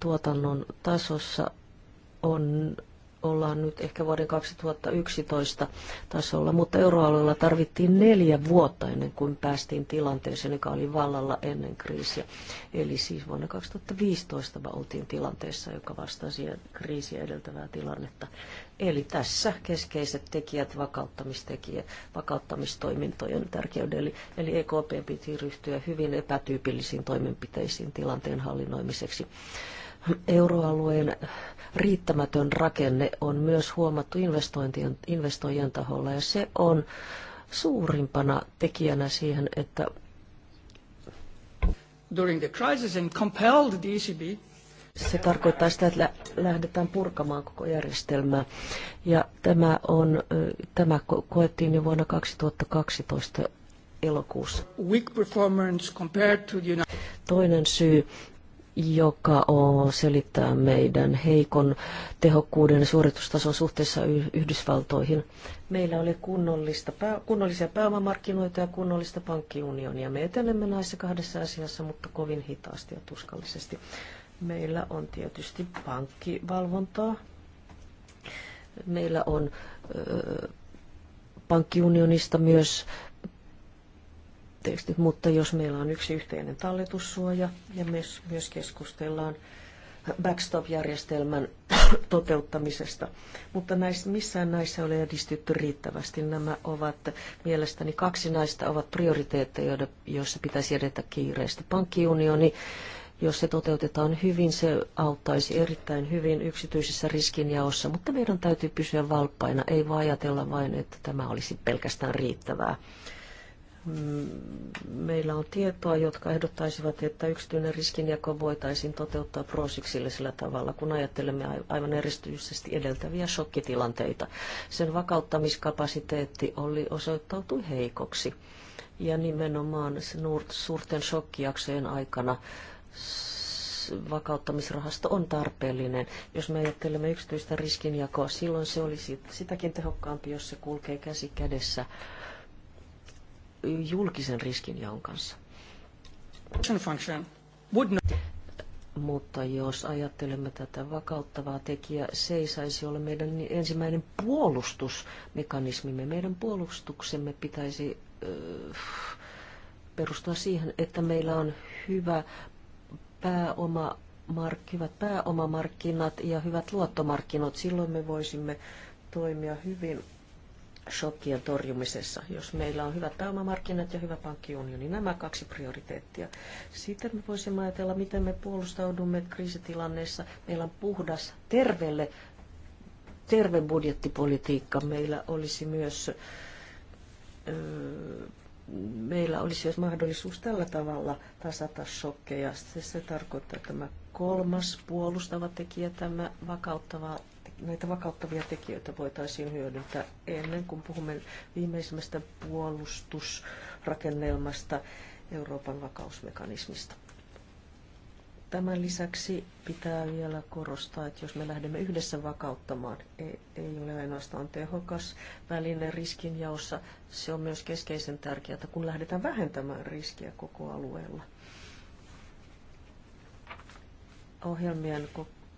tuotannon tasossa on ollaan nyt ehkä vuoden 2011 tasolla, mutta euroalueella tarvittiin neljä vuotta ennen kuin päästiin tilanteeseen, joka oli vallalla ennen kriisiä. Eli siis vuonna 2015 me oltiin tilanteessa, joka vastasi kriisiä edeltävää tilannetta. Eli tässä keskeiset tekijät vakauttamistekijät, vakauttamistoimintojen tärkeyden. Eli, eli EKP piti ryhtyä hyvin epätyypillisiin toimenpiteisiin tilanteen hallinnoimiseksi. Euroalueen riittämätön rakenne on myös huomattu investointien, investoijien taholla ja se on suurimpana tekijänä siihen, että during the crisis and compelled the ECB se tarkoittaa sitä, että lähdetään purkamaan koko järjestelmää. Ja tämä, on, tämä koettiin jo vuonna 2012 elokuussa. Toinen syy joka selittää meidän heikon tehokkuuden suoritustason suhteessa Yhdysvaltoihin. Meillä oli kunnollista, pää, kunnollisia pääomamarkkinoita ja kunnollista pankkiunionia. Me etenemme näissä kahdessa asiassa, mutta kovin hitaasti ja tuskallisesti. Meillä on tietysti pankkivalvontaa. Meillä on ö, pankkiunionista myös tekstit, mutta jos meillä on yksi yhteinen talletussuoja ja myös, myös keskustellaan backstop-järjestelmän toteuttamisesta. Mutta näissä, missään näissä ole edistytty riittävästi. Nämä ovat mielestäni kaksi näistä ovat prioriteetteja, joissa pitäisi edetä kiireesti. Pankkiunioni, jos se toteutetaan hyvin, se auttaisi erittäin hyvin yksityisessä riskinjaossa, mutta meidän täytyy pysyä valppaina, ei vaan ajatella vain, että tämä olisi pelkästään riittävää. Mm, meillä on tietoa, jotka ehdottaisivat, että yksityinen riskinjako voitaisiin toteuttaa sillä tavalla, kun ajattelemme aivan erityisesti edeltäviä shokkitilanteita. Sen vakauttamiskapasiteetti oli osoittautui heikoksi. Ja nimenomaan suurten shokkijaksojen aikana vakauttamisrahasto on tarpeellinen. Jos me ajattelemme yksityistä riskinjakoa, silloin se olisi sitäkin tehokkaampi, jos se kulkee käsi kädessä julkisen riskin jaon kanssa. Mutta jos ajattelemme tätä vakauttavaa tekijää, se ei saisi olla meidän ensimmäinen puolustusmekanismimme. Meidän puolustuksemme pitäisi perustua siihen, että meillä on hyvä pääoma, mark, hyvät pääomamarkkinat ja hyvät luottomarkkinat. Silloin me voisimme toimia hyvin shokkien torjumisessa, jos meillä on hyvät pääomamarkkinat ja hyvä pankkiunioni, nämä kaksi prioriteettia. Sitten me voisimme ajatella, miten me puolustaudumme kriisitilanneessa. Meillä on puhdas, terveelle, terve budjettipolitiikka. Meillä olisi myös öö, meillä olisi myös mahdollisuus tällä tavalla tasata shokkeja. Se, se tarkoittaa tämä kolmas puolustava tekijä, tämä vakauttava näitä vakauttavia tekijöitä voitaisiin hyödyntää ennen kuin puhumme viimeisimmästä puolustusrakennelmasta Euroopan vakausmekanismista. Tämän lisäksi pitää vielä korostaa, että jos me lähdemme yhdessä vakauttamaan, e- ei ole ainoastaan tehokas väline riskinjaossa, se on myös keskeisen tärkeää, kun lähdetään vähentämään riskiä koko alueella. Ohjelmien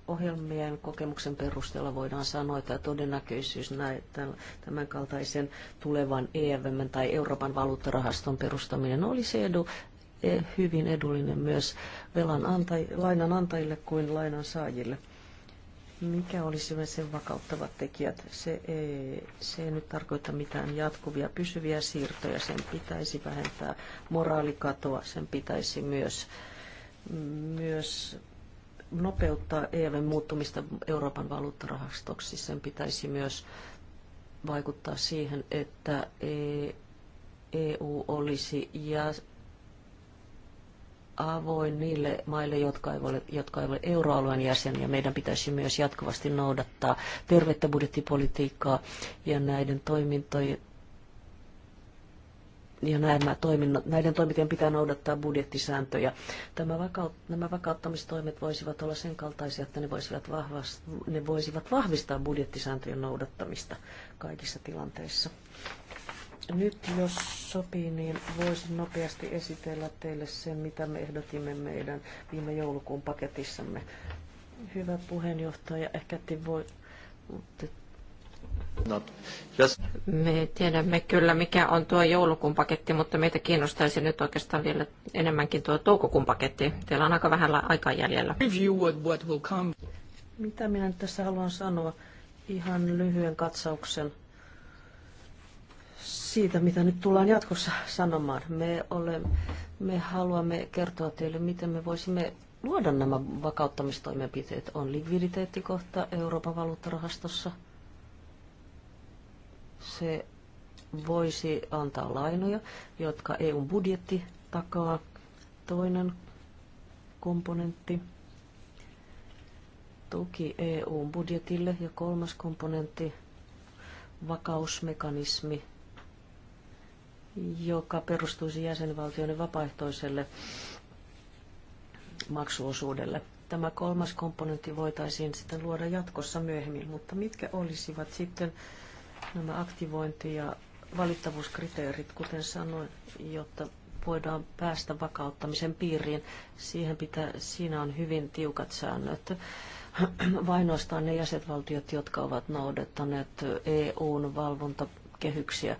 ohjelmien kokemuksen perusteella voidaan sanoa, että todennäköisyys näitä, tämän kaltaisen tulevan EVM tai Euroopan valuuttarahaston perustaminen olisi edu, e, hyvin edullinen myös velan antaj, lainan antajille kuin lainan saajille. Mikä olisi sen vakauttavat tekijät? Se ei, se ei nyt tarkoita mitään jatkuvia pysyviä siirtoja. Sen pitäisi vähentää moraalikatoa. Sen pitäisi myös, myös nopeuttaa EVn muuttumista Euroopan valuuttarahastoksi. Sen pitäisi myös vaikuttaa siihen, että EU e olisi ja avoin niille maille, jotka eivät ole, jotka ei ole euroalueen jäseniä. Meidän pitäisi myös jatkuvasti noudattaa tervettä budjettipolitiikkaa ja näiden toimintojen ja nämä toiminnot, näiden toimintien pitää noudattaa budjettisääntöjä. Tämä vakaut, nämä vakauttamistoimet voisivat olla sen kaltaisia, että ne voisivat, vahvast, ne voisivat vahvistaa budjettisääntöjen noudattamista kaikissa tilanteissa. Nyt jos sopii, niin voisin nopeasti esitellä teille sen, mitä me ehdotimme meidän viime joulukuun paketissamme. Hyvä puheenjohtaja, ehkä te voi, me tiedämme kyllä, mikä on tuo joulukuun paketti, mutta meitä kiinnostaisi nyt oikeastaan vielä enemmänkin tuo toukokuun paketti. Teillä on aika vähän aikaa jäljellä. Mitä minä nyt tässä haluan sanoa? Ihan lyhyen katsauksen siitä, mitä nyt tullaan jatkossa sanomaan. Me, ole, me haluamme kertoa teille, miten me voisimme luoda nämä vakauttamistoimenpiteet. On likviditeettikohta Euroopan valuuttarahastossa – se voisi antaa lainoja, jotka eu budjetti takaa. Toinen komponentti tuki eu budjetille ja kolmas komponentti vakausmekanismi, joka perustuisi jäsenvaltioiden vapaaehtoiselle maksuosuudelle. Tämä kolmas komponentti voitaisiin sitten luoda jatkossa myöhemmin, mutta mitkä olisivat sitten nämä aktivointi- ja valittavuuskriteerit, kuten sanoin, jotta voidaan päästä vakauttamisen piiriin. Siihen pitää, siinä on hyvin tiukat säännöt. Vainoistaan ne jäsenvaltiot, jotka ovat noudattaneet EUn valvontakehyksiä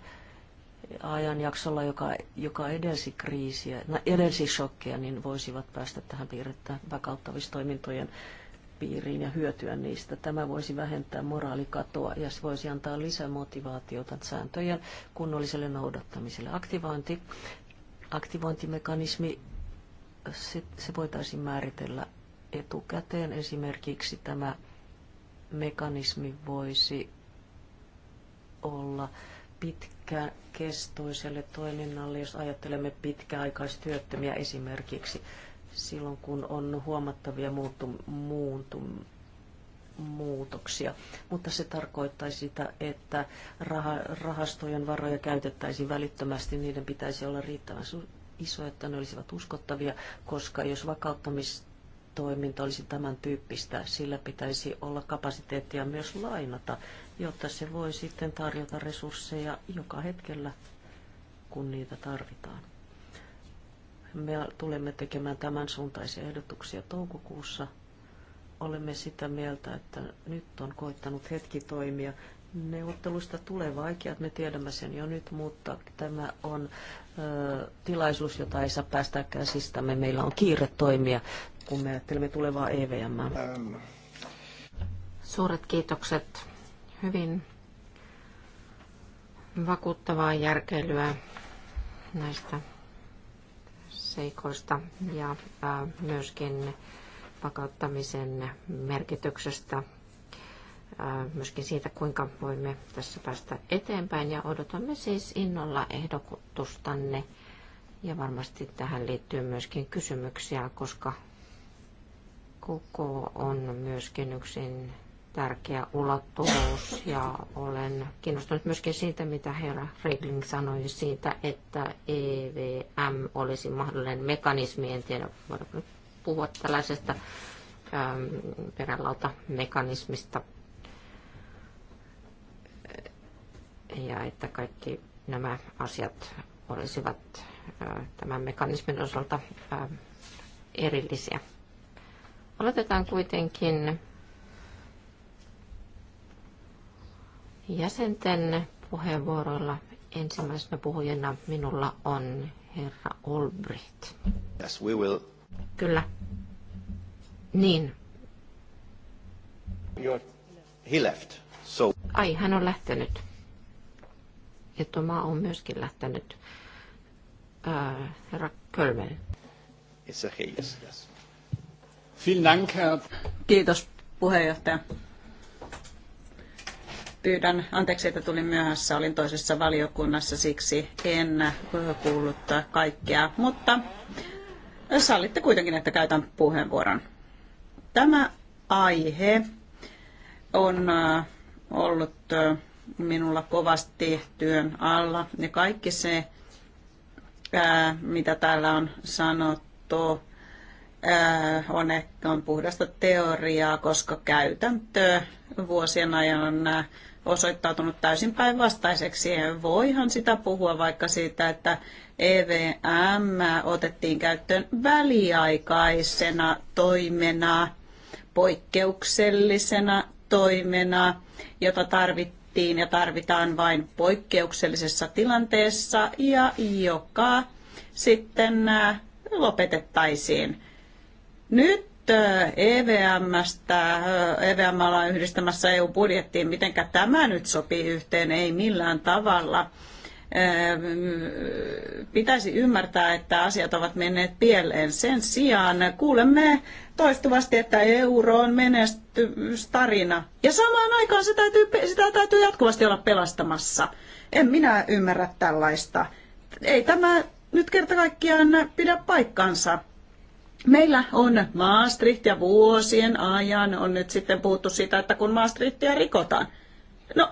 ajanjaksolla, joka, joka edelsi kriisiä, no, edelsi shokkeja, niin voisivat päästä tähän piirrettään vakauttavistoimintojen toimintojen piiriin ja hyötyä niistä. Tämä voisi vähentää moraalikatoa ja se voisi antaa lisämotivaatiota sääntöjen kunnolliselle noudattamiselle. Aktivointi, aktivointimekanismi, se, se voitaisiin määritellä etukäteen. Esimerkiksi tämä mekanismi voisi olla pitkäkestoiselle toiminnalle, jos ajattelemme pitkäaikaistyöttömiä esimerkiksi silloin, kun on huomattavia muuttu, muuntum- muutoksia. Mutta se tarkoittaisi sitä, että raha- rahastojen varoja käytettäisiin välittömästi, niiden pitäisi olla riittävän iso, että ne olisivat uskottavia, koska jos vakauttamistoiminta olisi tämän tyyppistä, sillä pitäisi olla kapasiteettia myös lainata, jotta se voi sitten tarjota resursseja joka hetkellä, kun niitä tarvitaan. Me tulemme tekemään tämän suuntaisia ehdotuksia toukokuussa. Olemme sitä mieltä, että nyt on koittanut hetki toimia. Neuvotteluista tulee vaikeat, me tiedämme sen jo nyt, mutta tämä on ö, tilaisuus, jota ei saa päästä käsistämme. Meillä on kiire toimia, kun me ajattelemme tulevaa EVM. Ähm. Suuret kiitokset. Hyvin vakuuttavaa järkeilyä näistä seikoista ja myöskin vakauttamisen merkityksestä, myöskin siitä, kuinka voimme tässä päästä eteenpäin. Ja odotamme siis innolla ehdotustanne. Ja varmasti tähän liittyy myöskin kysymyksiä, koska koko on myöskin yksin tärkeä ulottuvuus ja olen kiinnostunut myöskin siitä, mitä herra Regling sanoi siitä, että EVM olisi mahdollinen mekanismi. En tiedä, voidaanko puhua tällaisesta ähm, perälauta mekanismista ja että kaikki nämä asiat olisivat äh, tämän mekanismin osalta äh, erillisiä. Aloitetaan kuitenkin jäsenten puheenvuoroilla. Ensimmäisenä puhujana minulla on herra Olbricht. Yes, we will. Kyllä. Niin. he left. So. Ai, hän on lähtenyt. Ja Toma on myöskin lähtenyt. Äh, herra Kölmel. yes, yes. Vielen Dank, Herr... Kiitos, puheenjohtaja. Pyydän anteeksi, että tulin myöhässä. Olin toisessa valiokunnassa, siksi en äh, kuullut kaikkea. Mutta äh, sallitte kuitenkin, että käytän puheenvuoron. Tämä aihe on äh, ollut minulla kovasti työn alla ja kaikki se, mitä täällä on sanottu, on, on puhdasta teoriaa, koska käytäntö vuosien ajan osoittautunut täysin päinvastaiseksi. Voihan sitä puhua vaikka siitä, että EVM otettiin käyttöön väliaikaisena toimena, poikkeuksellisena toimena, jota tarvittiin ja tarvitaan vain poikkeuksellisessa tilanteessa ja joka sitten äh, lopetettaisiin. Nyt EVMstä, EVM ollaan yhdistämässä EU-budjettiin, mitenkä tämä nyt sopii yhteen, ei millään tavalla pitäisi ymmärtää, että asiat ovat menneet pieleen. Sen sijaan kuulemme toistuvasti, että euro on menestystarina. Ja samaan aikaan se täytyy, sitä täytyy jatkuvasti olla pelastamassa. En minä ymmärrä tällaista. Ei tämä nyt kerta kaikkiaan pidä paikkansa. Meillä on Maastricht ja vuosien ajan on nyt sitten puhuttu sitä, että kun Maastrichtia rikotaan. No,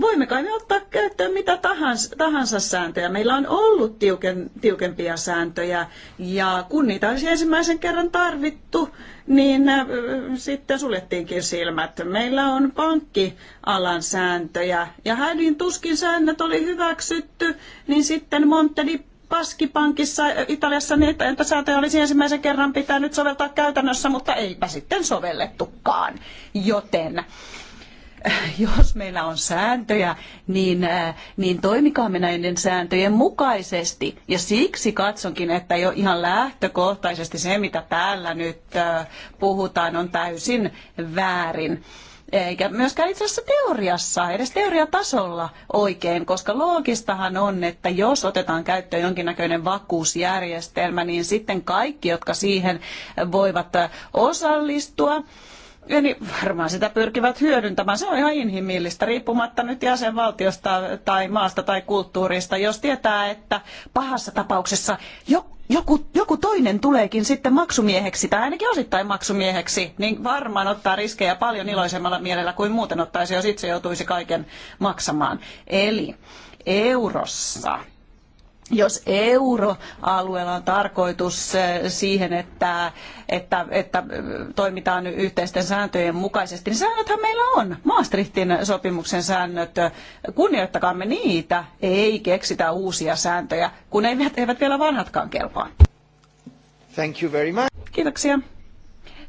voimme kai me ottaa käyttöön mitä tahansa, tahansa sääntöjä. Meillä on ollut tiuken, tiukempia sääntöjä ja kun niitä olisi ensimmäisen kerran tarvittu, niin äh, sitten suljettiinkin silmät. Meillä on pankkialan sääntöjä ja hädin tuskin säännöt oli hyväksytty, niin sitten Monte di Paskipankissa Italiassa niitä että sääntöjä olisi ensimmäisen kerran pitänyt soveltaa käytännössä, mutta eipä sitten sovellettukaan. Joten äh, jos meillä on sääntöjä, niin, äh, niin toimikaamme näiden sääntöjen mukaisesti. Ja siksi katsonkin, että jo ihan lähtökohtaisesti se, mitä täällä nyt äh, puhutaan, on täysin väärin eikä myöskään itse asiassa teoriassa, edes teoriatasolla oikein, koska loogistahan on, että jos otetaan käyttöön jonkinnäköinen vakuusjärjestelmä, niin sitten kaikki, jotka siihen voivat osallistua, ja niin varmaan sitä pyrkivät hyödyntämään. Se on ihan inhimillistä, riippumatta nyt jäsenvaltiosta tai maasta tai kulttuurista, jos tietää, että pahassa tapauksessa joku, joku toinen tuleekin sitten maksumieheksi tai ainakin osittain maksumieheksi, niin varmaan ottaa riskejä paljon iloisemmalla mielellä kuin muuten ottaisi, jos itse joutuisi kaiken maksamaan. Eli eurossa jos euroalueella on tarkoitus eh, siihen, että, että, että eh, toimitaan yhteisten sääntöjen mukaisesti, niin säännöthän meillä on. Maastrichtin sopimuksen säännöt, eh, kunnioittakaamme niitä, ei keksitä uusia sääntöjä, kun eivät, eivät vielä vanhatkaan kelpaa. Thank you very much. Kiitoksia.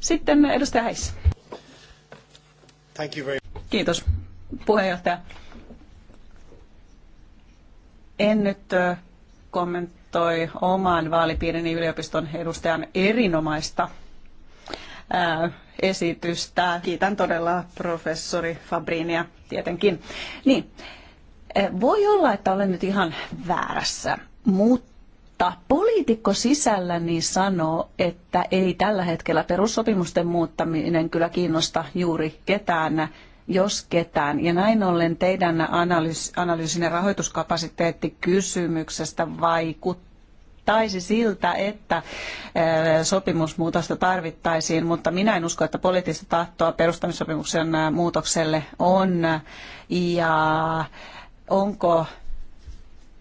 Sitten edustaja Thank you very much. Kiitos puheenjohtaja. En nyt kommentoi oman vaalipiirini yliopiston edustajan erinomaista esitystä. Kiitän todella professori Fabrinia tietenkin. Niin, voi olla, että olen nyt ihan väärässä, mutta poliitikko sisälläni sanoo, että ei tällä hetkellä perussopimusten muuttaminen kyllä kiinnosta juuri ketään jos ketään. Ja näin ollen teidän analyys, analyysinne rahoituskapasiteettikysymyksestä vaikuttaa taisi siltä, että eh, sopimusmuutosta tarvittaisiin, mutta minä en usko, että poliittista tahtoa perustamissopimuksen eh, muutokselle on. Ja onko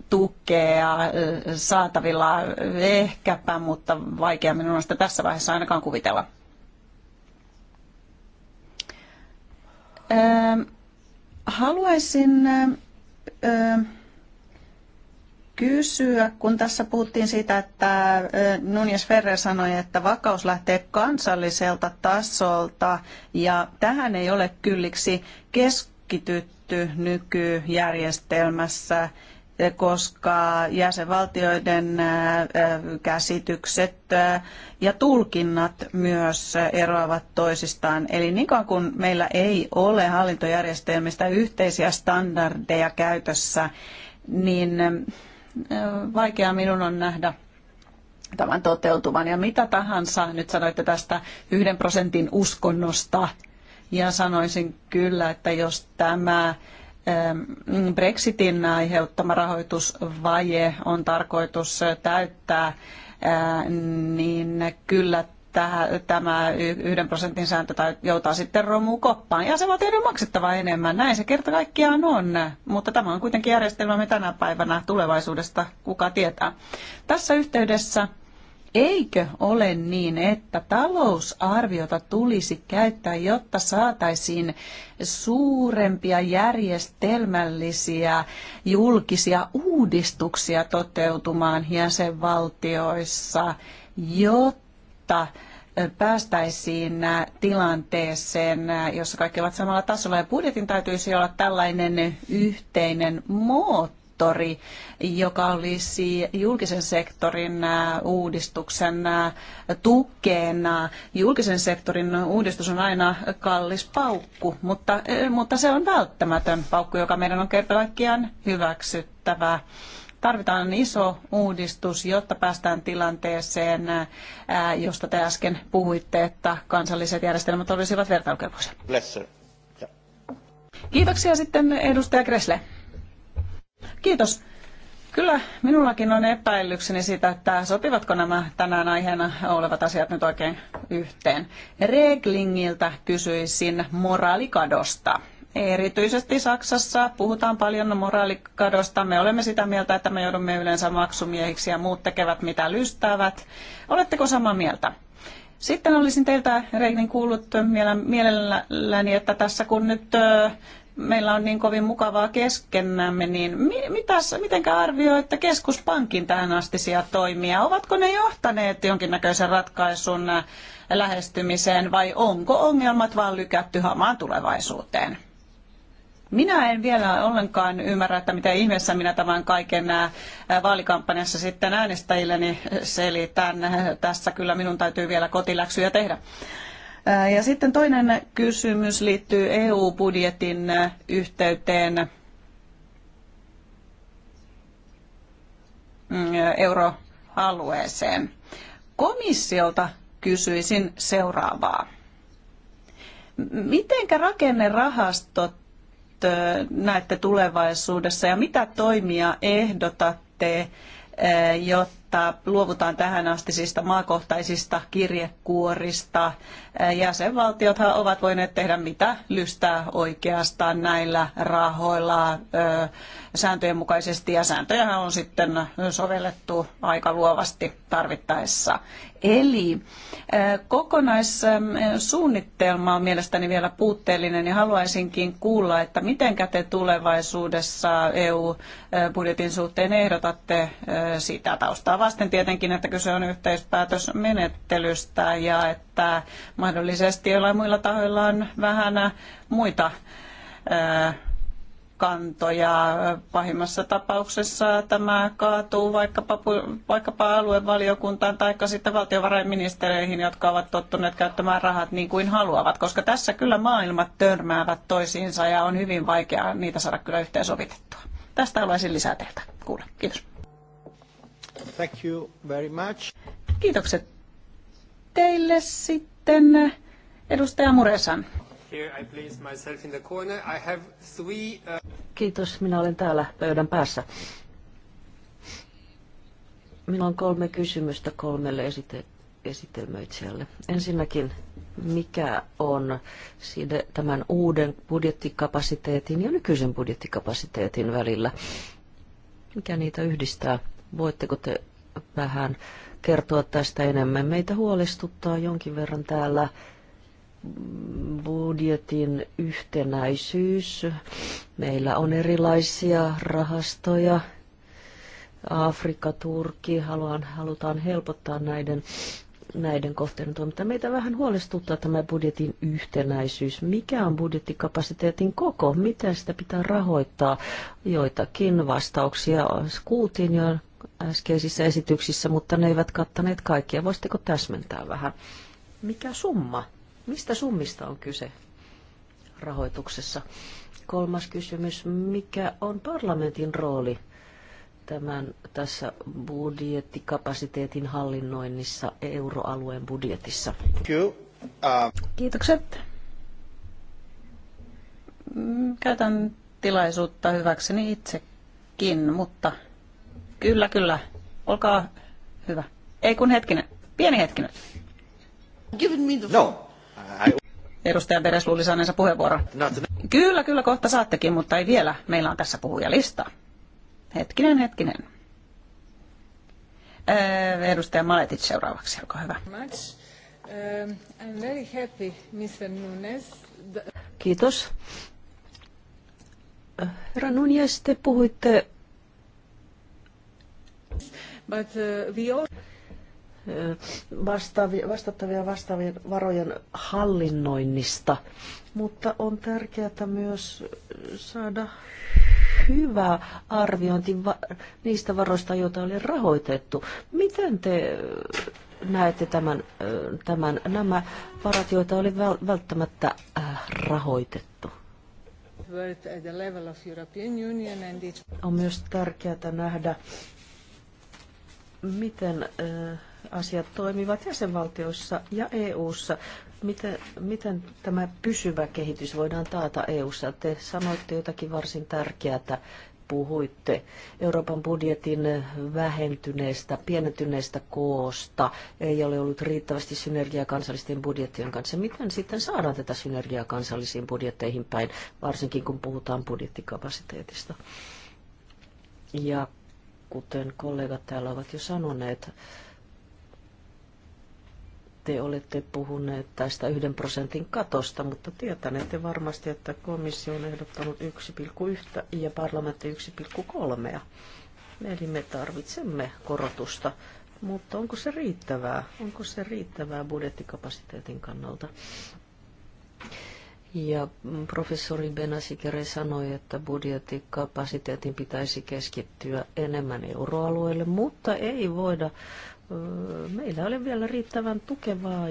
tukea eh, saatavilla ehkäpä, mutta vaikea minun on sitä tässä vaiheessa ainakaan kuvitella. Ähm, haluaisin ähm, kysyä, kun tässä puhuttiin siitä, että äh, Nunes Ferrer sanoi, että vakaus lähtee kansalliselta tasolta ja tähän ei ole kylliksi keskitytty nykyjärjestelmässä koska jäsenvaltioiden käsitykset ja tulkinnat myös eroavat toisistaan. Eli niin kauan kuin meillä ei ole hallintojärjestelmistä yhteisiä standardeja käytössä, niin vaikea minun on nähdä tämän toteutuvan. Ja mitä tahansa, nyt sanoitte tästä yhden prosentin uskonnosta, ja sanoisin kyllä, että jos tämä Brexitin aiheuttama rahoitusvaje on tarkoitus täyttää, niin kyllä tämä yhden prosentin sääntö joutaa sitten romukoppaan. Ja se on teidän maksettava enemmän. Näin se kerta kaikkiaan on. Mutta tämä on kuitenkin järjestelmämme tänä päivänä tulevaisuudesta, kuka tietää. Tässä yhteydessä Eikö ole niin, että talousarviota tulisi käyttää, jotta saataisiin suurempia järjestelmällisiä julkisia uudistuksia toteutumaan jäsenvaltioissa, jotta päästäisiin tilanteeseen, jossa kaikki ovat samalla tasolla ja budjetin täytyisi olla tällainen yhteinen moottori sektori, joka olisi julkisen sektorin äh, uudistuksen äh, tukena. Julkisen sektorin uudistus on aina kallis paukku, mutta, äh, mutta se on välttämätön paukku, joka meidän on kerta kaikkiaan hyväksyttävä tarvitaan iso uudistus, jotta päästään tilanteeseen, josta te äsken puhuitte, että kansalliset järjestelmät olisivat vertailukelpoisia. Kiitoksia sitten edustaja Kresle. Kiitos. Kyllä, minullakin on epäilykseni siitä, että sopivatko nämä tänään aiheena olevat asiat nyt oikein yhteen. Reglingiltä kysyisin moraalikadosta. Erityisesti Saksassa puhutaan paljon moraalikadosta. Me olemme sitä mieltä, että me joudumme yleensä maksumiehiksi ja muut tekevät mitä lystäävät. Oletteko samaa mieltä? Sitten olisin teiltä, Reinin, kuullut mielelläni, että tässä kun nyt meillä on niin kovin mukavaa keskenämme, niin mitäs, miten arvioitte keskuspankin tähän astisia toimia? Ovatko ne johtaneet jonkinnäköisen ratkaisun lähestymiseen vai onko ongelmat vain lykätty hamaan tulevaisuuteen? Minä en vielä ollenkaan ymmärrä, että miten ihmeessä minä tämän kaiken vaalikampanjassa sitten äänestäjilleni selitän. Tässä kyllä minun täytyy vielä kotiläksyjä tehdä. Ja sitten toinen kysymys liittyy EU-budjetin yhteyteen mm, euroalueeseen. Komissiolta kysyisin seuraavaa. Mitenkä rakennerahastot näette tulevaisuudessa ja mitä toimia ehdotatte Eh, jotta luovutaan tähän astisista maakohtaisista kirjekuorista. Eh, jäsenvaltiothan ovat voineet tehdä mitä lystää oikeastaan näillä rahoilla eh, sääntöjen mukaisesti ja sääntöjähän on sitten sovellettu aika luovasti tarvittaessa. Eli kokonaissuunnitelma on mielestäni vielä puutteellinen ja haluaisinkin kuulla, että miten te tulevaisuudessa EU-budjetin suhteen ehdotatte sitä taustaa vasten tietenkin, että kyse on yhteispäätösmenettelystä ja että mahdollisesti jollain muilla tahoilla on vähän muita kantoja. Pahimmassa tapauksessa tämä kaatuu vaikkapa, vaikkapa aluevaliokuntaan tai sitten valtiovarainministereihin, jotka ovat tottuneet käyttämään rahat niin kuin haluavat, koska tässä kyllä maailmat törmäävät toisiinsa ja on hyvin vaikea niitä saada kyllä yhteensovitettua. Tästä haluaisin lisää teiltä kuule Kiitos. Thank you very much. Kiitokset teille sitten edustaja Muresan. Kiitos, minä olen täällä pöydän päässä. Minulla on kolme kysymystä kolmelle esite- esitelmöitsijälle. Ensinnäkin, mikä on tämän uuden budjettikapasiteetin ja nykyisen budjettikapasiteetin välillä? Mikä niitä yhdistää? Voitteko te vähän kertoa tästä enemmän? Meitä huolestuttaa jonkin verran täällä budjetin yhtenäisyys. Meillä on erilaisia rahastoja. Afrikka, Turkki, haluan, halutaan helpottaa näiden näiden kohteiden toimintaa. Meitä vähän huolestuttaa tämä budjetin yhtenäisyys. Mikä on budjettikapasiteetin koko? Miten sitä pitää rahoittaa? Joitakin vastauksia kuultiin jo äskeisissä esityksissä, mutta ne eivät kattaneet kaikkia. Voisitteko täsmentää vähän? Mikä summa Mistä summista on kyse rahoituksessa? Kolmas kysymys, mikä on parlamentin rooli tämän, tässä budjettikapasiteetin hallinnoinnissa euroalueen budjetissa? Uh, Kiitokset. Mm, käytän tilaisuutta hyväkseni itsekin, mutta kyllä, kyllä. Olkaa hyvä. Ei kun hetkinen. Pieni hetkinen. No, Edustaja Beres luuli saaneensa Kyllä, kyllä, kohta saattekin, mutta ei vielä. Meillä on tässä puhujalista. Hetkinen, hetkinen. Öö, edustaja maletit seuraavaksi, olkaa hyvä. Kiitos. Herra Nunes, te puhuitte But, uh, we all vastaavia, vastattavia vastaavien varojen hallinnoinnista, mutta on tärkeää myös saada hyvä arviointi niistä varoista, joita oli rahoitettu. Miten te äh, näette tämän, äh, tämän, nämä varat, joita oli välttämättä äh, rahoitettu? On myös tärkeää nähdä, miten äh, asiat toimivat jäsenvaltioissa ja EU:ssa. Miten, miten tämä pysyvä kehitys voidaan taata EU:ssa? Te sanoitte jotakin varsin tärkeää, puhuitte Euroopan budjetin vähentyneestä, pienentyneestä koosta. Ei ole ollut riittävästi synergiaa kansallisten budjettien kanssa. Miten sitten saadaan tätä synergiaa kansallisiin budjetteihin päin, varsinkin kun puhutaan budjettikapasiteetista? Ja kuten kollegat täällä ovat jo sanoneet, te olette puhuneet tästä yhden prosentin katosta, mutta tietänette varmasti, että komissio on ehdottanut 1,1 ja parlamentti 1,3. Eli me tarvitsemme korotusta, mutta onko se riittävää? Onko se riittävää budjettikapasiteetin kannalta? Ja professori Benasikere sanoi, että budjettikapasiteetin pitäisi keskittyä enemmän euroalueelle, mutta ei voida meillä oli vielä riittävän tukevaa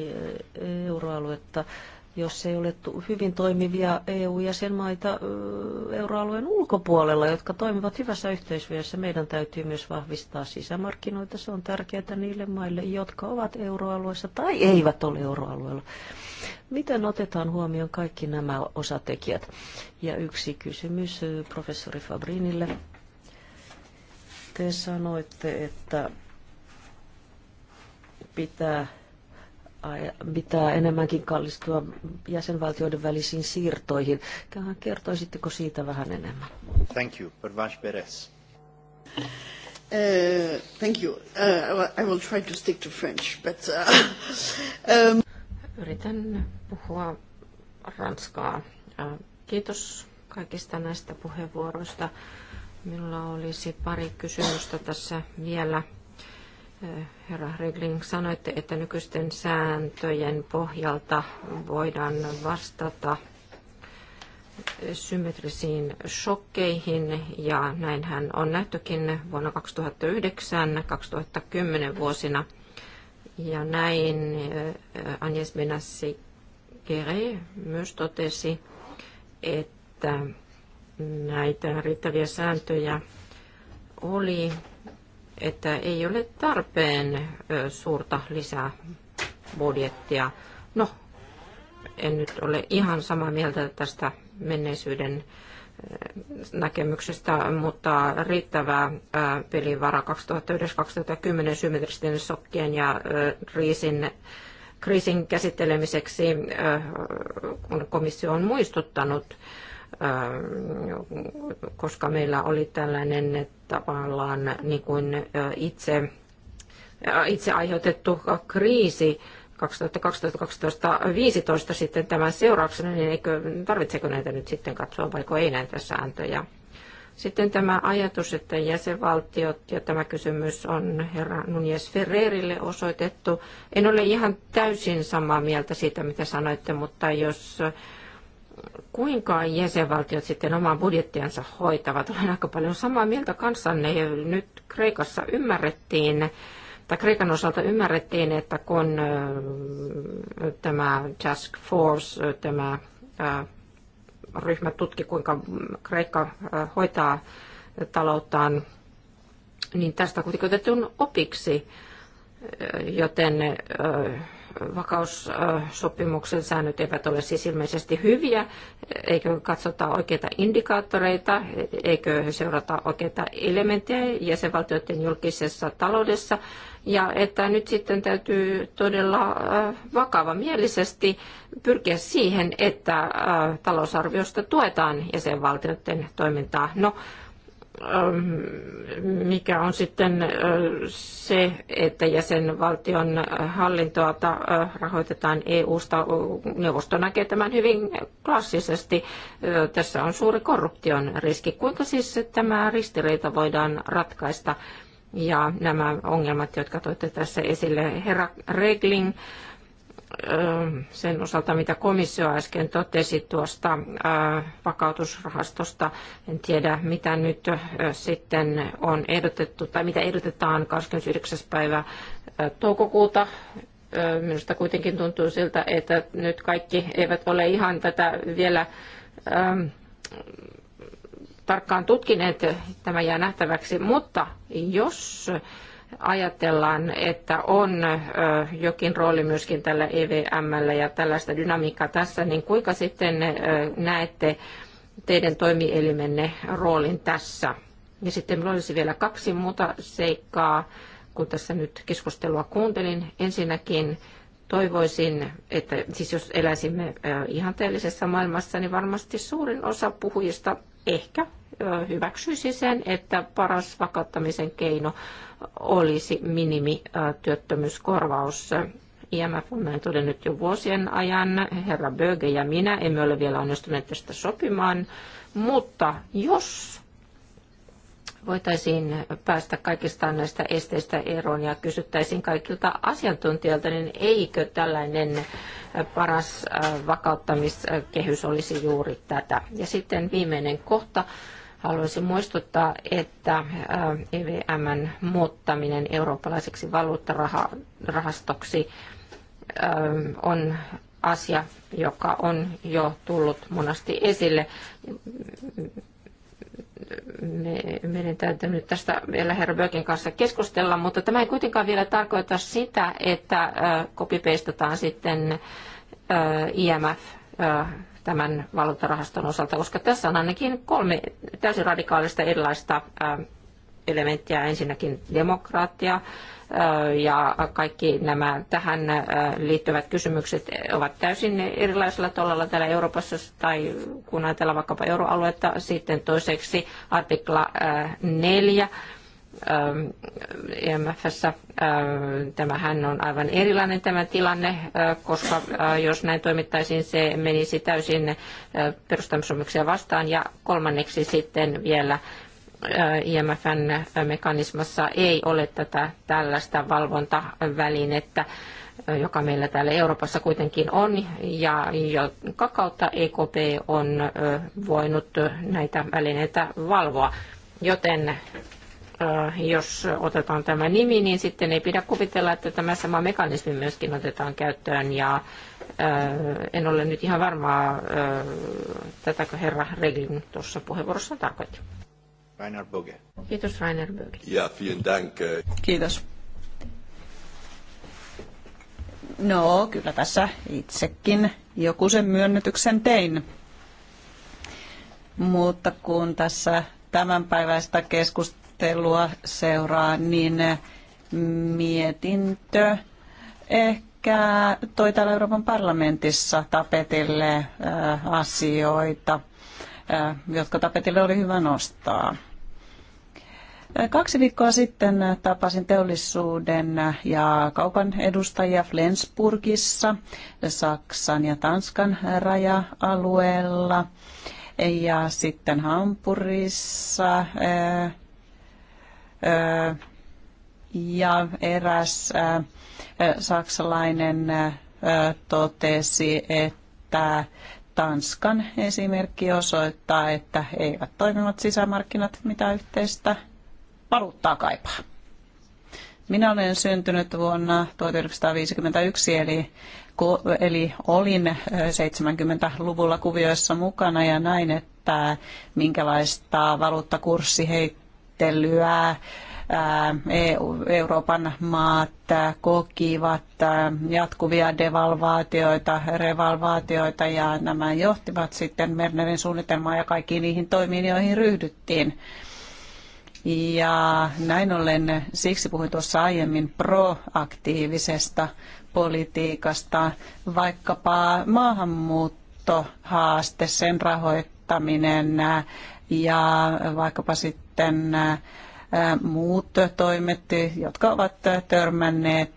euroaluetta, jos ei ole hyvin toimivia EU-jäsenmaita euroalueen ulkopuolella, jotka toimivat hyvässä yhteistyössä. Meidän täytyy myös vahvistaa sisämarkkinoita. Se on tärkeää niille maille, jotka ovat euroalueessa tai eivät ole euroalueella. Miten otetaan huomioon kaikki nämä osatekijät? Ja yksi kysymys professori Fabrinille. Te sanoitte, että pitää, pitää enemmänkin kallistua jäsenvaltioiden välisiin siirtoihin. Kertoisitteko siitä vähän enemmän? Thank you. Pervash Beres. Uh, thank you. Uh, I will try to stick to French, but... Uh, um... Yritän puhua ranskaa. Uh, kiitos kaikista näistä puheenvuoroista. Minulla olisi pari kysymystä tässä vielä Herra Regling, sanoitte, että nykyisten sääntöjen pohjalta voidaan vastata symmetrisiin shokkeihin ja näinhän on nähtykin vuonna 2009-2010 vuosina. Ja näin äh, Agnes Benassi Kere myös totesi, että näitä riittäviä sääntöjä oli että ei ole tarpeen suurta lisää budjettia. No, en nyt ole ihan samaa mieltä tästä menneisyyden näkemyksestä, mutta riittävää pelivara 2009-2010 symmetristen sokkien ja kriisin, kriisin käsittelemiseksi, kun komissio on muistuttanut koska meillä oli tällainen tavallaan niin kuin itse, itse aiheutettu kriisi 2012-2015 sitten tämän seurauksena, niin eikö, tarvitseeko näitä nyt sitten katsoa, vaiko ei näitä sääntöjä? Sitten tämä ajatus, että jäsenvaltiot, ja tämä kysymys on herra Nunes Ferrerille osoitettu. En ole ihan täysin samaa mieltä siitä, mitä sanoitte, mutta jos kuinka jäsenvaltiot sitten omaa budjettiansa hoitavat. Olen aika paljon samaa mieltä kanssanne nyt Kreikassa ymmärrettiin, tai Kreikan osalta ymmärrettiin, että kun tämä task force, tämä ryhmä tutki, kuinka Kreikka hoitaa talouttaan, niin tästä kuitenkin otettiin opiksi, joten vakaussopimuksen säännöt eivät ole siis ilmeisesti hyviä, eikö katsota oikeita indikaattoreita, eikö seurata oikeita elementtejä jäsenvaltioiden julkisessa taloudessa, ja että nyt sitten täytyy todella äh, vakavamielisesti pyrkiä siihen, että äh, talousarviosta tuetaan jäsenvaltioiden toimintaa. No, mikä on sitten se, että jäsenvaltion hallintoa rahoitetaan EU-sta. Neuvosto näkee tämän hyvin klassisesti. Tässä on suuri korruption riski. Kuinka siis tämä ristiriita voidaan ratkaista ja nämä ongelmat, jotka toitte tässä esille, herra Regling, sen osalta, mitä komissio äsken totesi tuosta vakautusrahastosta. En tiedä, mitä nyt sitten on ehdotettu tai mitä ehdotetaan 29. päivä toukokuuta minusta kuitenkin tuntuu siltä, että nyt kaikki eivät ole ihan tätä vielä tarkkaan tutkineet, tämä jää nähtäväksi, mutta jos ajatellaan, että on jokin rooli myöskin tällä EVMllä ja tällaista dynamiikkaa tässä, niin kuinka sitten näette teidän toimielimenne roolin tässä? Ja sitten minulla olisi vielä kaksi muuta seikkaa, kun tässä nyt keskustelua kuuntelin. Ensinnäkin toivoisin, että siis jos eläisimme ihanteellisessa maailmassa, niin varmasti suurin osa puhujista ehkä hyväksyisi sen, että paras vakauttamisen keino olisi minimityöttömyyskorvaus. IMF on näin todennut jo vuosien ajan. Herra Böge ja minä emme ole vielä onnistuneet tästä sopimaan, mutta jos voitaisiin päästä kaikista näistä esteistä eroon ja kysyttäisiin kaikilta asiantuntijoilta, niin eikö tällainen paras äh, vakauttamiskehys olisi juuri tätä. Ja sitten viimeinen kohta. Haluaisin muistuttaa, että äh, EVMn muuttaminen eurooppalaiseksi valuuttarahastoksi äh, on asia, joka on jo tullut monasti esille me, meidän täytyy nyt tästä vielä herra Böken kanssa keskustella, mutta tämä ei kuitenkaan vielä tarkoita sitä, että kopipeistetaan sitten IMF tämän valuuttarahaston osalta, koska tässä on ainakin kolme täysin radikaalista erilaista elementtiä. Ensinnäkin demokraattia ja kaikki nämä tähän liittyvät kysymykset ovat täysin erilaisella tolalla täällä Euroopassa tai kun ajatellaan vaikkapa euroaluetta. Sitten toiseksi artikla 4 IMFssä. E tämähän on aivan erilainen tämä tilanne, koska jos näin toimittaisiin, se menisi täysin perustamisomuksia vastaan. Ja kolmanneksi sitten vielä IMFn mekanismassa ei ole tätä tällaista valvontavälinettä, joka meillä täällä Euroopassa kuitenkin on, ja jonka kautta EKP on voinut näitä välineitä valvoa. Joten jos otetaan tämä nimi, niin sitten ei pidä kuvitella, että tämä sama mekanismi myöskin otetaan käyttöön. Ja en ole nyt ihan varmaa, tätäkö herra Reglin tuossa puheenvuorossa tarkoitti. Rainer Böge. Kiitos Rainer Böge. Ja, vielen dank. Äh, Kiitos. No, kyllä tässä itsekin joku sen myönnytyksen tein. Mutta kun tässä tämänpäiväistä keskustelua seuraa, niin mietintö ehkä toi täällä Euroopan parlamentissa tapetille äh, asioita, äh, jotka tapetille oli hyvä nostaa. Kaksi viikkoa sitten tapasin teollisuuden ja kaupan edustajia Flensburgissa, Saksan ja Tanskan raja-alueella ja sitten Hampurissa äh, äh, ja eräs äh, saksalainen totesi, että Tanskan esimerkki osoittaa, että eivät toimivat sisämarkkinat mitä yhteistä paluuttaa kaipaa. Minä olen syntynyt vuonna 1951, eli, eli olin 70-luvulla kuvioissa mukana ja näin, että minkälaista valuuttakurssiheittelyä e Euroopan maat kokivat jatkuvia devalvaatioita, revalvaatioita ja nämä johtivat sitten Mernerin suunnitelmaan ja kaikkiin niihin toimiin, joihin ryhdyttiin. Ja näin ollen siksi puhuin tuossa aiemmin proaktiivisesta politiikasta, vaikkapa maahanmuuttohaaste, sen rahoittaminen ja vaikkapa sitten muut toimet, jotka ovat törmänneet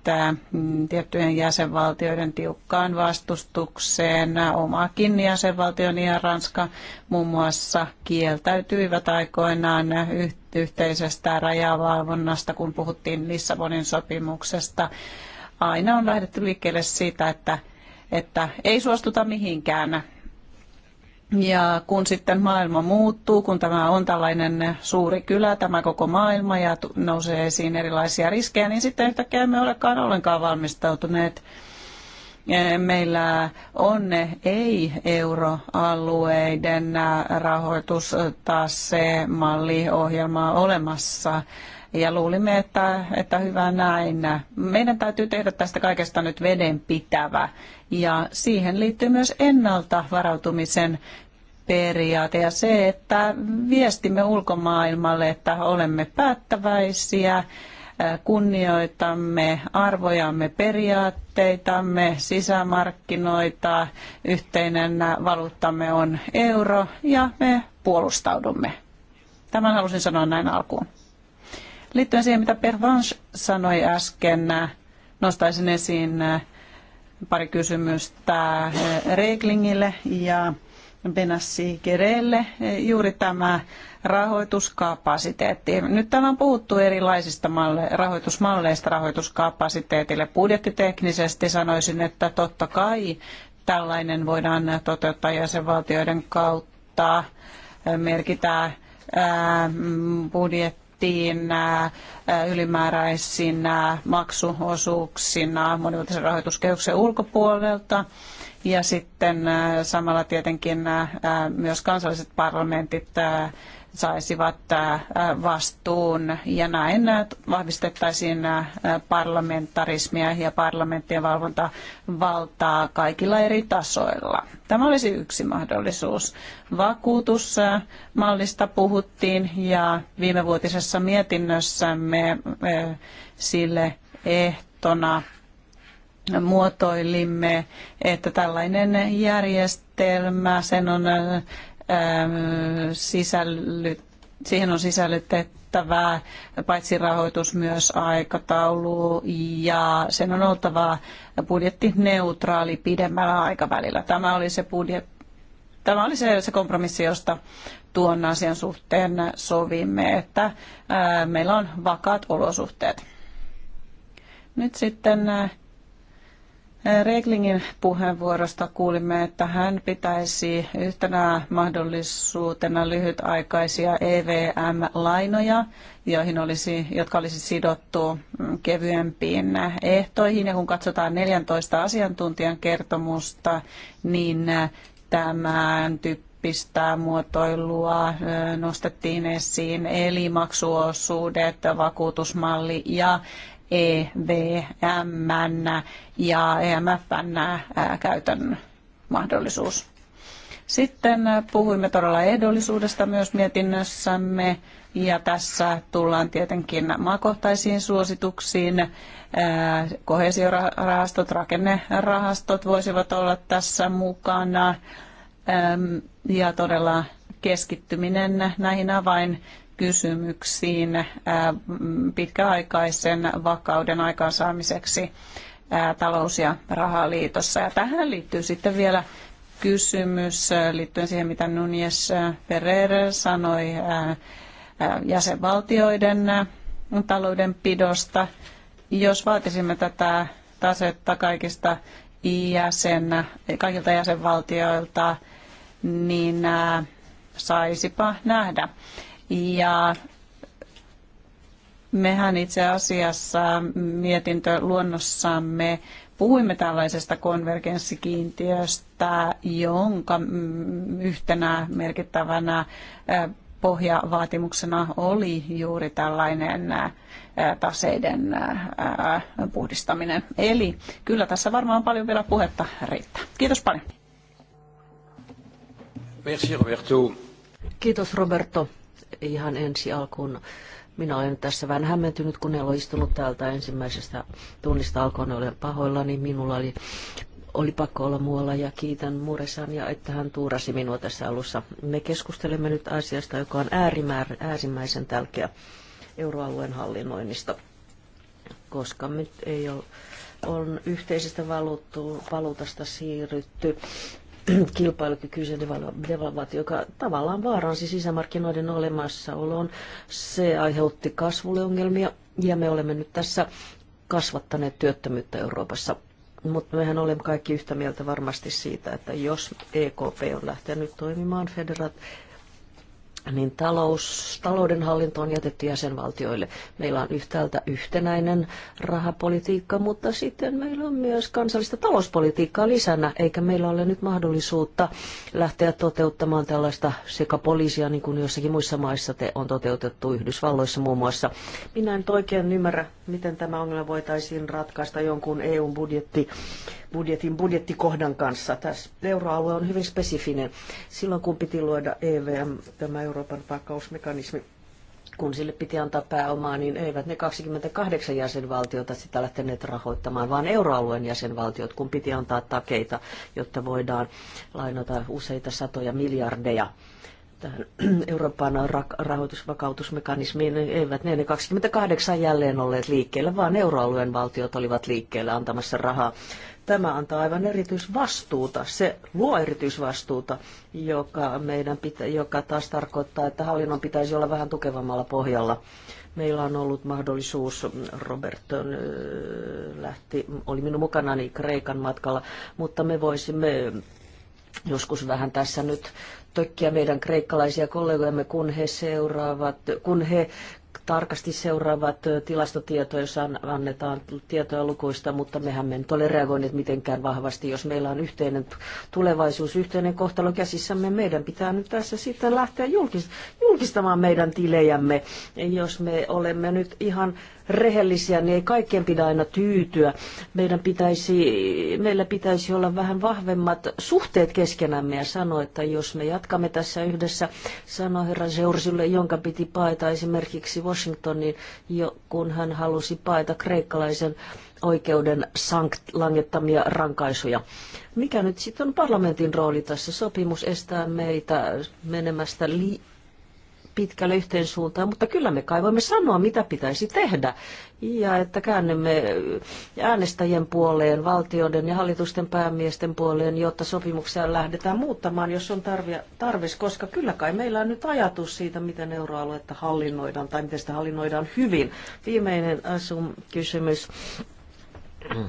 tiettyjen jäsenvaltioiden tiukkaan vastustukseen. Omakin jäsenvaltioni ja Ranska muun muassa kieltäytyivät aikoinaan yhteisestä rajavalvonnasta, kun puhuttiin Lissabonin sopimuksesta. Aina on lähdetty liikkeelle siitä, että että ei suostuta mihinkään ja kun sitten maailma muuttuu, kun tämä on tällainen suuri kylä, tämä koko maailma ja nousee esiin erilaisia riskejä, niin sitten yhtäkkiä emme olekaan ollenkaan valmistautuneet. E, meillä on ei-euroalueiden se malliohjelma olemassa ja luulimme, että, että hyvä näin. Meidän täytyy tehdä tästä kaikesta nyt vedenpitävä ja siihen liittyy myös ennalta varautumisen periaate ja se, että viestimme ulkomaailmalle, että olemme päättäväisiä, kunnioitamme arvojamme, periaatteitamme, sisämarkkinoita, yhteinen valuuttamme on euro ja me puolustaudumme. Tämän halusin sanoa näin alkuun. Liittyen siihen, mitä Pervanche sanoi äsken, nostaisin esiin pari kysymystä Reiklingille ja Benassi Kerelle juuri tämä rahoituskapasiteetti. Nyt täällä on puhuttu erilaisista malle, rahoitusmalleista rahoituskapasiteetille. Budjettiteknisesti sanoisin, että totta kai tällainen voidaan toteuttaa jäsenvaltioiden kautta, merkitään budjetti ylimääräisinä maksuosuuksina monivuotisen rahoituskehyksen ulkopuolelta. Ja sitten äh, samalla tietenkin äh, äh, myös kansalliset parlamentit saisivat vastuun ja näin vahvistettaisiin parlamentarismia ja parlamenttien valvontavaltaa kaikilla eri tasoilla. Tämä olisi yksi mahdollisuus. Vakuutusmallista puhuttiin ja viimevuotisessa mietinnössämme sille ehtona muotoilimme, että tällainen järjestelmä, sen on äh, sisällyt, siihen on sisällytettävää paitsi rahoitus myös aikataulu ja sen on oltava budjettineutraali pidemmällä aikavälillä. Tämä oli se budjet, Tämä oli se, se kompromissi, josta tuon asian suhteen sovimme, että ää, äh, meillä on vakaat olosuhteet. Nyt sitten ää, äh, Reglingin puheenvuorosta kuulimme, että hän pitäisi yhtenä mahdollisuutena lyhytaikaisia EVM-lainoja, joihin olisi, jotka olisi sidottu kevyempiin ehtoihin. Ja kun katsotaan 14 asiantuntijan kertomusta, niin tämän tyyppistä muotoilua nostettiin esiin, eli maksuosuudet, vakuutusmalli ja EVM ja EMFn käytön mahdollisuus. Sitten puhuimme todella ehdollisuudesta myös mietinnössämme ja tässä tullaan tietenkin maakohtaisiin suosituksiin. Kohesiorahastot, rakennerahastot voisivat olla tässä mukana ja todella keskittyminen näihin avain kysymyksiin pitkäaikaisen vakauden aikaansaamiseksi talous- ja rahaliitossa. Ja tähän liittyy sitten vielä kysymys liittyen siihen, mitä Nunes Ferrer sanoi jäsenvaltioiden taloudenpidosta. Jos vaatisimme tätä tasetta kaikista jäsen, kaikilta jäsenvaltioilta, niin saisipa nähdä. Ja mehän itse asiassa mietintöluonnossamme puhuimme tällaisesta konvergenssikiintiöstä, jonka mm, yhtenä merkittävänä pohjavaatimuksena oli juuri tällainen taseiden puhdistaminen. Eli kyllä tässä varmaan paljon vielä puhetta riittää. Kiitos paljon. Merci Roberto. Kiitos Roberto ihan ensi alkuun. Minä olen tässä vähän hämmentynyt, kun en ole istunut täältä ensimmäisestä tunnista alkoon, olen niin Minulla oli, oli pakko olla muualla ja kiitän Muresan ja että hän tuurasi minua tässä alussa. Me keskustelemme nyt asiasta, joka on äärimäär, äärimmäisen tärkeä euroalueen hallinnoinnista, koska nyt ei ole on yhteisestä valuutasta siirrytty kilpailukykyisen devalvaatio, joka tavallaan vaaransi sisämarkkinoiden olemassaoloon. Se aiheutti kasvulle ongelmia ja me olemme nyt tässä kasvattaneet työttömyyttä Euroopassa. Mutta mehän olemme kaikki yhtä mieltä varmasti siitä, että jos EKP on lähtenyt toimimaan federat, niin talous, taloudenhallinto on jätetty jäsenvaltioille. Meillä on yhtäältä yhtenäinen rahapolitiikka, mutta sitten meillä on myös kansallista talouspolitiikkaa lisänä, eikä meillä ole nyt mahdollisuutta lähteä toteuttamaan tällaista sekä poliisia, niin kuin jossakin muissa maissa te on toteutettu, Yhdysvalloissa muun muassa. Minä en oikein ymmärrä, miten tämä ongelma voitaisiin ratkaista jonkun EU-budjetti budjetin budjettikohdan kanssa. Tässä euroalue on hyvin spesifinen. Silloin kun piti luoda EVM, tämä Euro Euroopan vakausmekanismi, kun sille piti antaa pääomaa, niin eivät ne 28 jäsenvaltiota sitä lähteneet rahoittamaan, vaan euroalueen jäsenvaltiot, kun piti antaa takeita, jotta voidaan lainata useita satoja miljardeja tähän Euroopan rahoitusvakautusmekanismiin, eivät ne, ne 28 jälleen olleet liikkeellä, vaan euroalueen valtiot olivat liikkeellä antamassa rahaa Tämä antaa aivan erityisvastuuta, se luo erityisvastuuta, joka, meidän pitä, joka taas tarkoittaa, että hallinnon pitäisi olla vähän tukevammalla pohjalla. Meillä on ollut mahdollisuus, Robert lähti, oli minun mukanani Kreikan matkalla, mutta me voisimme joskus vähän tässä nyt tökkiä meidän kreikkalaisia kollegojamme, kun he seuraavat, kun he tarkasti seuraavat tilastotietoja, joissa annetaan tietoja lukuista, mutta mehän me nyt ole reagoineet mitenkään vahvasti. Jos meillä on yhteinen tulevaisuus, yhteinen kohtalo käsissämme, meidän pitää nyt tässä sitten lähteä julkistamaan meidän tilejämme. Jos me olemme nyt ihan rehellisiä, niin ei kaikkien pidä aina tyytyä. Meidän pitäisi, meillä pitäisi olla vähän vahvemmat suhteet keskenämme ja sanoa, että jos me jatkamme tässä yhdessä, sanoi herra Seursille, jonka piti paeta esimerkiksi Washingtonin, jo, kun hän halusi paeta kreikkalaisen oikeuden sankt- langettamia rankaisuja. Mikä nyt sitten on parlamentin rooli tässä? Sopimus estää meitä menemästä li- pitkälle yhteen suuntaan, mutta kyllä me kai voimme sanoa, mitä pitäisi tehdä. Ja että käännymme äänestäjien puoleen, valtioiden ja hallitusten päämiesten puoleen, jotta sopimuksia lähdetään muuttamaan, jos on tarvis, koska kyllä kai meillä on nyt ajatus siitä, miten euroaluetta hallinnoidaan tai miten sitä hallinnoidaan hyvin. Viimeinen asun kysymys. Mm.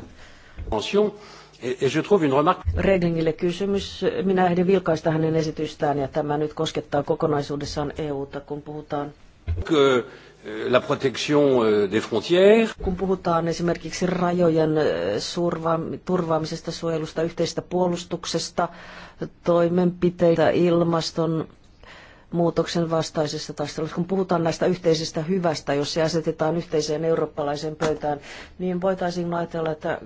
Reglingille kysymys. Minä ehdin vilkaista hänen esitystään ja tämä nyt koskettaa kokonaisuudessaan EUta, kun puhutaan euh, la protection euh, des frontières. Kun puhutaan esimerkiksi rajojen äh, turvaamisesta, suojelusta, yhteisestä puolustuksesta, toimenpiteitä ilmaston muutoksen vastaisessa taistelussa. Kun puhutaan näistä yhteisistä hyvästä, jos se asetetaan yhteiseen eurooppalaiseen pöytään, niin voitaisiin ajatella, että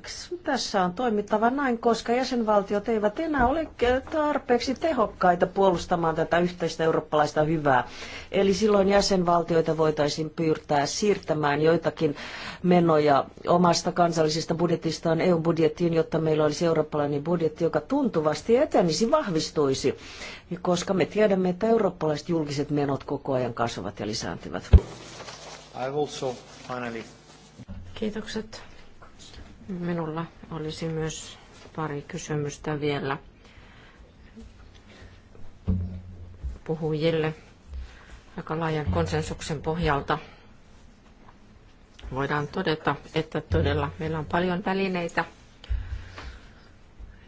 tässä on toimittava näin, koska jäsenvaltiot eivät enää ole tarpeeksi tehokkaita puolustamaan tätä yhteistä eurooppalaista hyvää. Eli silloin jäsenvaltioita voitaisiin pyytää siirtämään joitakin menoja omasta kansallisesta budjetistaan EU-budjettiin, jotta meillä olisi eurooppalainen budjetti, joka tuntuvasti etenisi, vahvistuisi koska me tiedämme, että eurooppalaiset julkiset menot koko ajan kasvavat ja lisääntyvät. Kiitokset. Minulla olisi myös pari kysymystä vielä puhujille aika laajan konsensuksen pohjalta. Voidaan todeta, että todella meillä on paljon välineitä,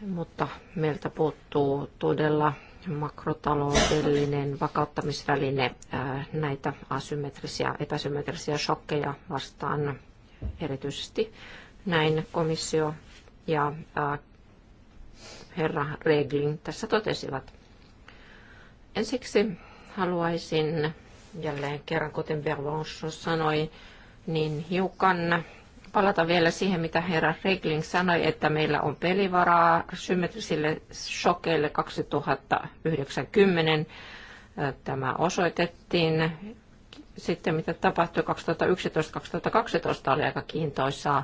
mutta meiltä puuttuu todella makrotaloudellinen vakauttamisväline äh, näitä asymmetrisiä, epäsymmetrisiä shokkeja vastaan erityisesti. Näin komissio ja äh, herra Regling tässä totesivat. Ensiksi haluaisin jälleen kerran, kuten Berlonsson sanoi, niin hiukan palata vielä siihen, mitä herra Regling sanoi, että meillä on pelivaraa symmetrisille shokeille 2090. Tämä osoitettiin. Sitten mitä tapahtui 2011-2012 oli aika kiintoisaa.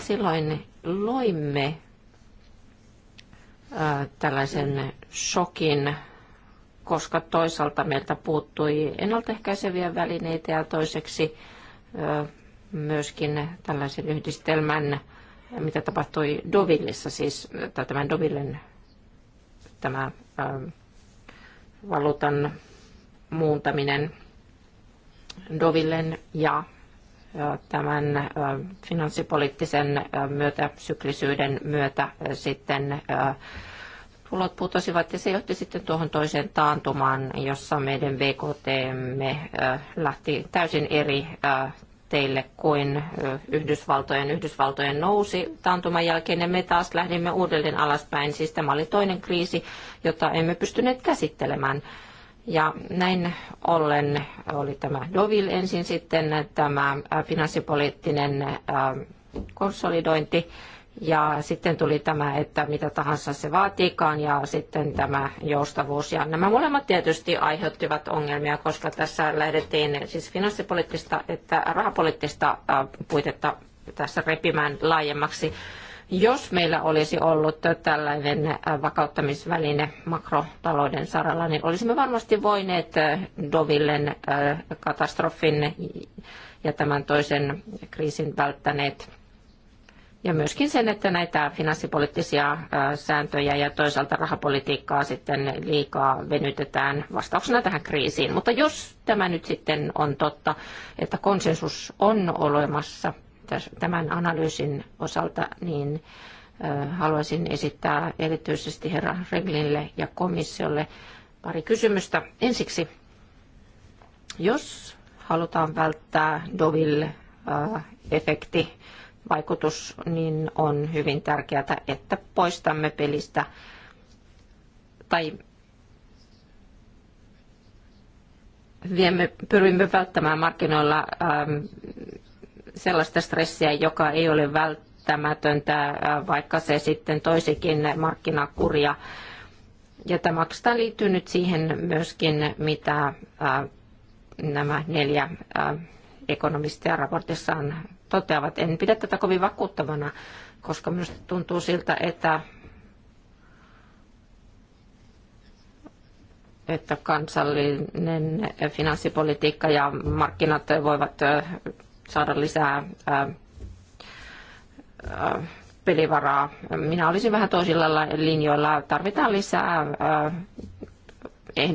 Silloin loimme tällaisen shokin, koska toisaalta meiltä puuttui ennaltaehkäiseviä välineitä ja toiseksi myöskin tällaisen yhdistelmän, mitä tapahtui Dovillissa, siis tämän Dovillen tämä ähm, valuutan muuntaminen Dovillen ja äh, tämän äh, finanssipoliittisen myötäsyklisyyden äh, myötä sitten tulot putosivat ja se johti sitten tuohon toiseen taantumaan, jossa meidän me lähti täysin eri teille kuin Yhdysvaltojen. Yhdysvaltojen nousi taantuman jälkeen ja me taas lähdimme uudelleen alaspäin. Siis tämä oli toinen kriisi, jota emme pystyneet käsittelemään. Ja näin ollen oli tämä Dovil ensin sitten tämä finanssipoliittinen konsolidointi ja sitten tuli tämä, että mitä tahansa se vaatiikaan ja sitten tämä joustavuus. Ja nämä molemmat tietysti aiheuttivat ongelmia, koska tässä lähdettiin siis finanssipoliittista että rahapoliittista puitetta tässä repimään laajemmaksi. Jos meillä olisi ollut tällainen vakauttamisväline makrotalouden saralla, niin olisimme varmasti voineet Dovillen katastrofin ja tämän toisen kriisin välttäneet ja myöskin sen, että näitä finanssipoliittisia sääntöjä ja toisaalta rahapolitiikkaa sitten liikaa venytetään vastauksena tähän kriisiin. Mutta jos tämä nyt sitten on totta, että konsensus on olemassa tämän analyysin osalta, niin haluaisin esittää erityisesti herra Reglinille ja komissiolle pari kysymystä. Ensiksi, jos halutaan välttää Doville-efekti, vaikutus, niin on hyvin tärkeää, että poistamme pelistä tai viemme, pyrimme välttämään markkinoilla ähm, sellaista stressiä, joka ei ole välttämätöntä, äh, vaikka se sitten toisikin markkinakuria. Ja tämä oikeastaan liittyy nyt siihen myöskin, mitä äh, nämä neljä äh, ekonomistia raportissaan toteavat. En pidä tätä kovin vakuuttavana, koska minusta tuntuu siltä, että että kansallinen finanssipolitiikka ja markkinat voivat saada lisää pelivaraa. Minä olisin vähän toisilla linjoilla. Tarvitaan lisää Eh,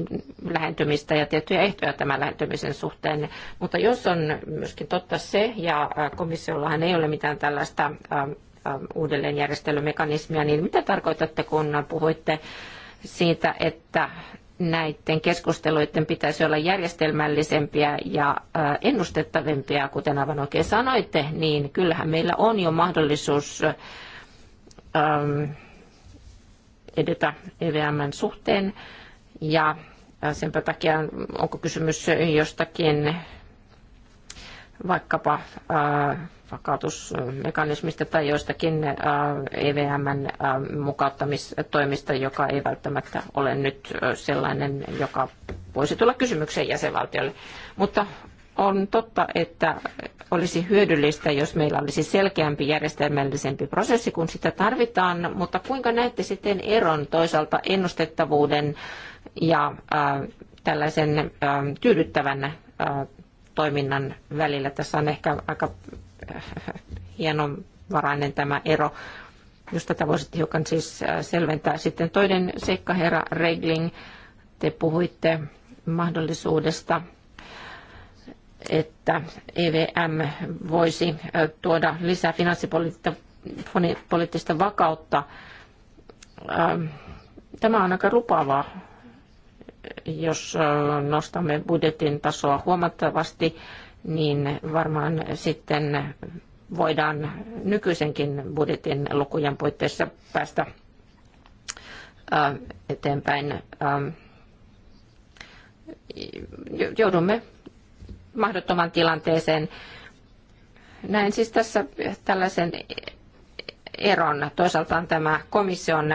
lähentymistä ja tiettyjä ehtoja tämän lähentymisen suhteen. Mutta jos on myöskin totta se, ja komissiollahan ei ole mitään tällaista uudelleenjärjestelymekanismia, niin mitä tarkoitatte, kun puhuitte siitä, että näiden keskusteluiden pitäisi olla järjestelmällisempiä ja ennustettavimpia, kuten aivan oikein sanoitte, niin kyllähän meillä on jo mahdollisuus edetä EVMn suhteen. Ja senpä takia onko kysymys jostakin vaikkapa vakautusmekanismista tai joistakin EVMn mukauttamistoimista, joka ei välttämättä ole nyt sellainen, joka voisi tulla kysymykseen jäsenvaltiolle. Mutta on totta, että olisi hyödyllistä, jos meillä olisi selkeämpi järjestelmällisempi prosessi, kun sitä tarvitaan, mutta kuinka näette sitten eron toisaalta ennustettavuuden ja tällaisen tyydyttävän toiminnan välillä. Tässä on ehkä aika hienovarainen tämä ero, jos tätä voisit hiukan siis selventää. Sitten toinen seikka, herra Regling, te puhuitte mahdollisuudesta että EVM voisi tuoda lisää finanssipoliittista vakautta. Tämä on aika lupaavaa jos nostamme budjetin tasoa huomattavasti, niin varmaan sitten voidaan nykyisenkin budjetin lukujen puitteissa päästä eteenpäin. Joudumme mahdottoman tilanteeseen. Näin siis tässä tällaisen eron. Toisaalta on tämä komission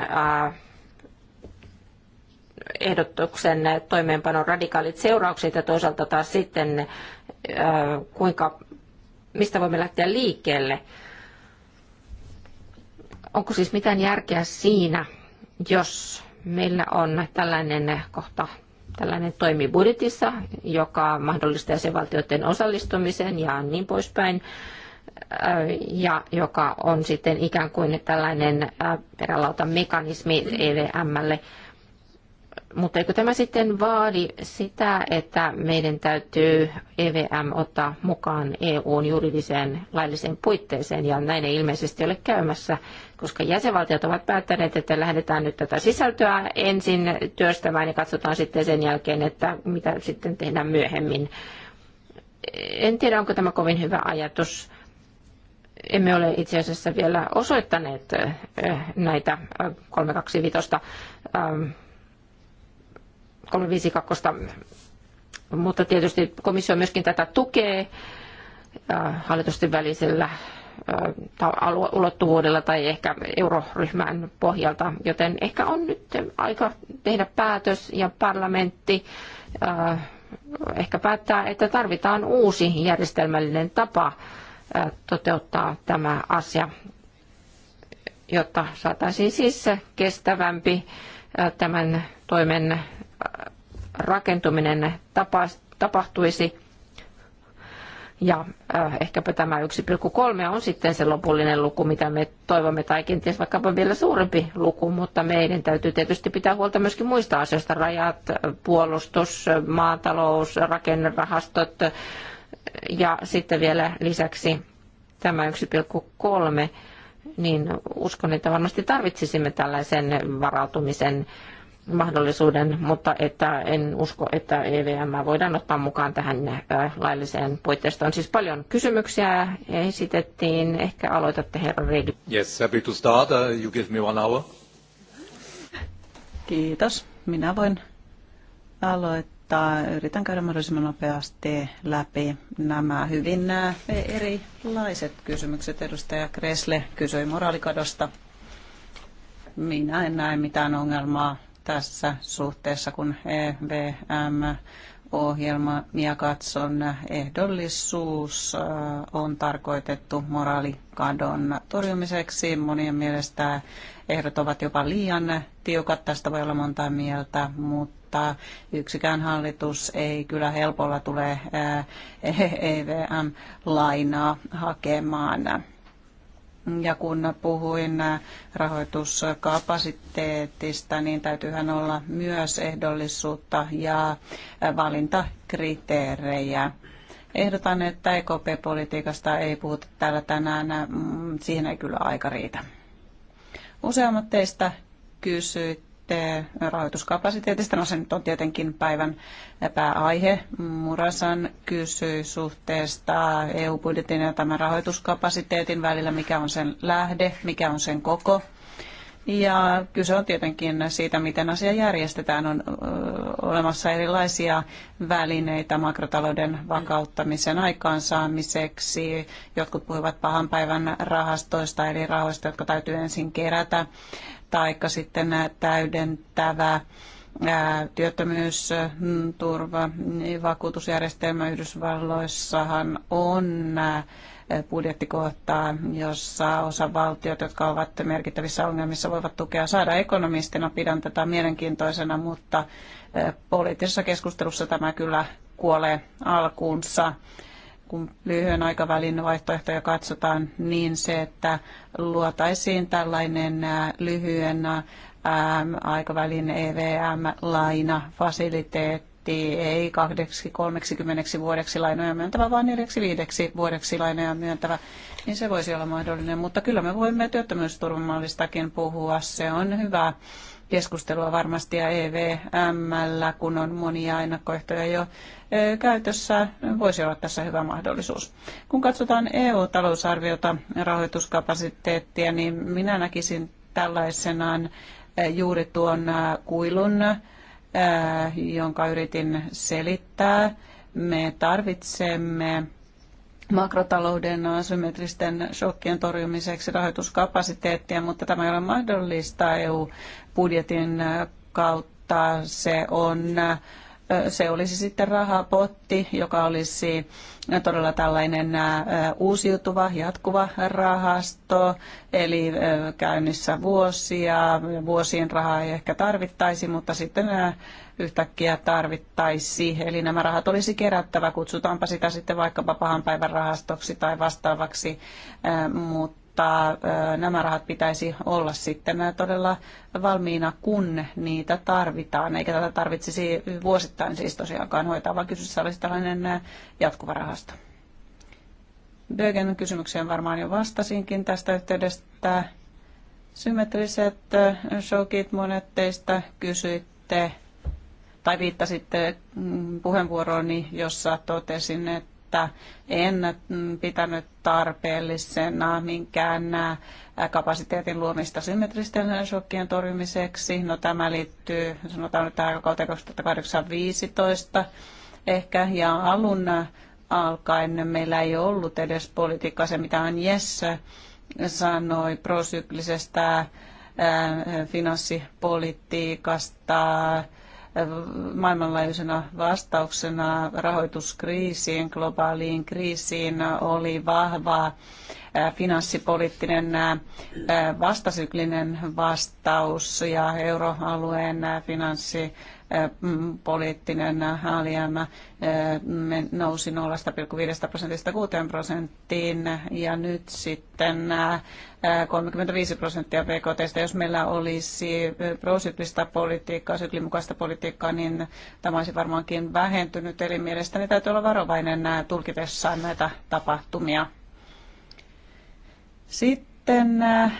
ehdotuksen toimeenpanon radikaalit seuraukset ja toisaalta taas sitten äh, kuinka, mistä voimme lähteä liikkeelle. Onko siis mitään järkeä siinä, jos meillä on tällainen kohta tällainen toimi budjetissa, joka mahdollistaa jäsenvaltioiden osallistumisen ja niin poispäin, äh, ja joka on sitten ikään kuin tällainen äh, perälautamekanismi EVMlle, mutta eikö tämä sitten vaadi sitä, että meidän täytyy EVM ottaa mukaan EUn juridiseen lailliseen puitteeseen, ja näin ei ilmeisesti ole käymässä, koska jäsenvaltiot ovat päättäneet, että lähdetään nyt tätä sisältöä ensin työstämään ja katsotaan sitten sen jälkeen, että mitä sitten tehdään myöhemmin. En tiedä, onko tämä kovin hyvä ajatus emme ole itse asiassa vielä osoittaneet näitä 325 352. Mutta tietysti komissio myöskin tätä tukee hallitusten välisellä ulottuvuudella tai ehkä euroryhmän pohjalta, joten ehkä on nyt aika tehdä päätös ja parlamentti ehkä päättää, että tarvitaan uusi järjestelmällinen tapa toteuttaa tämä asia, jotta saataisiin siis kestävämpi tämän toimen rakentuminen tapa, tapahtuisi. Ja äh, ehkäpä tämä 1,3 on sitten se lopullinen luku, mitä me toivomme, tai kenties vaikkapa vielä suurempi luku, mutta meidän täytyy tietysti pitää huolta myöskin muista asioista, rajat, äh, puolustus, äh, maatalous, rakennerahastot äh, ja sitten vielä lisäksi tämä 1,3, niin uskon, että varmasti tarvitsisimme tällaisen varautumisen äh, mahdollisuuden, mutta että en usko, että EVM voidaan ottaa mukaan tähän äh, lailliseen puitteistoon. Siis paljon kysymyksiä esitettiin. Ehkä aloitatte, herra Reid. Yes, happy to start. Uh, you give me one hour. Kiitos. Minä voin aloittaa. Yritän käydä mahdollisimman nopeasti läpi nämä hyvin nämä äh, erilaiset kysymykset. Edustaja Kresle kysyi moraalikadosta minä en näe mitään ongelmaa tässä suhteessa, kun EVM ohjelmia katson ehdollisuus äh, on tarkoitettu moraalikadon torjumiseksi. Monien mielestä ehdot ovat jopa liian tiukat, tästä voi olla monta mieltä, mutta yksikään hallitus ei kyllä helpolla tule äh, EVM-lainaa hakemaan. Ja kun puhuin rahoituskapasiteetista, niin täytyyhän olla myös ehdollisuutta ja valintakriteerejä. Ehdotan, että EKP-politiikasta ei puhuta täällä tänään. Mm, siihen ei kyllä aika riitä. Useammat teistä kysyitte, rahoituskapasiteetista. No se nyt on tietenkin päivän pääaihe. Murasan kysyi suhteesta EU-budjetin ja tämän rahoituskapasiteetin välillä, mikä on sen lähde, mikä on sen koko. Ja kyse on tietenkin siitä, miten asia järjestetään. On olemassa erilaisia välineitä makrotalouden vakauttamisen aikaansaamiseksi. Jotkut puhuvat pahan päivän rahastoista, eli rahoista, jotka täytyy ensin kerätä tai sitten täydentävä työttömyysturva, hm, niin vakuutusjärjestelmä Yhdysvalloissahan on budjettikohtaa, jossa osa valtiot jotka ovat merkittävissä ongelmissa, voivat tukea saada. Ekonomistina pidän tätä mielenkiintoisena, mutta poliittisessa keskustelussa tämä kyllä kuolee alkuunsa kun lyhyen aikavälin vaihtoehtoja katsotaan, niin se, että luotaisiin tällainen lyhyen aikavälin EVM-laina, fasiliteetti, ei 20-30 vuodeksi lainoja myöntävä, vaan 4-5 vuodeksi lainoja myöntävä, niin se voisi olla mahdollinen. Mutta kyllä me voimme työttömyysturvamallistakin puhua, se on hyvä keskustelua varmasti ja EVM, kun on monia ennakkoehtoja jo käytössä, voisi olla tässä hyvä mahdollisuus. Kun katsotaan EU-talousarviota ja rahoituskapasiteettia, niin minä näkisin tällaisenaan juuri tuon kuilun, jonka yritin selittää. Me tarvitsemme makrotalouden asymmetristen shokkien torjumiseksi rahoituskapasiteettia, mutta tämä ei ole mahdollista EU-budjetin kautta. Se on se olisi sitten rahapotti, joka olisi todella tällainen uusiutuva, jatkuva rahasto, eli käynnissä vuosia. Vuosien rahaa ei ehkä tarvittaisi, mutta sitten yhtäkkiä tarvittaisi. Eli nämä rahat olisi kerättävä, kutsutaanpa sitä sitten vaikkapa pahan päivän rahastoksi tai vastaavaksi, mutta nämä rahat pitäisi olla sitten todella valmiina, kun niitä tarvitaan, eikä tätä tarvitsisi vuosittain siis tosiaankaan hoitaa, vaan kyseessä olisi tällainen jatkuva rahasto. Bögen kysymykseen varmaan jo vastasinkin tästä yhteydestä. Symmetriset shokit monet teistä kysyitte tai viittasitte mm, puheenvuorooni, jossa totesin, että en mm, pitänyt tarpeellisena minkään äh, kapasiteetin luomista symmetristen shokkien torjumiseksi. No tämä liittyy, sanotaan nyt aika kauteen 2015 ehkä, ja alun alkaen meillä ei ollut edes politiikkaa, se mitä Jesse sanoi prosyklisestä äh, finanssipolitiikasta, maailmanlaajuisena vastauksena rahoituskriisiin, globaaliin kriisiin oli vahva finanssipoliittinen vastasyklinen vastaus ja euroalueen finanssi Mm, poliittinen alijäämä nousi 0,5 prosentista 6 prosenttiin ja nyt sitten 35 prosenttia BKT. Jos meillä olisi prosyklista politiikkaa, syklimukaista politiikkaa, niin tämä olisi varmaankin vähentynyt. Eli mielestäni täytyy olla varovainen tulkitessaan näitä tapahtumia. Sitten sitten äh, äh,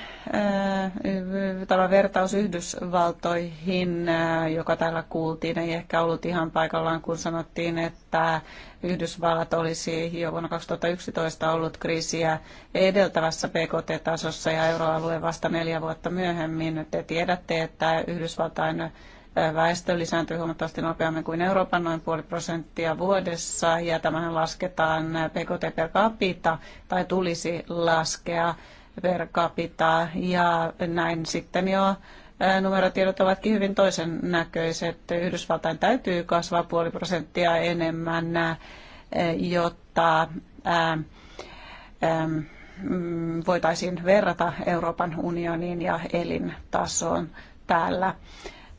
tämä vertaus Yhdysvaltoihin, äh, joka täällä kuultiin, ei ehkä ollut ihan paikallaan, kun sanottiin, että Yhdysvallat olisi jo vuonna 2011 ollut kriisiä edeltävässä PKT-tasossa ja euroalue vasta neljä vuotta myöhemmin. Te tiedätte, että Yhdysvaltain väestö lisääntyy huomattavasti nopeammin kuin Euroopan noin puoli prosenttia vuodessa ja tämähän lasketaan PKT per capita tai tulisi laskea per capita ja näin sitten jo numerotiedot ovatkin hyvin toisen näköiset. Yhdysvaltain täytyy kasvaa puoli prosenttia enemmän, jotta mm, voitaisiin verrata Euroopan unioniin ja elintasoon täällä.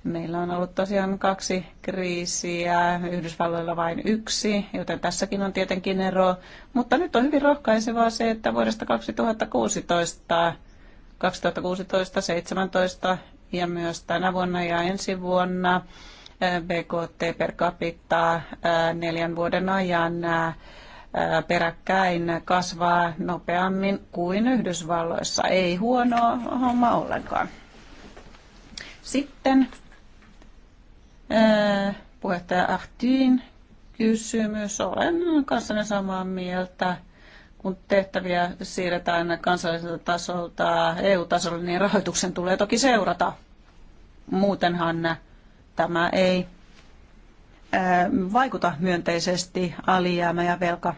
Meillä on ollut tosiaan kaksi kriisiä, Yhdysvalloilla vain yksi, joten tässäkin on tietenkin ero. Mutta nyt on hyvin rohkaisevaa se, että vuodesta 2016, 2016, 17 ja myös tänä vuonna ja ensi vuonna eh, BKT per capita eh, neljän vuoden ajan eh, peräkkäin kasvaa nopeammin kuin Yhdysvalloissa. Ei huono homma ollenkaan. Sitten Äh, puheenjohtaja Ahtiin kysymys. Olen kanssanne samaa mieltä. Kun tehtäviä siirretään kansalliselta tasolta EU-tasolle, niin rahoituksen tulee toki seurata. Muutenhan tämä ei äh, vaikuta myönteisesti alijäämä- ja velka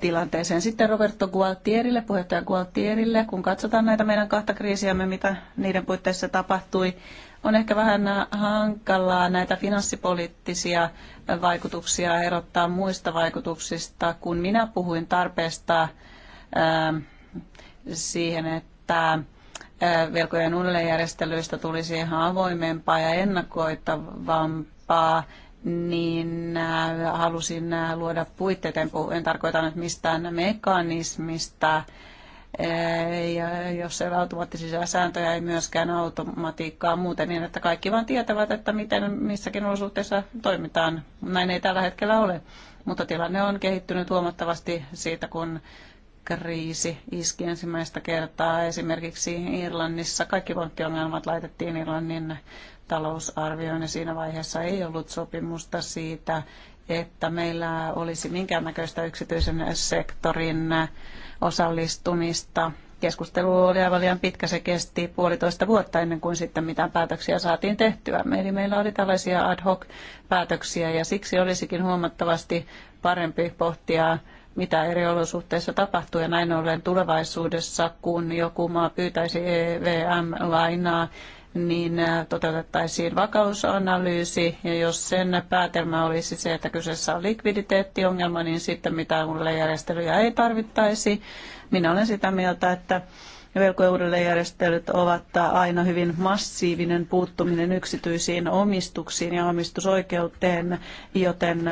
tilanteeseen. Sitten Roberto Gualtierille, puheenjohtaja Gualtierille, kun katsotaan näitä meidän kahta kriisiämme, mitä niiden puitteissa tapahtui, on ehkä vähän hankalaa näitä finanssipoliittisia vaikutuksia erottaa muista vaikutuksista. Kun minä puhuin tarpeesta ähm, siihen, että äh, velkojen uudelleenjärjestelyistä tulisi ihan avoimempaa ja ennakoitavampaa, niin äh, halusin äh, luoda puitteet. En, puhu, en tarkoita nyt mistään mekanismista, ja jos ei ole automaattisia sääntöjä, ei myöskään automatiikkaa muuten niin että kaikki vaan tietävät, että miten missäkin olosuhteissa toimitaan. Näin ei tällä hetkellä ole, mutta tilanne on kehittynyt huomattavasti siitä, kun kriisi iski ensimmäistä kertaa esimerkiksi Irlannissa. Kaikki pankkiongelmat laitettiin Irlannin talousarvioon ja siinä vaiheessa ei ollut sopimusta siitä, että meillä olisi minkäännäköistä yksityisen sektorin osallistumista. Keskustelu oli aivan liian pitkä, se kesti puolitoista vuotta ennen kuin sitten mitään päätöksiä saatiin tehtyä. Eli meillä oli tällaisia ad hoc päätöksiä ja siksi olisikin huomattavasti parempi pohtia mitä eri olosuhteissa tapahtuu ja näin ollen tulevaisuudessa, kun joku maa pyytäisi EVM-lainaa, niin äh, toteutettaisiin vakausanalyysi ja jos sen päätelmä olisi se, että kyseessä on likviditeettiongelma, niin sitten mitään uudelleenjärjestelyjä ei tarvittaisi. Minä olen sitä mieltä, että ja velkojen uudelleenjärjestelyt ovat aina hyvin massiivinen puuttuminen yksityisiin omistuksiin ja omistusoikeuteen, joten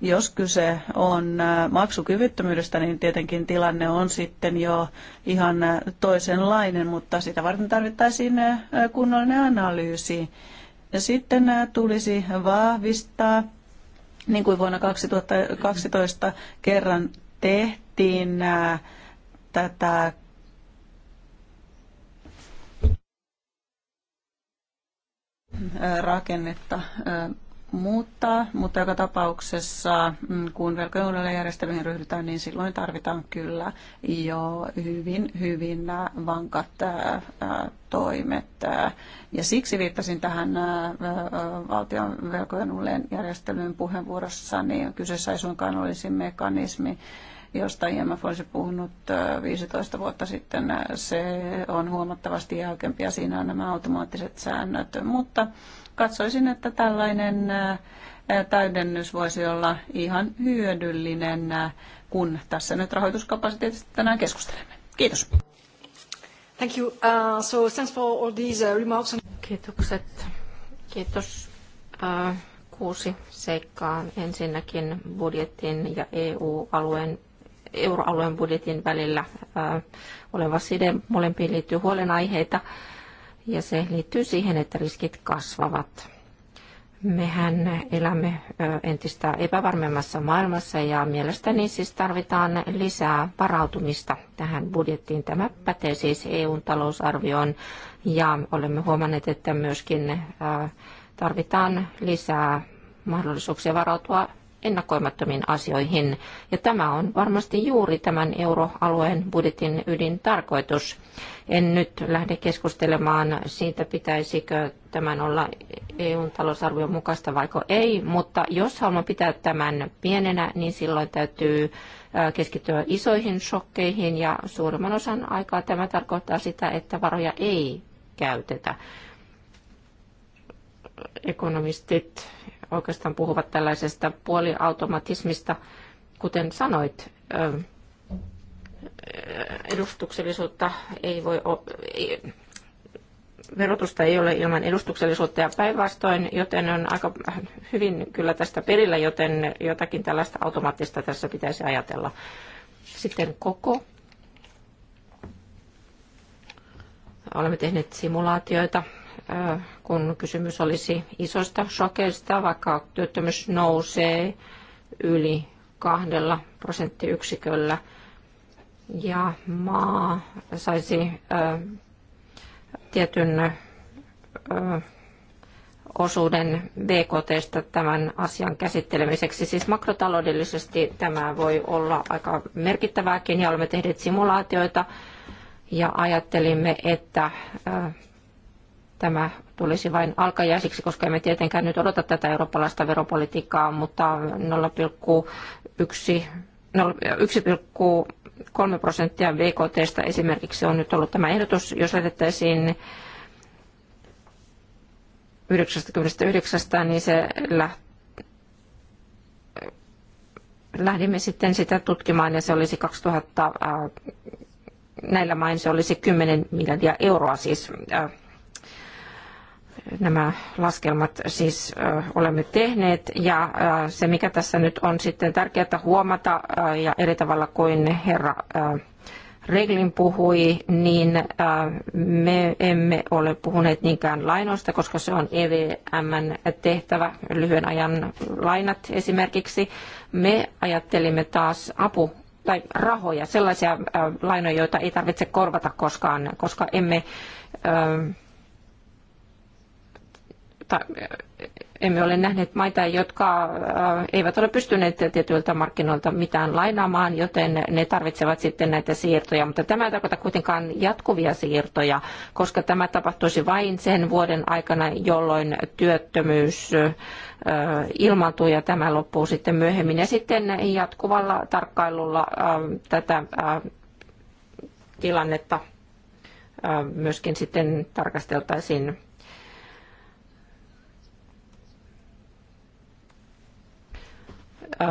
jos kyse on maksukyvyttömyydestä, niin tietenkin tilanne on sitten jo ihan toisenlainen, mutta sitä varten tarvittaisiin kunnollinen analyysi. Ja sitten tulisi vahvistaa, niin kuin vuonna 2012 kerran tehtiin, tätä rakennetta muuttaa, mutta joka tapauksessa, mm, kun velkojen järjestelyihin ryhdytään, niin silloin tarvitaan kyllä jo hyvin, hyvin vankat toimet. Ja siksi viittasin tähän äh, äh, valtion velkojen uudelleen järjestelyyn puheenvuorossa, niin kyseessä ei suinkaan olisi mekanismi, josta IMF olisi puhunut 15 äh, vuotta sitten. Se on huomattavasti jälkempi ja siinä on nämä automaattiset säännöt, mutta katsoisin, että tällainen täydennys voisi olla ihan hyödyllinen, kun tässä nyt rahoituskapasiteetista tänään keskustelemme. Kiitos. Thank you. Uh, so thanks for all these uh, remarks. Kiitokset. Kiitos. Uh, kuusi seikkaa. Ensinnäkin budjetin ja EU-alueen euroalueen budjetin välillä uh, oleva side. Molempiin liittyy huolenaiheita ja se liittyy siihen, että riskit kasvavat. Mehän elämme entistä epävarmemmassa maailmassa ja mielestäni siis tarvitaan lisää varautumista tähän budjettiin. Tämä pätee siis EUn talousarvioon ja olemme huomanneet, että myöskin tarvitaan lisää mahdollisuuksia varautua ennakoimattomiin asioihin. Ja tämä on varmasti juuri tämän euroalueen budjetin ydintarkoitus. En nyt lähde keskustelemaan siitä, pitäisikö tämän olla EUn talousarvion mukaista vai ei, mutta jos haluamme pitää tämän pienenä, niin silloin täytyy keskittyä isoihin shokkeihin ja suurimman osan aikaa tämä tarkoittaa sitä, että varoja ei käytetä. Ekonomistit oikeastaan puhuvat tällaisesta puoliautomatismista, kuten sanoit, edustuksellisuutta ei voi verotusta ei ole ilman edustuksellisuutta ja päinvastoin, joten on aika hyvin kyllä tästä perillä, joten jotakin tällaista automaattista tässä pitäisi ajatella. Sitten koko. Olemme tehneet simulaatioita kun kysymys olisi isosta shokeista, vaikka työttömyys nousee yli kahdella prosenttiyksiköllä ja maa saisi tietyn osuuden BKTstä tämän asian käsittelemiseksi. Siis makrotaloudellisesti tämä voi olla aika merkittävääkin ja olemme tehneet simulaatioita ja ajattelimme, että tämä tulisi vain alkajaisiksi, koska emme tietenkään nyt odota tätä eurooppalaista veropolitiikkaa, mutta 0,1 1,3 prosenttia BKTstä esimerkiksi on nyt ollut tämä ehdotus, jos lähdettäisiin 99, niin se läht... lähdimme sitten sitä tutkimaan ja se olisi 2000, äh, näillä main se olisi 10 miljardia euroa siis äh, nämä laskelmat siis olemme tehneet ja se mikä tässä nyt on sitten tärkeää huomata ja eri tavalla kuin herra Reglin puhui, niin me emme ole puhuneet niinkään lainoista, koska se on EVMn tehtävä, lyhyen ajan lainat esimerkiksi. Me ajattelimme taas apu tai rahoja, sellaisia lainoja, joita ei tarvitse korvata koskaan, koska emme tai emme ole nähneet maita, jotka äh, eivät ole pystyneet tietyiltä markkinoilta mitään lainaamaan, joten ne tarvitsevat sitten näitä siirtoja. Mutta tämä ei tarkoita kuitenkaan jatkuvia siirtoja, koska tämä tapahtuisi vain sen vuoden aikana, jolloin työttömyys äh, ilmaantuu ja tämä loppuu sitten myöhemmin. Ja sitten jatkuvalla tarkkailulla äh, tätä tilannetta myöskin sitten tarkasteltaisiin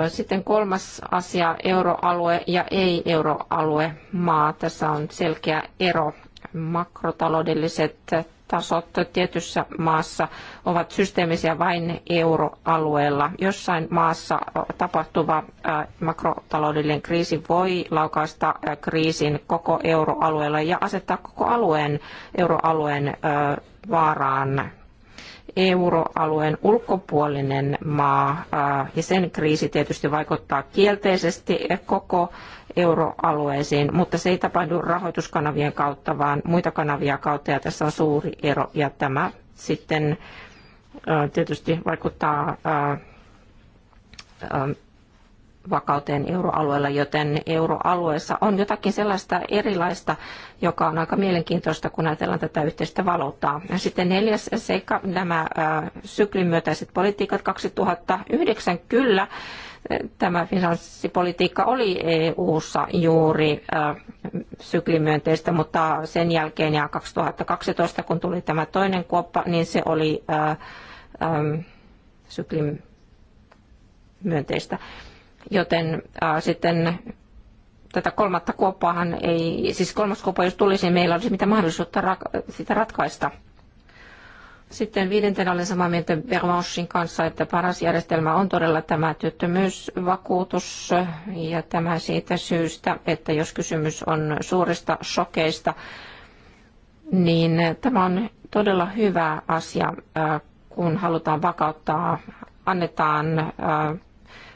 Sitten kolmas asia, euroalue ja ei-euroalue maa. Tässä on selkeä ero. Makrotaloudelliset tasot tietyssä maassa ovat systeemisiä vain euroalueella. Jossain maassa tapahtuva makrotaloudellinen kriisi voi laukaista kriisin koko euroalueella ja asettaa koko alueen, euroalueen vaaraan euroalueen ulkopuolinen maa ja sen kriisi tietysti vaikuttaa kielteisesti koko euroalueisiin, mutta se ei tapahdu rahoituskanavien kautta, vaan muita kanavia kautta ja tässä on suuri ero ja tämä sitten tietysti vaikuttaa vakauteen euroalueella, joten euroalueessa on jotakin sellaista erilaista, joka on aika mielenkiintoista, kun ajatellaan tätä yhteistä valuuttaa. Sitten neljäs seikka, nämä syklin myötäiset politiikat 2009 kyllä. Tämä finanssipolitiikka oli EU-ssa juuri syklimyönteistä, mutta sen jälkeen ja 2012, kun tuli tämä toinen kuoppa, niin se oli syklin myönteistä joten ää, sitten tätä kolmatta kuoppaahan ei, siis kolmas kuoppa jos tulisi, niin meillä olisi mitä mahdollisuutta ra- sitä ratkaista. Sitten viidentenä olen samaa mieltä Bervanchin kanssa, että paras järjestelmä on todella tämä työttömyysvakuutus ja tämä siitä syystä, että jos kysymys on suurista shokeista, niin tämä on todella hyvä asia, kun halutaan vakauttaa, annetaan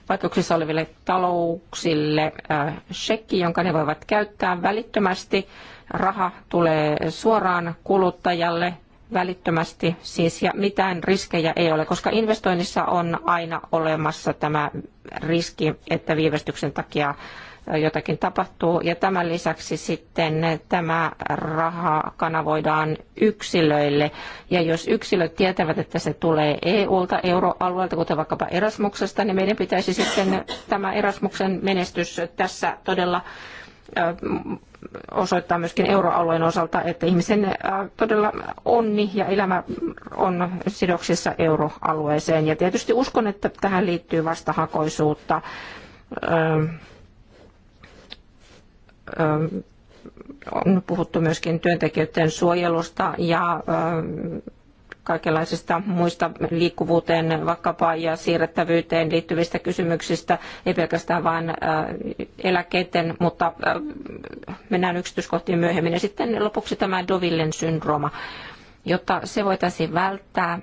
vaikeuksissa oleville talouksille äh, shekki, jonka ne voivat käyttää välittömästi. Raha tulee suoraan kuluttajalle välittömästi siis ja mitään riskejä ei ole, koska investoinnissa on aina olemassa tämä riski, että viivästyksen takia jotakin tapahtuu. Ja tämän lisäksi sitten tämä raha kanavoidaan yksilöille. Ja jos yksilöt tietävät, että se tulee EU-ta, euroalueelta, kuten vaikkapa Erasmuksesta, niin meidän pitäisi sitten tämä Erasmuksen menestys tässä todella osoittaa myöskin euroalueen osalta, että ihmisen todella onni ja elämä on sidoksissa euroalueeseen. Ja tietysti uskon, että tähän liittyy vastahakoisuutta on puhuttu myöskin työntekijöiden suojelusta ja kaikenlaisista muista liikkuvuuteen, vaikkapa ja siirrettävyyteen liittyvistä kysymyksistä, ei pelkästään vain eläkkeiden, mutta mennään yksityiskohtiin myöhemmin. Ja sitten lopuksi tämä Dovillen syndrooma. Jotta se voitaisiin välttää,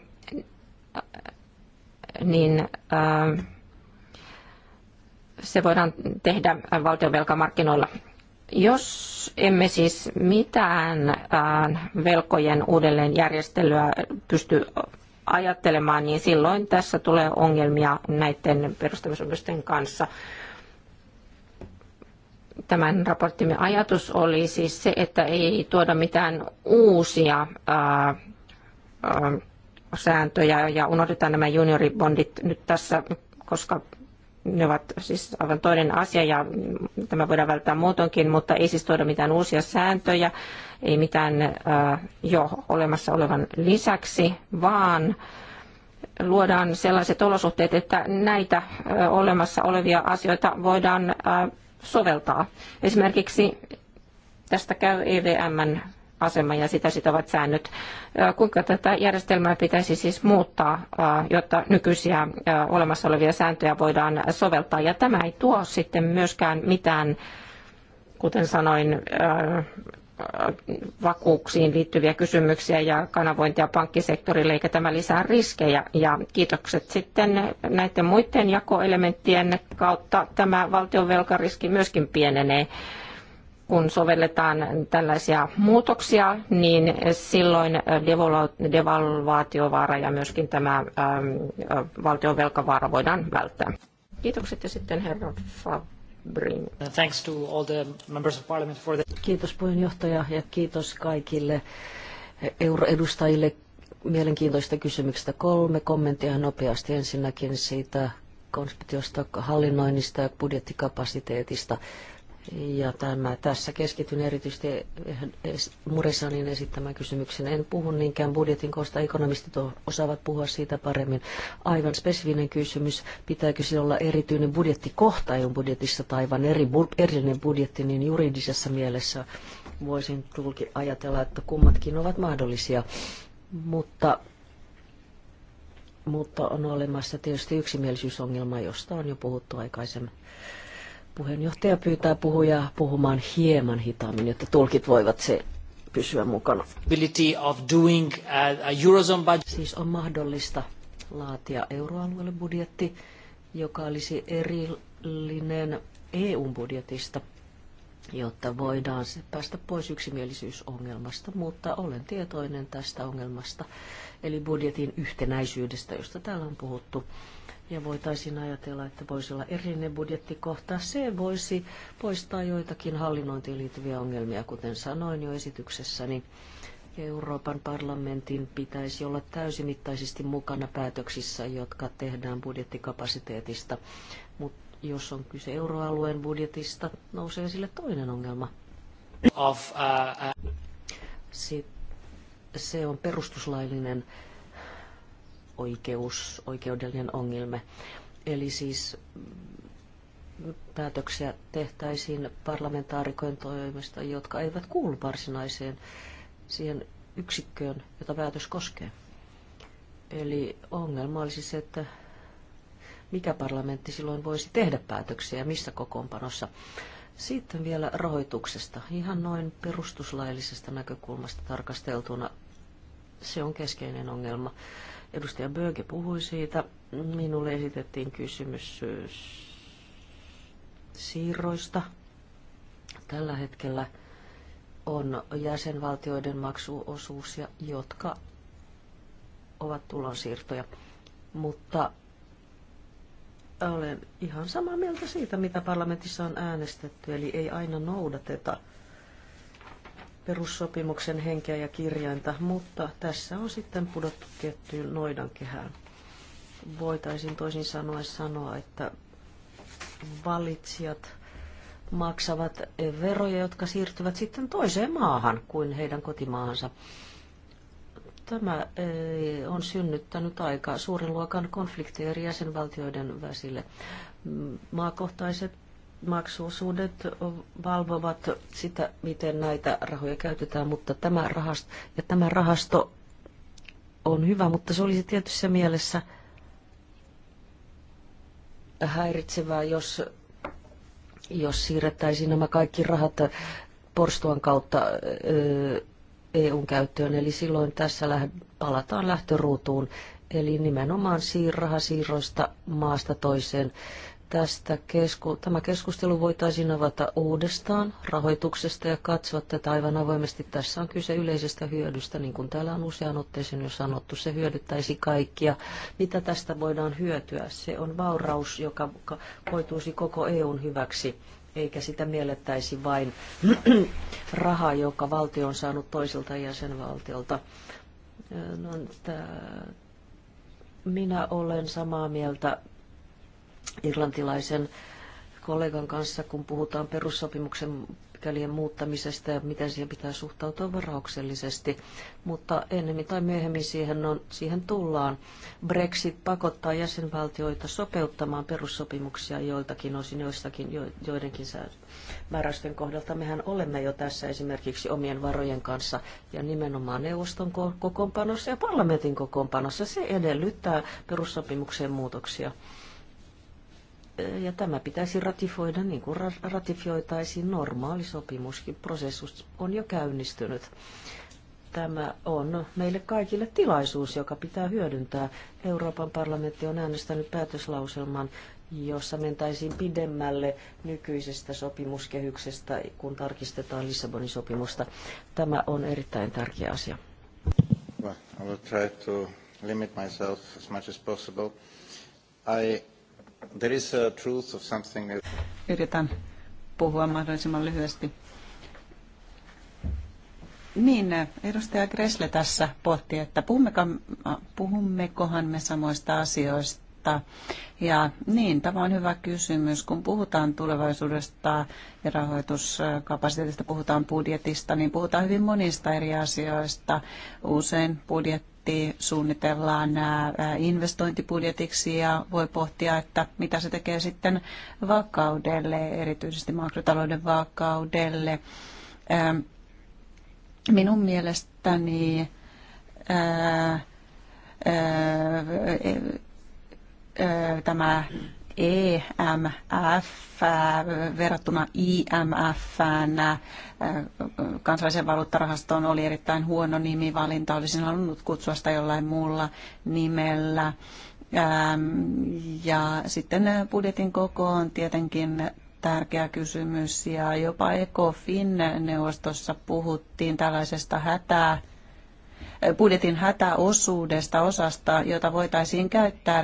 niin se voidaan tehdä valtionvelkamarkkinoilla. Jos emme siis mitään velkojen uudelleenjärjestelyä pysty ajattelemaan, niin silloin tässä tulee ongelmia näiden perustamisoikeusten kanssa. Tämän raporttimme ajatus oli siis se, että ei tuoda mitään uusia ää, ää, sääntöjä ja unohdetaan nämä junioribondit nyt tässä, koska ne ovat siis aivan toinen asia ja tämä voidaan välttää muutoinkin, mutta ei siis tuoda mitään uusia sääntöjä, ei mitään äh, jo olemassa olevan lisäksi, vaan luodaan sellaiset olosuhteet, että näitä äh, olemassa olevia asioita voidaan äh, soveltaa. Esimerkiksi tästä käy EVMn asema ja sitä sitovat säännöt. Kuinka tätä järjestelmää pitäisi siis muuttaa, jotta nykyisiä olemassa olevia sääntöjä voidaan soveltaa? Ja tämä ei tuo sitten myöskään mitään, kuten sanoin, vakuuksiin liittyviä kysymyksiä ja kanavointia pankkisektorille, eikä tämä lisää riskejä. Ja kiitokset sitten näiden muiden jakoelementtien kautta tämä valtion velkariski myöskin pienenee kun sovelletaan tällaisia muutoksia, niin silloin devalvaatiovaara ja myöskin tämä ähm, äh, valtion velkavaara voidaan välttää. Kiitokset ja sitten herra Fabrin. Thanks to all the members of parliament for the... Kiitos puheenjohtaja ja kiitos kaikille euroedustajille mielenkiintoista kysymyksistä. Kolme kommenttia nopeasti ensinnäkin siitä konspitiosta, hallinnoinnista ja budjettikapasiteetista. Ja tämä, tässä keskityn erityisesti Muresanin esittämään kysymykseen. En puhu niinkään budjetin koosta, ekonomistit osaavat puhua siitä paremmin. Aivan spesifinen kysymys, pitääkö se olla erityinen budjettikohta EUn budjetissa tai vain eri, erillinen budjetti, niin juridisessa mielessä voisin tulki ajatella, että kummatkin ovat mahdollisia. Mutta mutta on olemassa tietysti yksimielisyysongelma, josta on jo puhuttu aikaisemmin. Puheenjohtaja pyytää puhujaa puhumaan hieman hitaammin, jotta tulkit voivat se pysyä mukana. Of doing a Eurozone budget. Siis on mahdollista laatia euroalueelle budjetti, joka olisi erillinen EU-budjetista, jotta voidaan päästä pois yksimielisyysongelmasta, mutta olen tietoinen tästä ongelmasta, eli budjetin yhtenäisyydestä, josta täällä on puhuttu ja voitaisiin ajatella, että voisi olla erillinen budjettikohta. Se voisi poistaa joitakin hallinnointiin liittyviä ongelmia, kuten sanoin jo esityksessäni. Euroopan parlamentin pitäisi olla täysimittaisesti mukana päätöksissä, jotka tehdään budjettikapasiteetista. Mutta jos on kyse euroalueen budjetista, nousee esille toinen ongelma. Of, uh, uh... Se on perustuslaillinen uh, oikeus, oikeudellinen ongelma. Eli siis mm, päätöksiä tehtäisiin parlamentaarikojen toimesta, jotka eivät kuulu varsinaiseen siihen yksikköön, jota päätös koskee. Eli ongelma olisi se, että mikä parlamentti silloin voisi tehdä päätöksiä ja missä kokoonpanossa. Sitten vielä rahoituksesta. Ihan noin perustuslaillisesta näkökulmasta tarkasteltuna se on keskeinen ongelma. Edustaja Böge puhui siitä. Minulle esitettiin kysymys äh, siirroista. Tällä hetkellä on jäsenvaltioiden maksuosuusia, jotka ovat tulonsiirtoja. Mutta olen ihan samaa mieltä siitä, mitä parlamentissa on äänestetty, eli ei aina noudateta – perussopimuksen henkeä ja kirjainta, mutta tässä on sitten pudottu tiettyyn kehään. Voitaisiin toisin sanoen sanoa, että valitsijat maksavat veroja, jotka siirtyvät sitten toiseen maahan kuin heidän kotimaahansa. Tämä eh, on synnyttänyt aika suuren luokan konflikteja eri jäsenvaltioiden väsille. Maakohtaiset maksuosuudet valvovat sitä, miten näitä rahoja käytetään, mutta tämä rahasto, ja tämä rahasto on hyvä, mutta se olisi tietyssä mielessä häiritsevää, jos, jos siirrettäisiin nämä kaikki rahat porstuan kautta EUn käyttöön. Eli silloin tässä palataan lähtöruutuun, eli nimenomaan siirraha siirroista maasta toiseen tästä kesku- tämä keskustelu voitaisiin avata uudestaan rahoituksesta ja katsoa tätä aivan avoimesti. Tässä on kyse yleisestä hyödystä, niin kuin täällä on usean otteeseen jo sanottu. Se hyödyttäisi kaikkia. Mitä tästä voidaan hyötyä? Se on vauraus, joka koituisi koko EUn hyväksi eikä sitä miellettäisi vain rahaa, joka valtio on saanut toiselta jäsenvaltiolta. No, minä olen samaa mieltä irlantilaisen kollegan kanssa, kun puhutaan perussopimuksen pykälien muuttamisesta ja miten siihen pitää suhtautua varauksellisesti. Mutta ennemmin tai myöhemmin siihen, on, siihen tullaan. Brexit pakottaa jäsenvaltioita sopeuttamaan perussopimuksia joiltakin osin, joistakin, jo, joidenkin määräysten kohdalta. Mehän olemme jo tässä esimerkiksi omien varojen kanssa ja nimenomaan neuvoston kokoonpanossa ja parlamentin kokoonpanossa. Se edellyttää perussopimukseen muutoksia ja tämä pitäisi ratifioida niin kuin ratifioitaisiin normaali sopimuskin. Prosessus on jo käynnistynyt. Tämä on meille kaikille tilaisuus, joka pitää hyödyntää. Euroopan parlamentti on äänestänyt päätöslauselman, jossa mentäisiin pidemmälle nykyisestä sopimuskehyksestä, kun tarkistetaan Lissabonin sopimusta. Tämä on erittäin tärkeä asia. Well, I will try to limit myself as much as possible. I Yritän puhua mahdollisimman lyhyesti. Niin, edustaja Gresle tässä pohti, että puhummekohan me samoista asioista. Ja niin, tämä on hyvä kysymys. Kun puhutaan tulevaisuudesta ja rahoituskapasiteetista, puhutaan budjetista, niin puhutaan hyvin monista eri asioista. Usein budjetti budjetti suunnitellaan investointibudjetiksi ja voi pohtia, että mitä se tekee sitten vakaudelle, erityisesti makrotalouden vakaudelle. Minun mielestäni tämä EMF verrattuna IMF kansallisen valuuttarahastoon oli erittäin huono nimivalinta. Olisin halunnut kutsua sitä jollain muulla nimellä. Ja sitten budjetin koko on tietenkin tärkeä kysymys ja jopa ECOFIN neuvostossa puhuttiin tällaisesta hätää budjetin hätäosuudesta, osasta, jota voitaisiin käyttää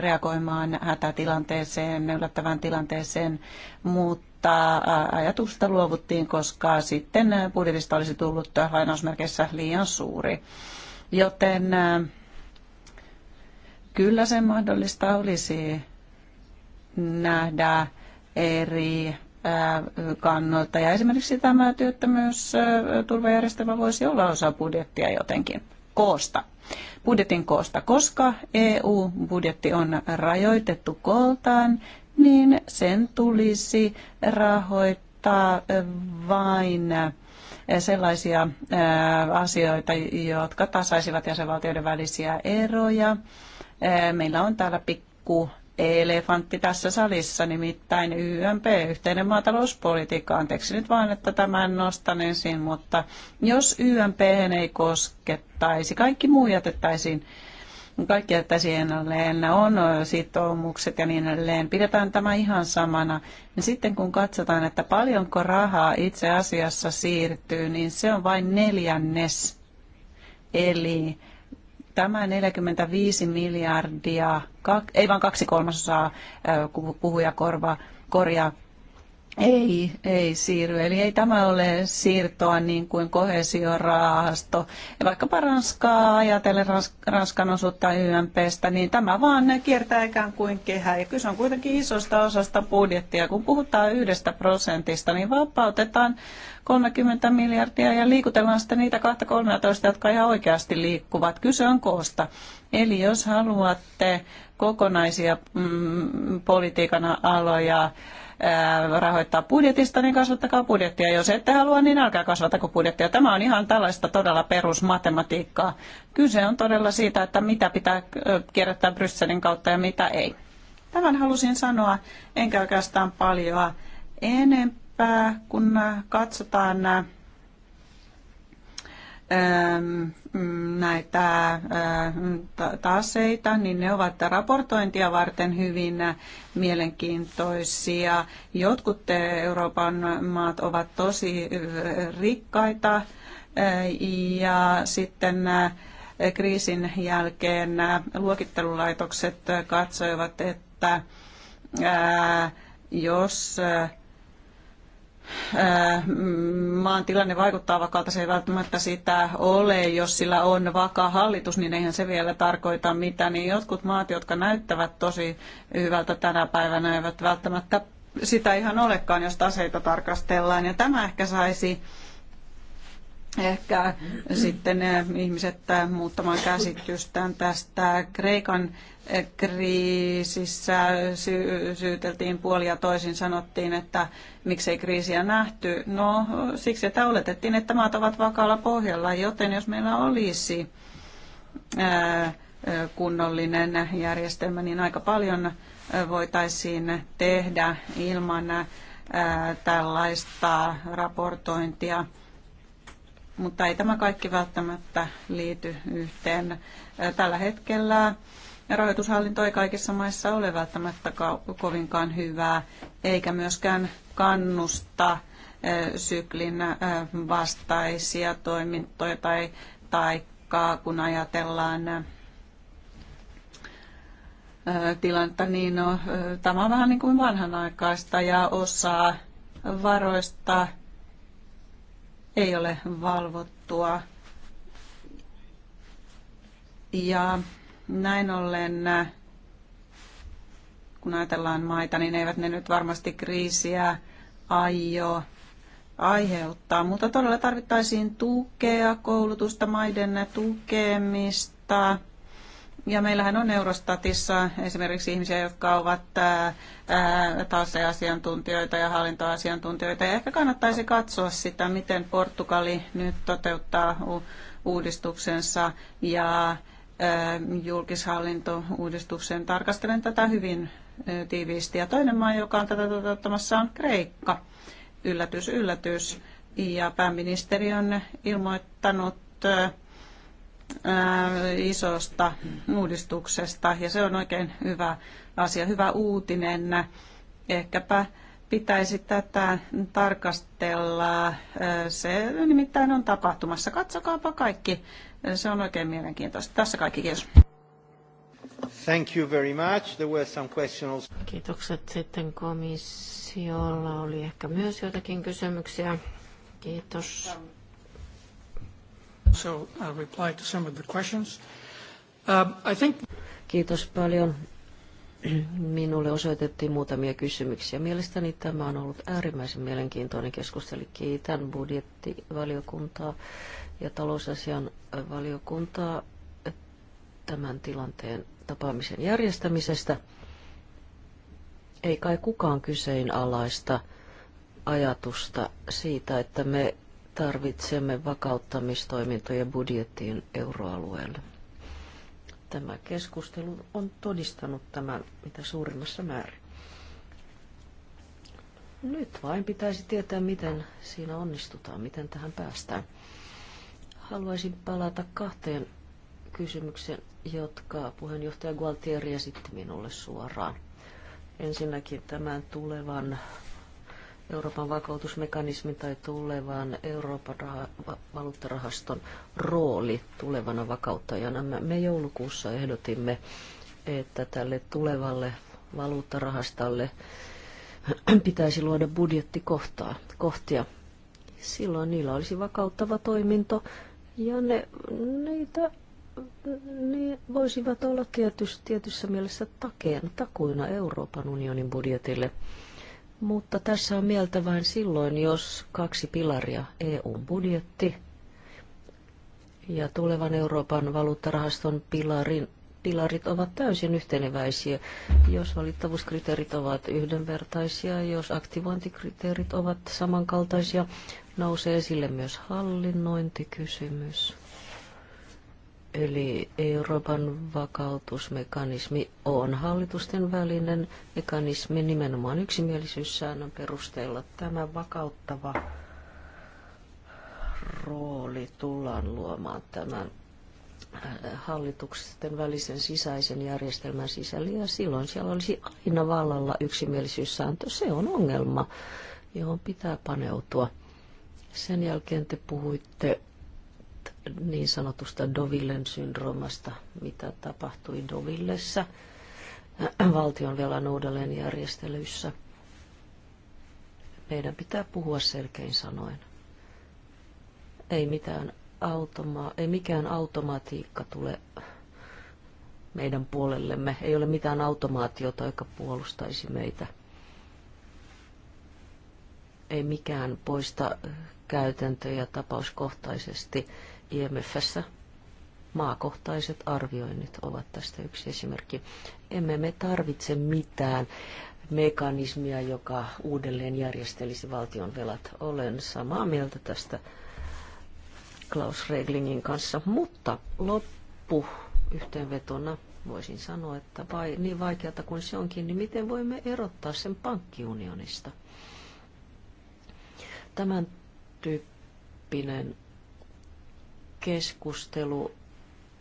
reagoimaan hätätilanteeseen, yllättävään tilanteeseen, mutta ajatusta luovuttiin, koska sitten budjetista olisi tullut lainausmerkeissä liian suuri. Joten kyllä se mahdollista olisi nähdä eri kannalta. Ja esimerkiksi tämä työttömyysturvajärjestelmä voisi olla osa budjettia jotenkin koosta. Budjetin koosta, koska EU-budjetti on rajoitettu koltaan, niin sen tulisi rahoittaa vain sellaisia asioita, jotka tasaisivat jäsenvaltioiden välisiä eroja. Meillä on täällä pikku elefantti tässä salissa, nimittäin YMP, yhteinen maatalouspolitiikka. Anteeksi nyt vaan, että tämän nostan ensin, mutta jos YMP ei koskettaisi, kaikki muu jätettäisiin kaikki jätettäisiin ennalleen, on sitoumukset ja niin edelleen, pidetään tämä ihan samana. Ja niin sitten kun katsotaan, että paljonko rahaa itse asiassa siirtyy, niin se on vain neljännes. Eli tämä 45 miljardia, ei vaan kaksi kolmasosaa puhuja korva, korjaa ei, ei siirry. Eli ei tämä ole siirtoa niin kuin kohesiorahasto. Ja vaikkapa Ranskaa ajatellen Ranskan osuutta YMPstä, niin tämä vaan kiertää ikään kuin kehää. Ja kyse on kuitenkin isosta osasta budjettia. Kun puhutaan yhdestä prosentista, niin vapautetaan 30 miljardia ja liikutellaan sitten niitä 2-13, jotka ihan oikeasti liikkuvat. Kyse on koosta. Eli jos haluatte kokonaisia mm, politiikan aloja, rahoittaa budjetista, niin kasvattakaa budjettia. Jos ette halua, niin älkää kasvattako budjettia. Tämä on ihan tällaista todella perusmatematiikkaa. Kyse on todella siitä, että mitä pitää kierrättää Brysselin kautta ja mitä ei. Tämän halusin sanoa, enkä oikeastaan paljon enempää, kun katsotaan Mm, näitä taseita, niin ne ovat raportointia varten hyvin mielenkiintoisia. Jotkut Euroopan maat ovat tosi rikkaita ja sitten kriisin jälkeen luokittelulaitokset katsoivat, että jos Äh, mm, maan tilanne vaikuttaa vakaalta, se ei välttämättä sitä ole. Jos sillä on vakaa hallitus, niin eihän se vielä tarkoita mitään. Niin jotkut maat, jotka näyttävät tosi hyvältä tänä päivänä, eivät välttämättä sitä ihan olekaan, jos taseita tarkastellaan. Ja tämä ehkä saisi ehkä sitten eh, ihmiset eh, muuttamaan käsitystään tästä Kreikan eh, kriisissä sy- syyteltiin puolia toisin, sanottiin, että miksei kriisiä nähty. No siksi, että oletettiin, että maat ovat vakaalla pohjalla, joten jos meillä olisi kunnollinen järjestelmä, niin aika paljon voitaisiin tehdä ilman tällaista raportointia mutta ei tämä kaikki välttämättä liity yhteen. Tällä hetkellä rahoitushallinto ei kaikissa maissa ole välttämättä kovinkaan hyvää, eikä myöskään kannusta syklin vastaisia toimintoja tai taikkaa, kun ajatellaan tilannetta, niin no, tämä on vähän niin kuin vanhanaikaista ja osa varoista ei ole valvottua. Ja näin ollen, kun ajatellaan maita, niin eivät ne nyt varmasti kriisiä aio aiheuttaa, mutta todella tarvittaisiin tukea, koulutusta, maiden tukemista, ja meillähän on Eurostatissa esimerkiksi ihmisiä, jotka ovat taseasiantuntijoita ja hallintoasiantuntijoita. Ja ehkä kannattaisi katsoa sitä, miten Portugali nyt toteuttaa uudistuksensa ja julkishallintouudistuksen. Tarkastelen tätä hyvin tiiviisti. Ja toinen maa, joka on tätä toteuttamassa, on Kreikka. Yllätys, yllätys. Ja pääministeri on ilmoittanut Äh, isosta uudistuksesta ja se on oikein hyvä asia, hyvä uutinen. Ehkäpä pitäisi tätä tarkastella. Äh, se nimittäin on tapahtumassa. Katsokaapa kaikki. Se on oikein mielenkiintoista. Tässä kaikki, kiitos. Thank you very much. There were some questions. Kiitokset sitten komissiolla. Oli ehkä myös jotakin kysymyksiä. Kiitos. So I'll reply to some of the questions. Uh, I think... Kiitos paljon. Minulle osoitettiin muutamia kysymyksiä. Mielestäni tämä on ollut äärimmäisen mielenkiintoinen keskustelu. Kiitän budjettivaliokuntaa ja talousasian valiokuntaa tämän tilanteen tapaamisen järjestämisestä. Ei kai kukaan kyseenalaista ajatusta siitä, että me tarvitsemme vakauttamistoimintoja budjettiin euroalueelle. Tämä keskustelu on todistanut tämän mitä suurimmassa määrin. Nyt vain pitäisi tietää, miten siinä onnistutaan, miten tähän päästään. Haluaisin palata kahteen kysymykseen, jotka puheenjohtaja Gualtieri esitti minulle suoraan. Ensinnäkin tämän tulevan Euroopan vakautusmekanismi tai tulevan Euroopan raha, valuuttarahaston rooli tulevana vakauttajana. Me joulukuussa ehdotimme, että tälle tulevalle valuuttarahastalle pitäisi luoda budjettikohtaa, kohtia. Silloin niillä olisi vakauttava toiminto ja ne, niitä ne voisivat olla tietyssä, tietyssä mielessä takeen, takuina Euroopan unionin budjetille. Mutta tässä on mieltä vain silloin, jos kaksi pilaria, eu budjetti ja tulevan Euroopan valuuttarahaston pilarin, pilarit ovat täysin yhteneväisiä, jos valittavuuskriteerit ovat yhdenvertaisia, jos aktivointikriteerit ovat samankaltaisia, nousee esille myös hallinnointikysymys. Eli Euroopan vakautusmekanismi on hallitusten välinen mekanismi nimenomaan yksimielisyyssäännön perusteella. Tämä vakauttava rooli tullaan luomaan tämän äh, hallituksen välisen sisäisen järjestelmän sisällä ja silloin siellä olisi aina vallalla yksimielisyyssääntö. Se on ongelma, johon pitää paneutua. Sen jälkeen te puhuitte niin sanotusta Dovillen syndroomasta, mitä tapahtui Dovillessa valtionvelan uudelleenjärjestelyissä. Meidän pitää puhua selkein sanoen. Ei, mitään automa- ei mikään automatiikka tule meidän puolellemme. Ei ole mitään automaatiota, joka puolustaisi meitä. Ei mikään poista käytäntöjä tapauskohtaisesti IMFssä maakohtaiset arvioinnit ovat tästä yksi esimerkki. Emme me tarvitse mitään mekanismia, joka uudelleen järjestelisi valtion velat. Olen samaa mieltä tästä Klaus Reglingin kanssa, mutta loppu yhteenvetona voisin sanoa, että vai, niin vaikeata kuin se onkin, niin miten voimme erottaa sen pankkiunionista? Tämän tyyppinen keskustelu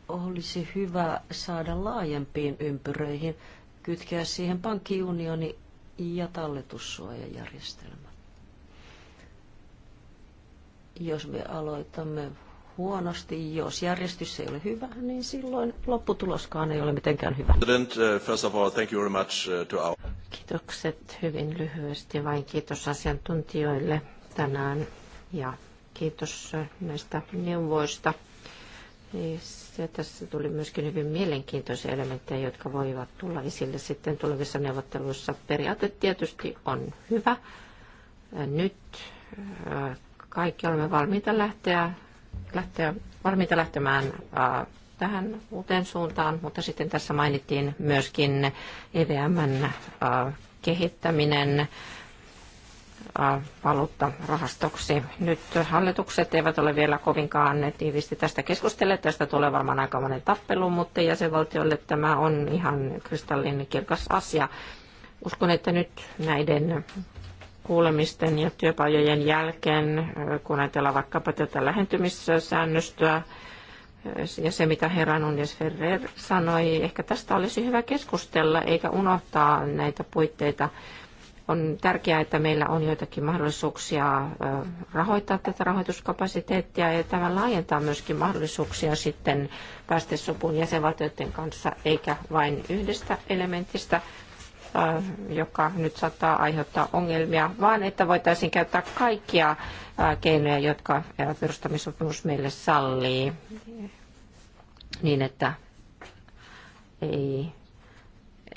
olisi hyvä saada laajempiin ympyröihin, kytkeä siihen pankkiunioni ja talletussuojajärjestelmä. Jos me aloitamme huonosti, jos järjestys ei ole hyvä, niin silloin lopputuloskaan ei ole mitenkään hyvä. Kiitokset hyvin lyhyesti, vain kiitos asiantuntijoille tänään ja Kiitos näistä neuvoista. Se tässä tuli myöskin hyvin mielenkiintoisia elementtejä, jotka voivat tulla esille sitten tulevissa neuvotteluissa. Periaate tietysti on hyvä. Nyt äh, kaikki olemme valmiita lähteä, lähteä, valmiita lähtemään äh, tähän uuteen suuntaan, mutta sitten tässä mainittiin myöskin EVMn äh, kehittäminen valuuttarahastoksi. Nyt hallitukset eivät ole vielä kovinkaan tiivisti tästä keskustelleet. Tästä tulee varmaan aika monen tappelu, mutta jäsenvaltiolle tämä on ihan kristallin kirkas asia. Uskon, että nyt näiden kuulemisten ja työpajojen jälkeen, kun ajatellaan vaikkapa tätä lähentymissäännöstöä, ja se, mitä herra Nunes Ferrer sanoi, ehkä tästä olisi hyvä keskustella, eikä unohtaa näitä puitteita, on tärkeää, että meillä on joitakin mahdollisuuksia rahoittaa tätä rahoituskapasiteettia ja tämä laajentaa myöskin mahdollisuuksia sitten päästä sopuun jäsenvaltioiden kanssa, eikä vain yhdestä elementistä, joka nyt saattaa aiheuttaa ongelmia, vaan että voitaisiin käyttää kaikkia keinoja, jotka perustamisopimus meille sallii, niin että ei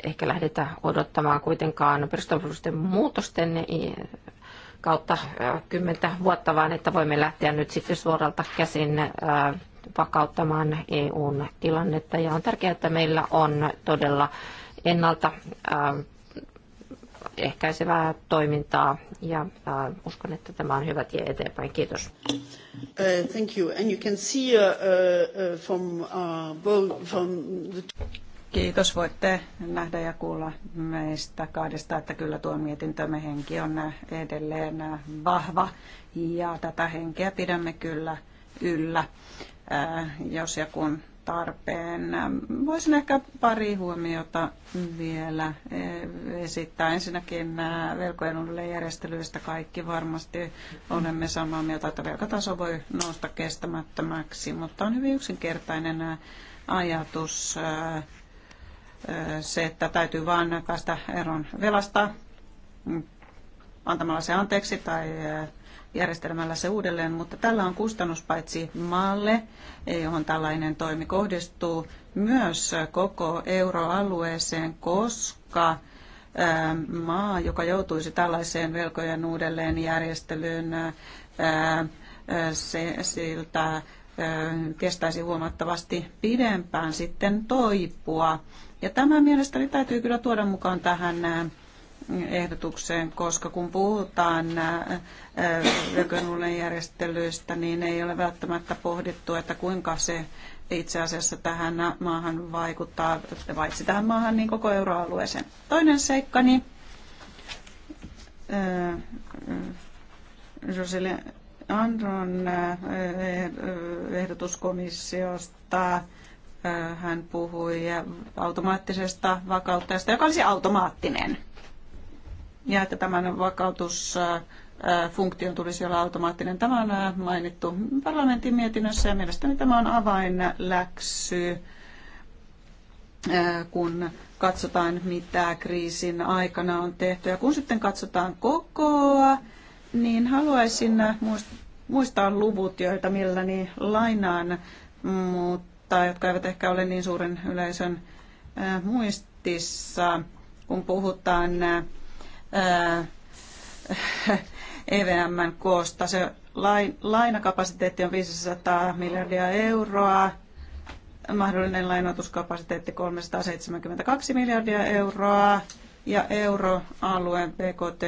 ehkä lähdetä odottamaan kuitenkaan perustavuusten muutosten eh, kautta eh, kymmentä vuotta, vaan että voimme lähteä nyt sitten suoralta käsin eh, vakauttamaan EUn tilannetta. Ja on tärkeää, että meillä on todella ennalta ehkäisevää toimintaa ja uh, uskon, että tämä on hyvä tie eteenpäin. Kiitos. Uh, thank you. And you can see uh, uh, from, uh, from the... Kiitos. Voitte nähdä ja kuulla meistä kahdesta, että kyllä tuo mietintömme henki on edelleen vahva ja tätä henkeä pidämme kyllä yllä, äh, jos ja kun tarpeen. Voisin ehkä pari huomiota vielä eh, esittää. Ensinnäkin äh, velkojen järjestelyistä kaikki varmasti olemme samaa mieltä, että velkataso voi nousta kestämättömäksi, mutta on hyvin yksinkertainen äh, ajatus se, että täytyy vain päästä eroon velasta mm, antamalla se anteeksi tai järjestelmällä se uudelleen, mutta tällä on kustannus paitsi maalle, e, johon tällainen toimi kohdistuu, myös koko euroalueeseen, koska maa, joka joutuisi tällaiseen velkojen järjestelyyn, se, siltä kestäisi huomattavasti pidempään sitten toipua. Ja tämä mielestäni täytyy kyllä tuoda mukaan tähän ehdotukseen, koska kun puhutaan ökönullen järjestelyistä, niin ei ole välttämättä pohdittu, että kuinka se itse asiassa tähän maahan vaikuttaa, paitsi tähän maahan, niin koko euroalueeseen. Toinen seikka, niin Joselle Andron ehdotuskomissiosta hän puhui automaattisesta vakauttajasta, joka olisi automaattinen. Ja että tämän vakautusfunktion tulisi olla automaattinen. Tämä on mainittu parlamentin mietinnössä ja mielestäni tämä on avainläksy, kun katsotaan mitä kriisin aikana on tehty. Ja kun sitten katsotaan kokoa, niin haluaisin muistaa luvut, joita milläni lainaan, mutta tai jotka eivät ehkä ole niin suuren yleisön muistissa, kun puhutaan EVMn koosta. Se lainakapasiteetti on 500 miljardia euroa, mahdollinen lainoituskapasiteetti 372 miljardia euroa ja euroalueen BKT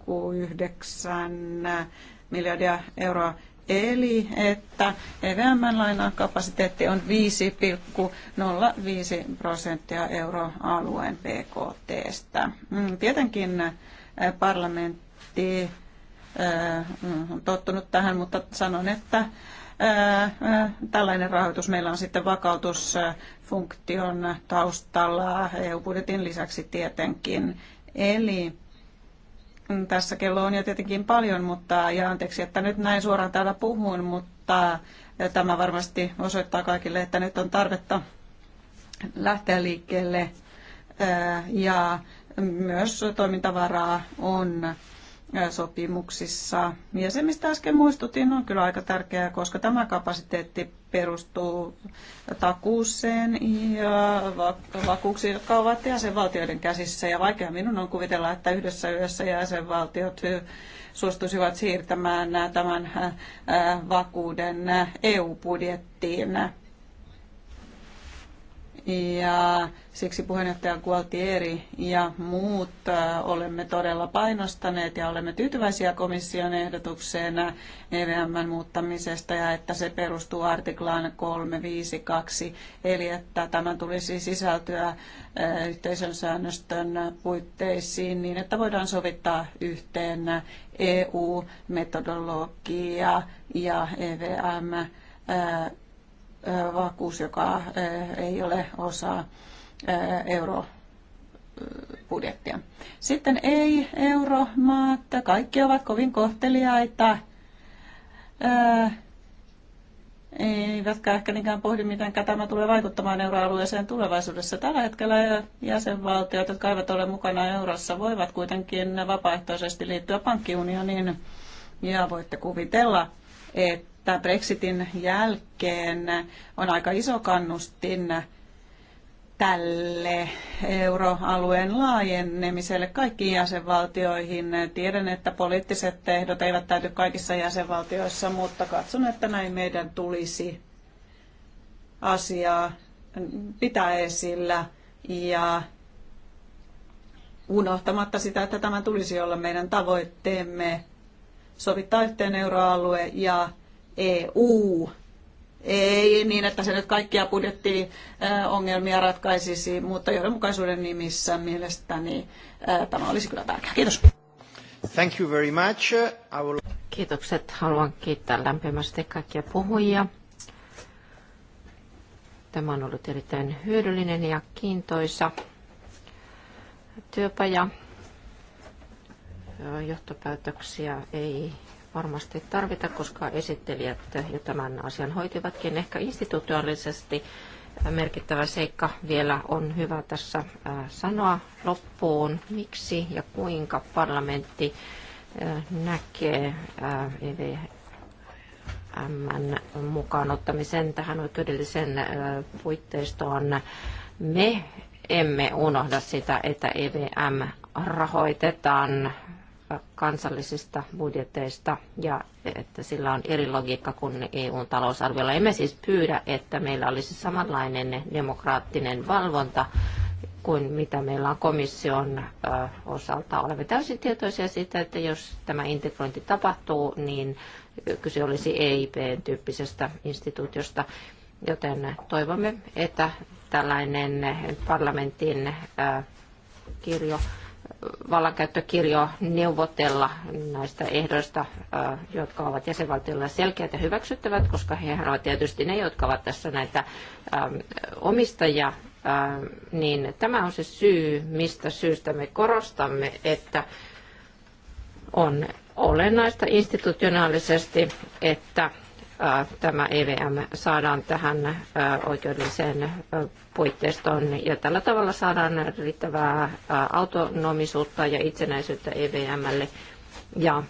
9,9 miljardia euroa eli että evm lainakapasiteetti kapasiteetti on 5,05 prosenttia euroalueen BKT. Mm, tietenkin parlamentti on tottunut tähän, mutta sanon, että tällainen rahoitus meillä on sitten vakautusfunktion taustalla EU-budjetin lisäksi tietenkin. Eli tässä kello on jo tietenkin paljon, mutta ja anteeksi, että nyt näin suoraan täällä puhun, mutta eh, tämä varmasti osoittaa kaikille, että nyt on tarvetta lähteä liikkeelle eh, ja myös toimintavaraa on eh, sopimuksissa. Ja se, mistä äsken muistutin, on kyllä aika tärkeää, koska tämä kapasiteetti perustuu takuuseen ja vakuuksiin, jotka ovat jäsenvaltioiden käsissä. Ja vaikea minun on kuvitella, että yhdessä yössä jäsenvaltiot suostuisivat siirtämään tämän äh, äh, vakuuden äh, EU-budjettiin ja siksi puheenjohtaja Gualtieri ja muut olemme todella painostaneet ja olemme tyytyväisiä komission ehdotukseen EVMn muuttamisesta ja että se perustuu artiklaan 352, eli että tämän tulisi sisältyä yhteisön säännöstön puitteisiin niin, että voidaan sovittaa yhteen EU-metodologia ja EVM vakuus, joka eh, ei ole osa eh, euro eh, budjettia. Sitten ei euromaat, kaikki ovat kovin kohteliaita, eivätkä ehkä niinkään pohdi, miten tämä tulee vaikuttamaan euroalueeseen tulevaisuudessa. Tällä hetkellä jäsenvaltiot, jotka eivät ole mukana eurossa, voivat kuitenkin vapaaehtoisesti liittyä pankkiunioniin. Ja voitte kuvitella, että tämän Brexitin jälkeen on aika iso kannustin tälle euroalueen laajenemiselle kaikkiin jäsenvaltioihin. Tiedän, että poliittiset ehdot eivät täyty kaikissa jäsenvaltioissa, mutta katson, että näin meidän tulisi asiaa pitää esillä ja unohtamatta sitä, että tämä tulisi olla meidän tavoitteemme sovittaa yhteen euroalue ja EU. Ei niin, että se nyt kaikkia budjettiongelmia ratkaisisi, mutta johdonmukaisuuden nimissä mielestäni tämä olisi kyllä tärkeää. Kiitos. Thank you very much. I will... Kiitokset. Haluan kiittää lämpimästi kaikkia puhujia. Tämä on ollut erittäin hyödyllinen ja kiintoisa työpaja. Johtopäätöksiä ei varmasti tarvita, koska esittelijät jo tämän asian hoitivatkin. Ehkä institutionaalisesti merkittävä seikka vielä on hyvä tässä sanoa loppuun, miksi ja kuinka parlamentti näkee EVMn mukaan ottamisen tähän oikeudelliseen puitteistoon. Me emme unohda sitä, että EVM rahoitetaan kansallisista budjeteista ja että sillä on eri logiikka kuin EUn talousarviolla. Emme siis pyydä, että meillä olisi samanlainen demokraattinen valvonta kuin mitä meillä on komission osalta. Olemme täysin tietoisia siitä, että jos tämä integrointi tapahtuu, niin kyse olisi EIP-tyyppisestä instituutiosta. Joten toivomme, että tällainen parlamentin kirjo vallankäyttökirjo neuvotella näistä ehdoista, jotka ovat jäsenvaltioilla selkeät ja hyväksyttävät, koska hehän ovat tietysti ne, jotka ovat tässä näitä omistajia, niin tämä on se syy, mistä syystä me korostamme, että on olennaista institutionaalisesti, että Äh, tämä EVM saadaan tähän äh, oikeudelliseen äh, puitteistoon ja tällä tavalla saadaan riittävää autonomisuutta ja itsenäisyyttä EVMlle. Ja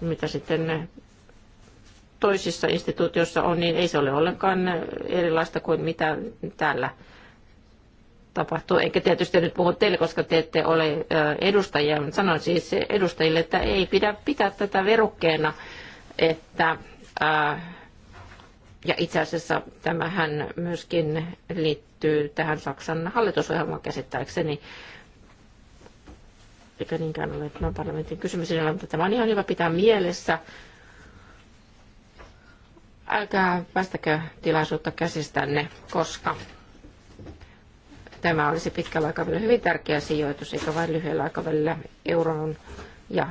mitä sitten toisissa instituutioissa on, niin ei se ole ollenkaan erilaista kuin mitä täällä tapahtuu. Eikä tietysti nyt puhu teille, koska te ette ole edustajia, mutta sanon siis edustajille, että ei pidä pitää tätä verukkeena, että ja itse asiassa tämähän myöskin liittyy tähän Saksan hallitusohjelman käsittääkseni, eikä niinkään ole tämän parlamentin kysymys, mutta tämä on ihan hyvä pitää mielessä. Älkää päästäkö tilaisuutta käsistänne, koska tämä olisi pitkällä aikavälillä hyvin tärkeä sijoitus, eikä vain lyhyellä aikavälillä euroon. Ja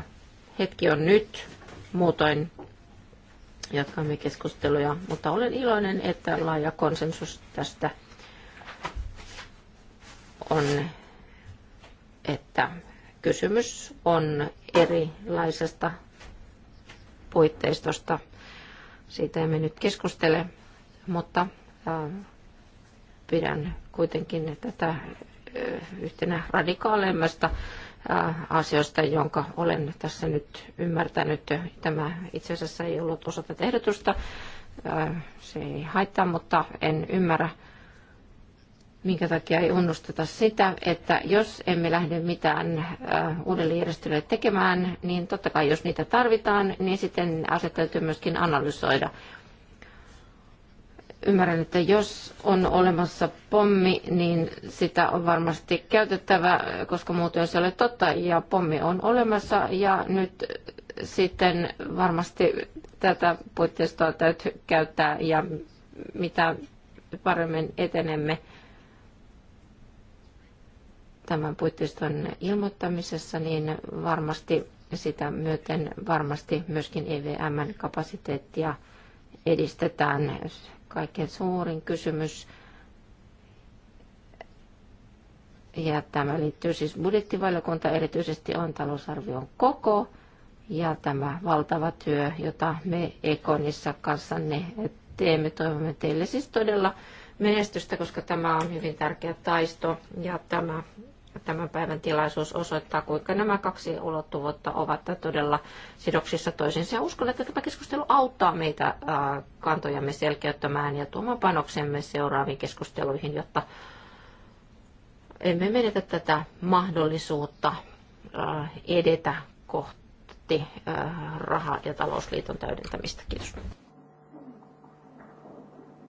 hetki on nyt, muutoin jatkamme keskusteluja, mutta olen iloinen, että laaja konsensus tästä on, että kysymys on erilaisesta puitteistosta. Siitä emme nyt keskustele, mutta pidän kuitenkin tätä yhtenä radikaaleimmasta Äh, asioista, jonka olen tässä nyt ymmärtänyt. Tämä itse asiassa ei ollut osa tätä ehdotusta, äh, se ei haittaa, mutta en ymmärrä, minkä takia ei unnusteta sitä, että jos emme lähde mitään äh, uudelleenjärjestelyä tekemään, niin totta kai jos niitä tarvitaan, niin sitten asettautuu myöskin analysoida Ymmärrän, että jos on olemassa pommi, niin sitä on varmasti käytettävä, koska muuten se ei ole totta. Ja pommi on olemassa ja nyt sitten varmasti tätä puitteistoa täytyy käyttää ja mitä paremmin etenemme tämän puitteiston ilmoittamisessa, niin varmasti sitä myöten varmasti myöskin EVMn kapasiteettia edistetään kaikkein suurin kysymys. Ja tämä liittyy siis budjettivaliokunta, erityisesti on talousarvion koko ja tämä valtava työ, jota me Ekonissa kanssanne teemme. Toivomme teille siis todella menestystä, koska tämä on hyvin tärkeä taisto ja tämä tämän päivän tilaisuus osoittaa, kuinka nämä kaksi ulottuvuutta ovat todella sidoksissa toisiinsa. Ja uskon, että tämä keskustelu auttaa meitä äh, kantojamme selkeyttämään ja tuomaan panoksemme seuraaviin keskusteluihin, jotta emme menetä tätä mahdollisuutta äh, edetä kohti äh, raha- ja talousliiton täydentämistä. Kiitos.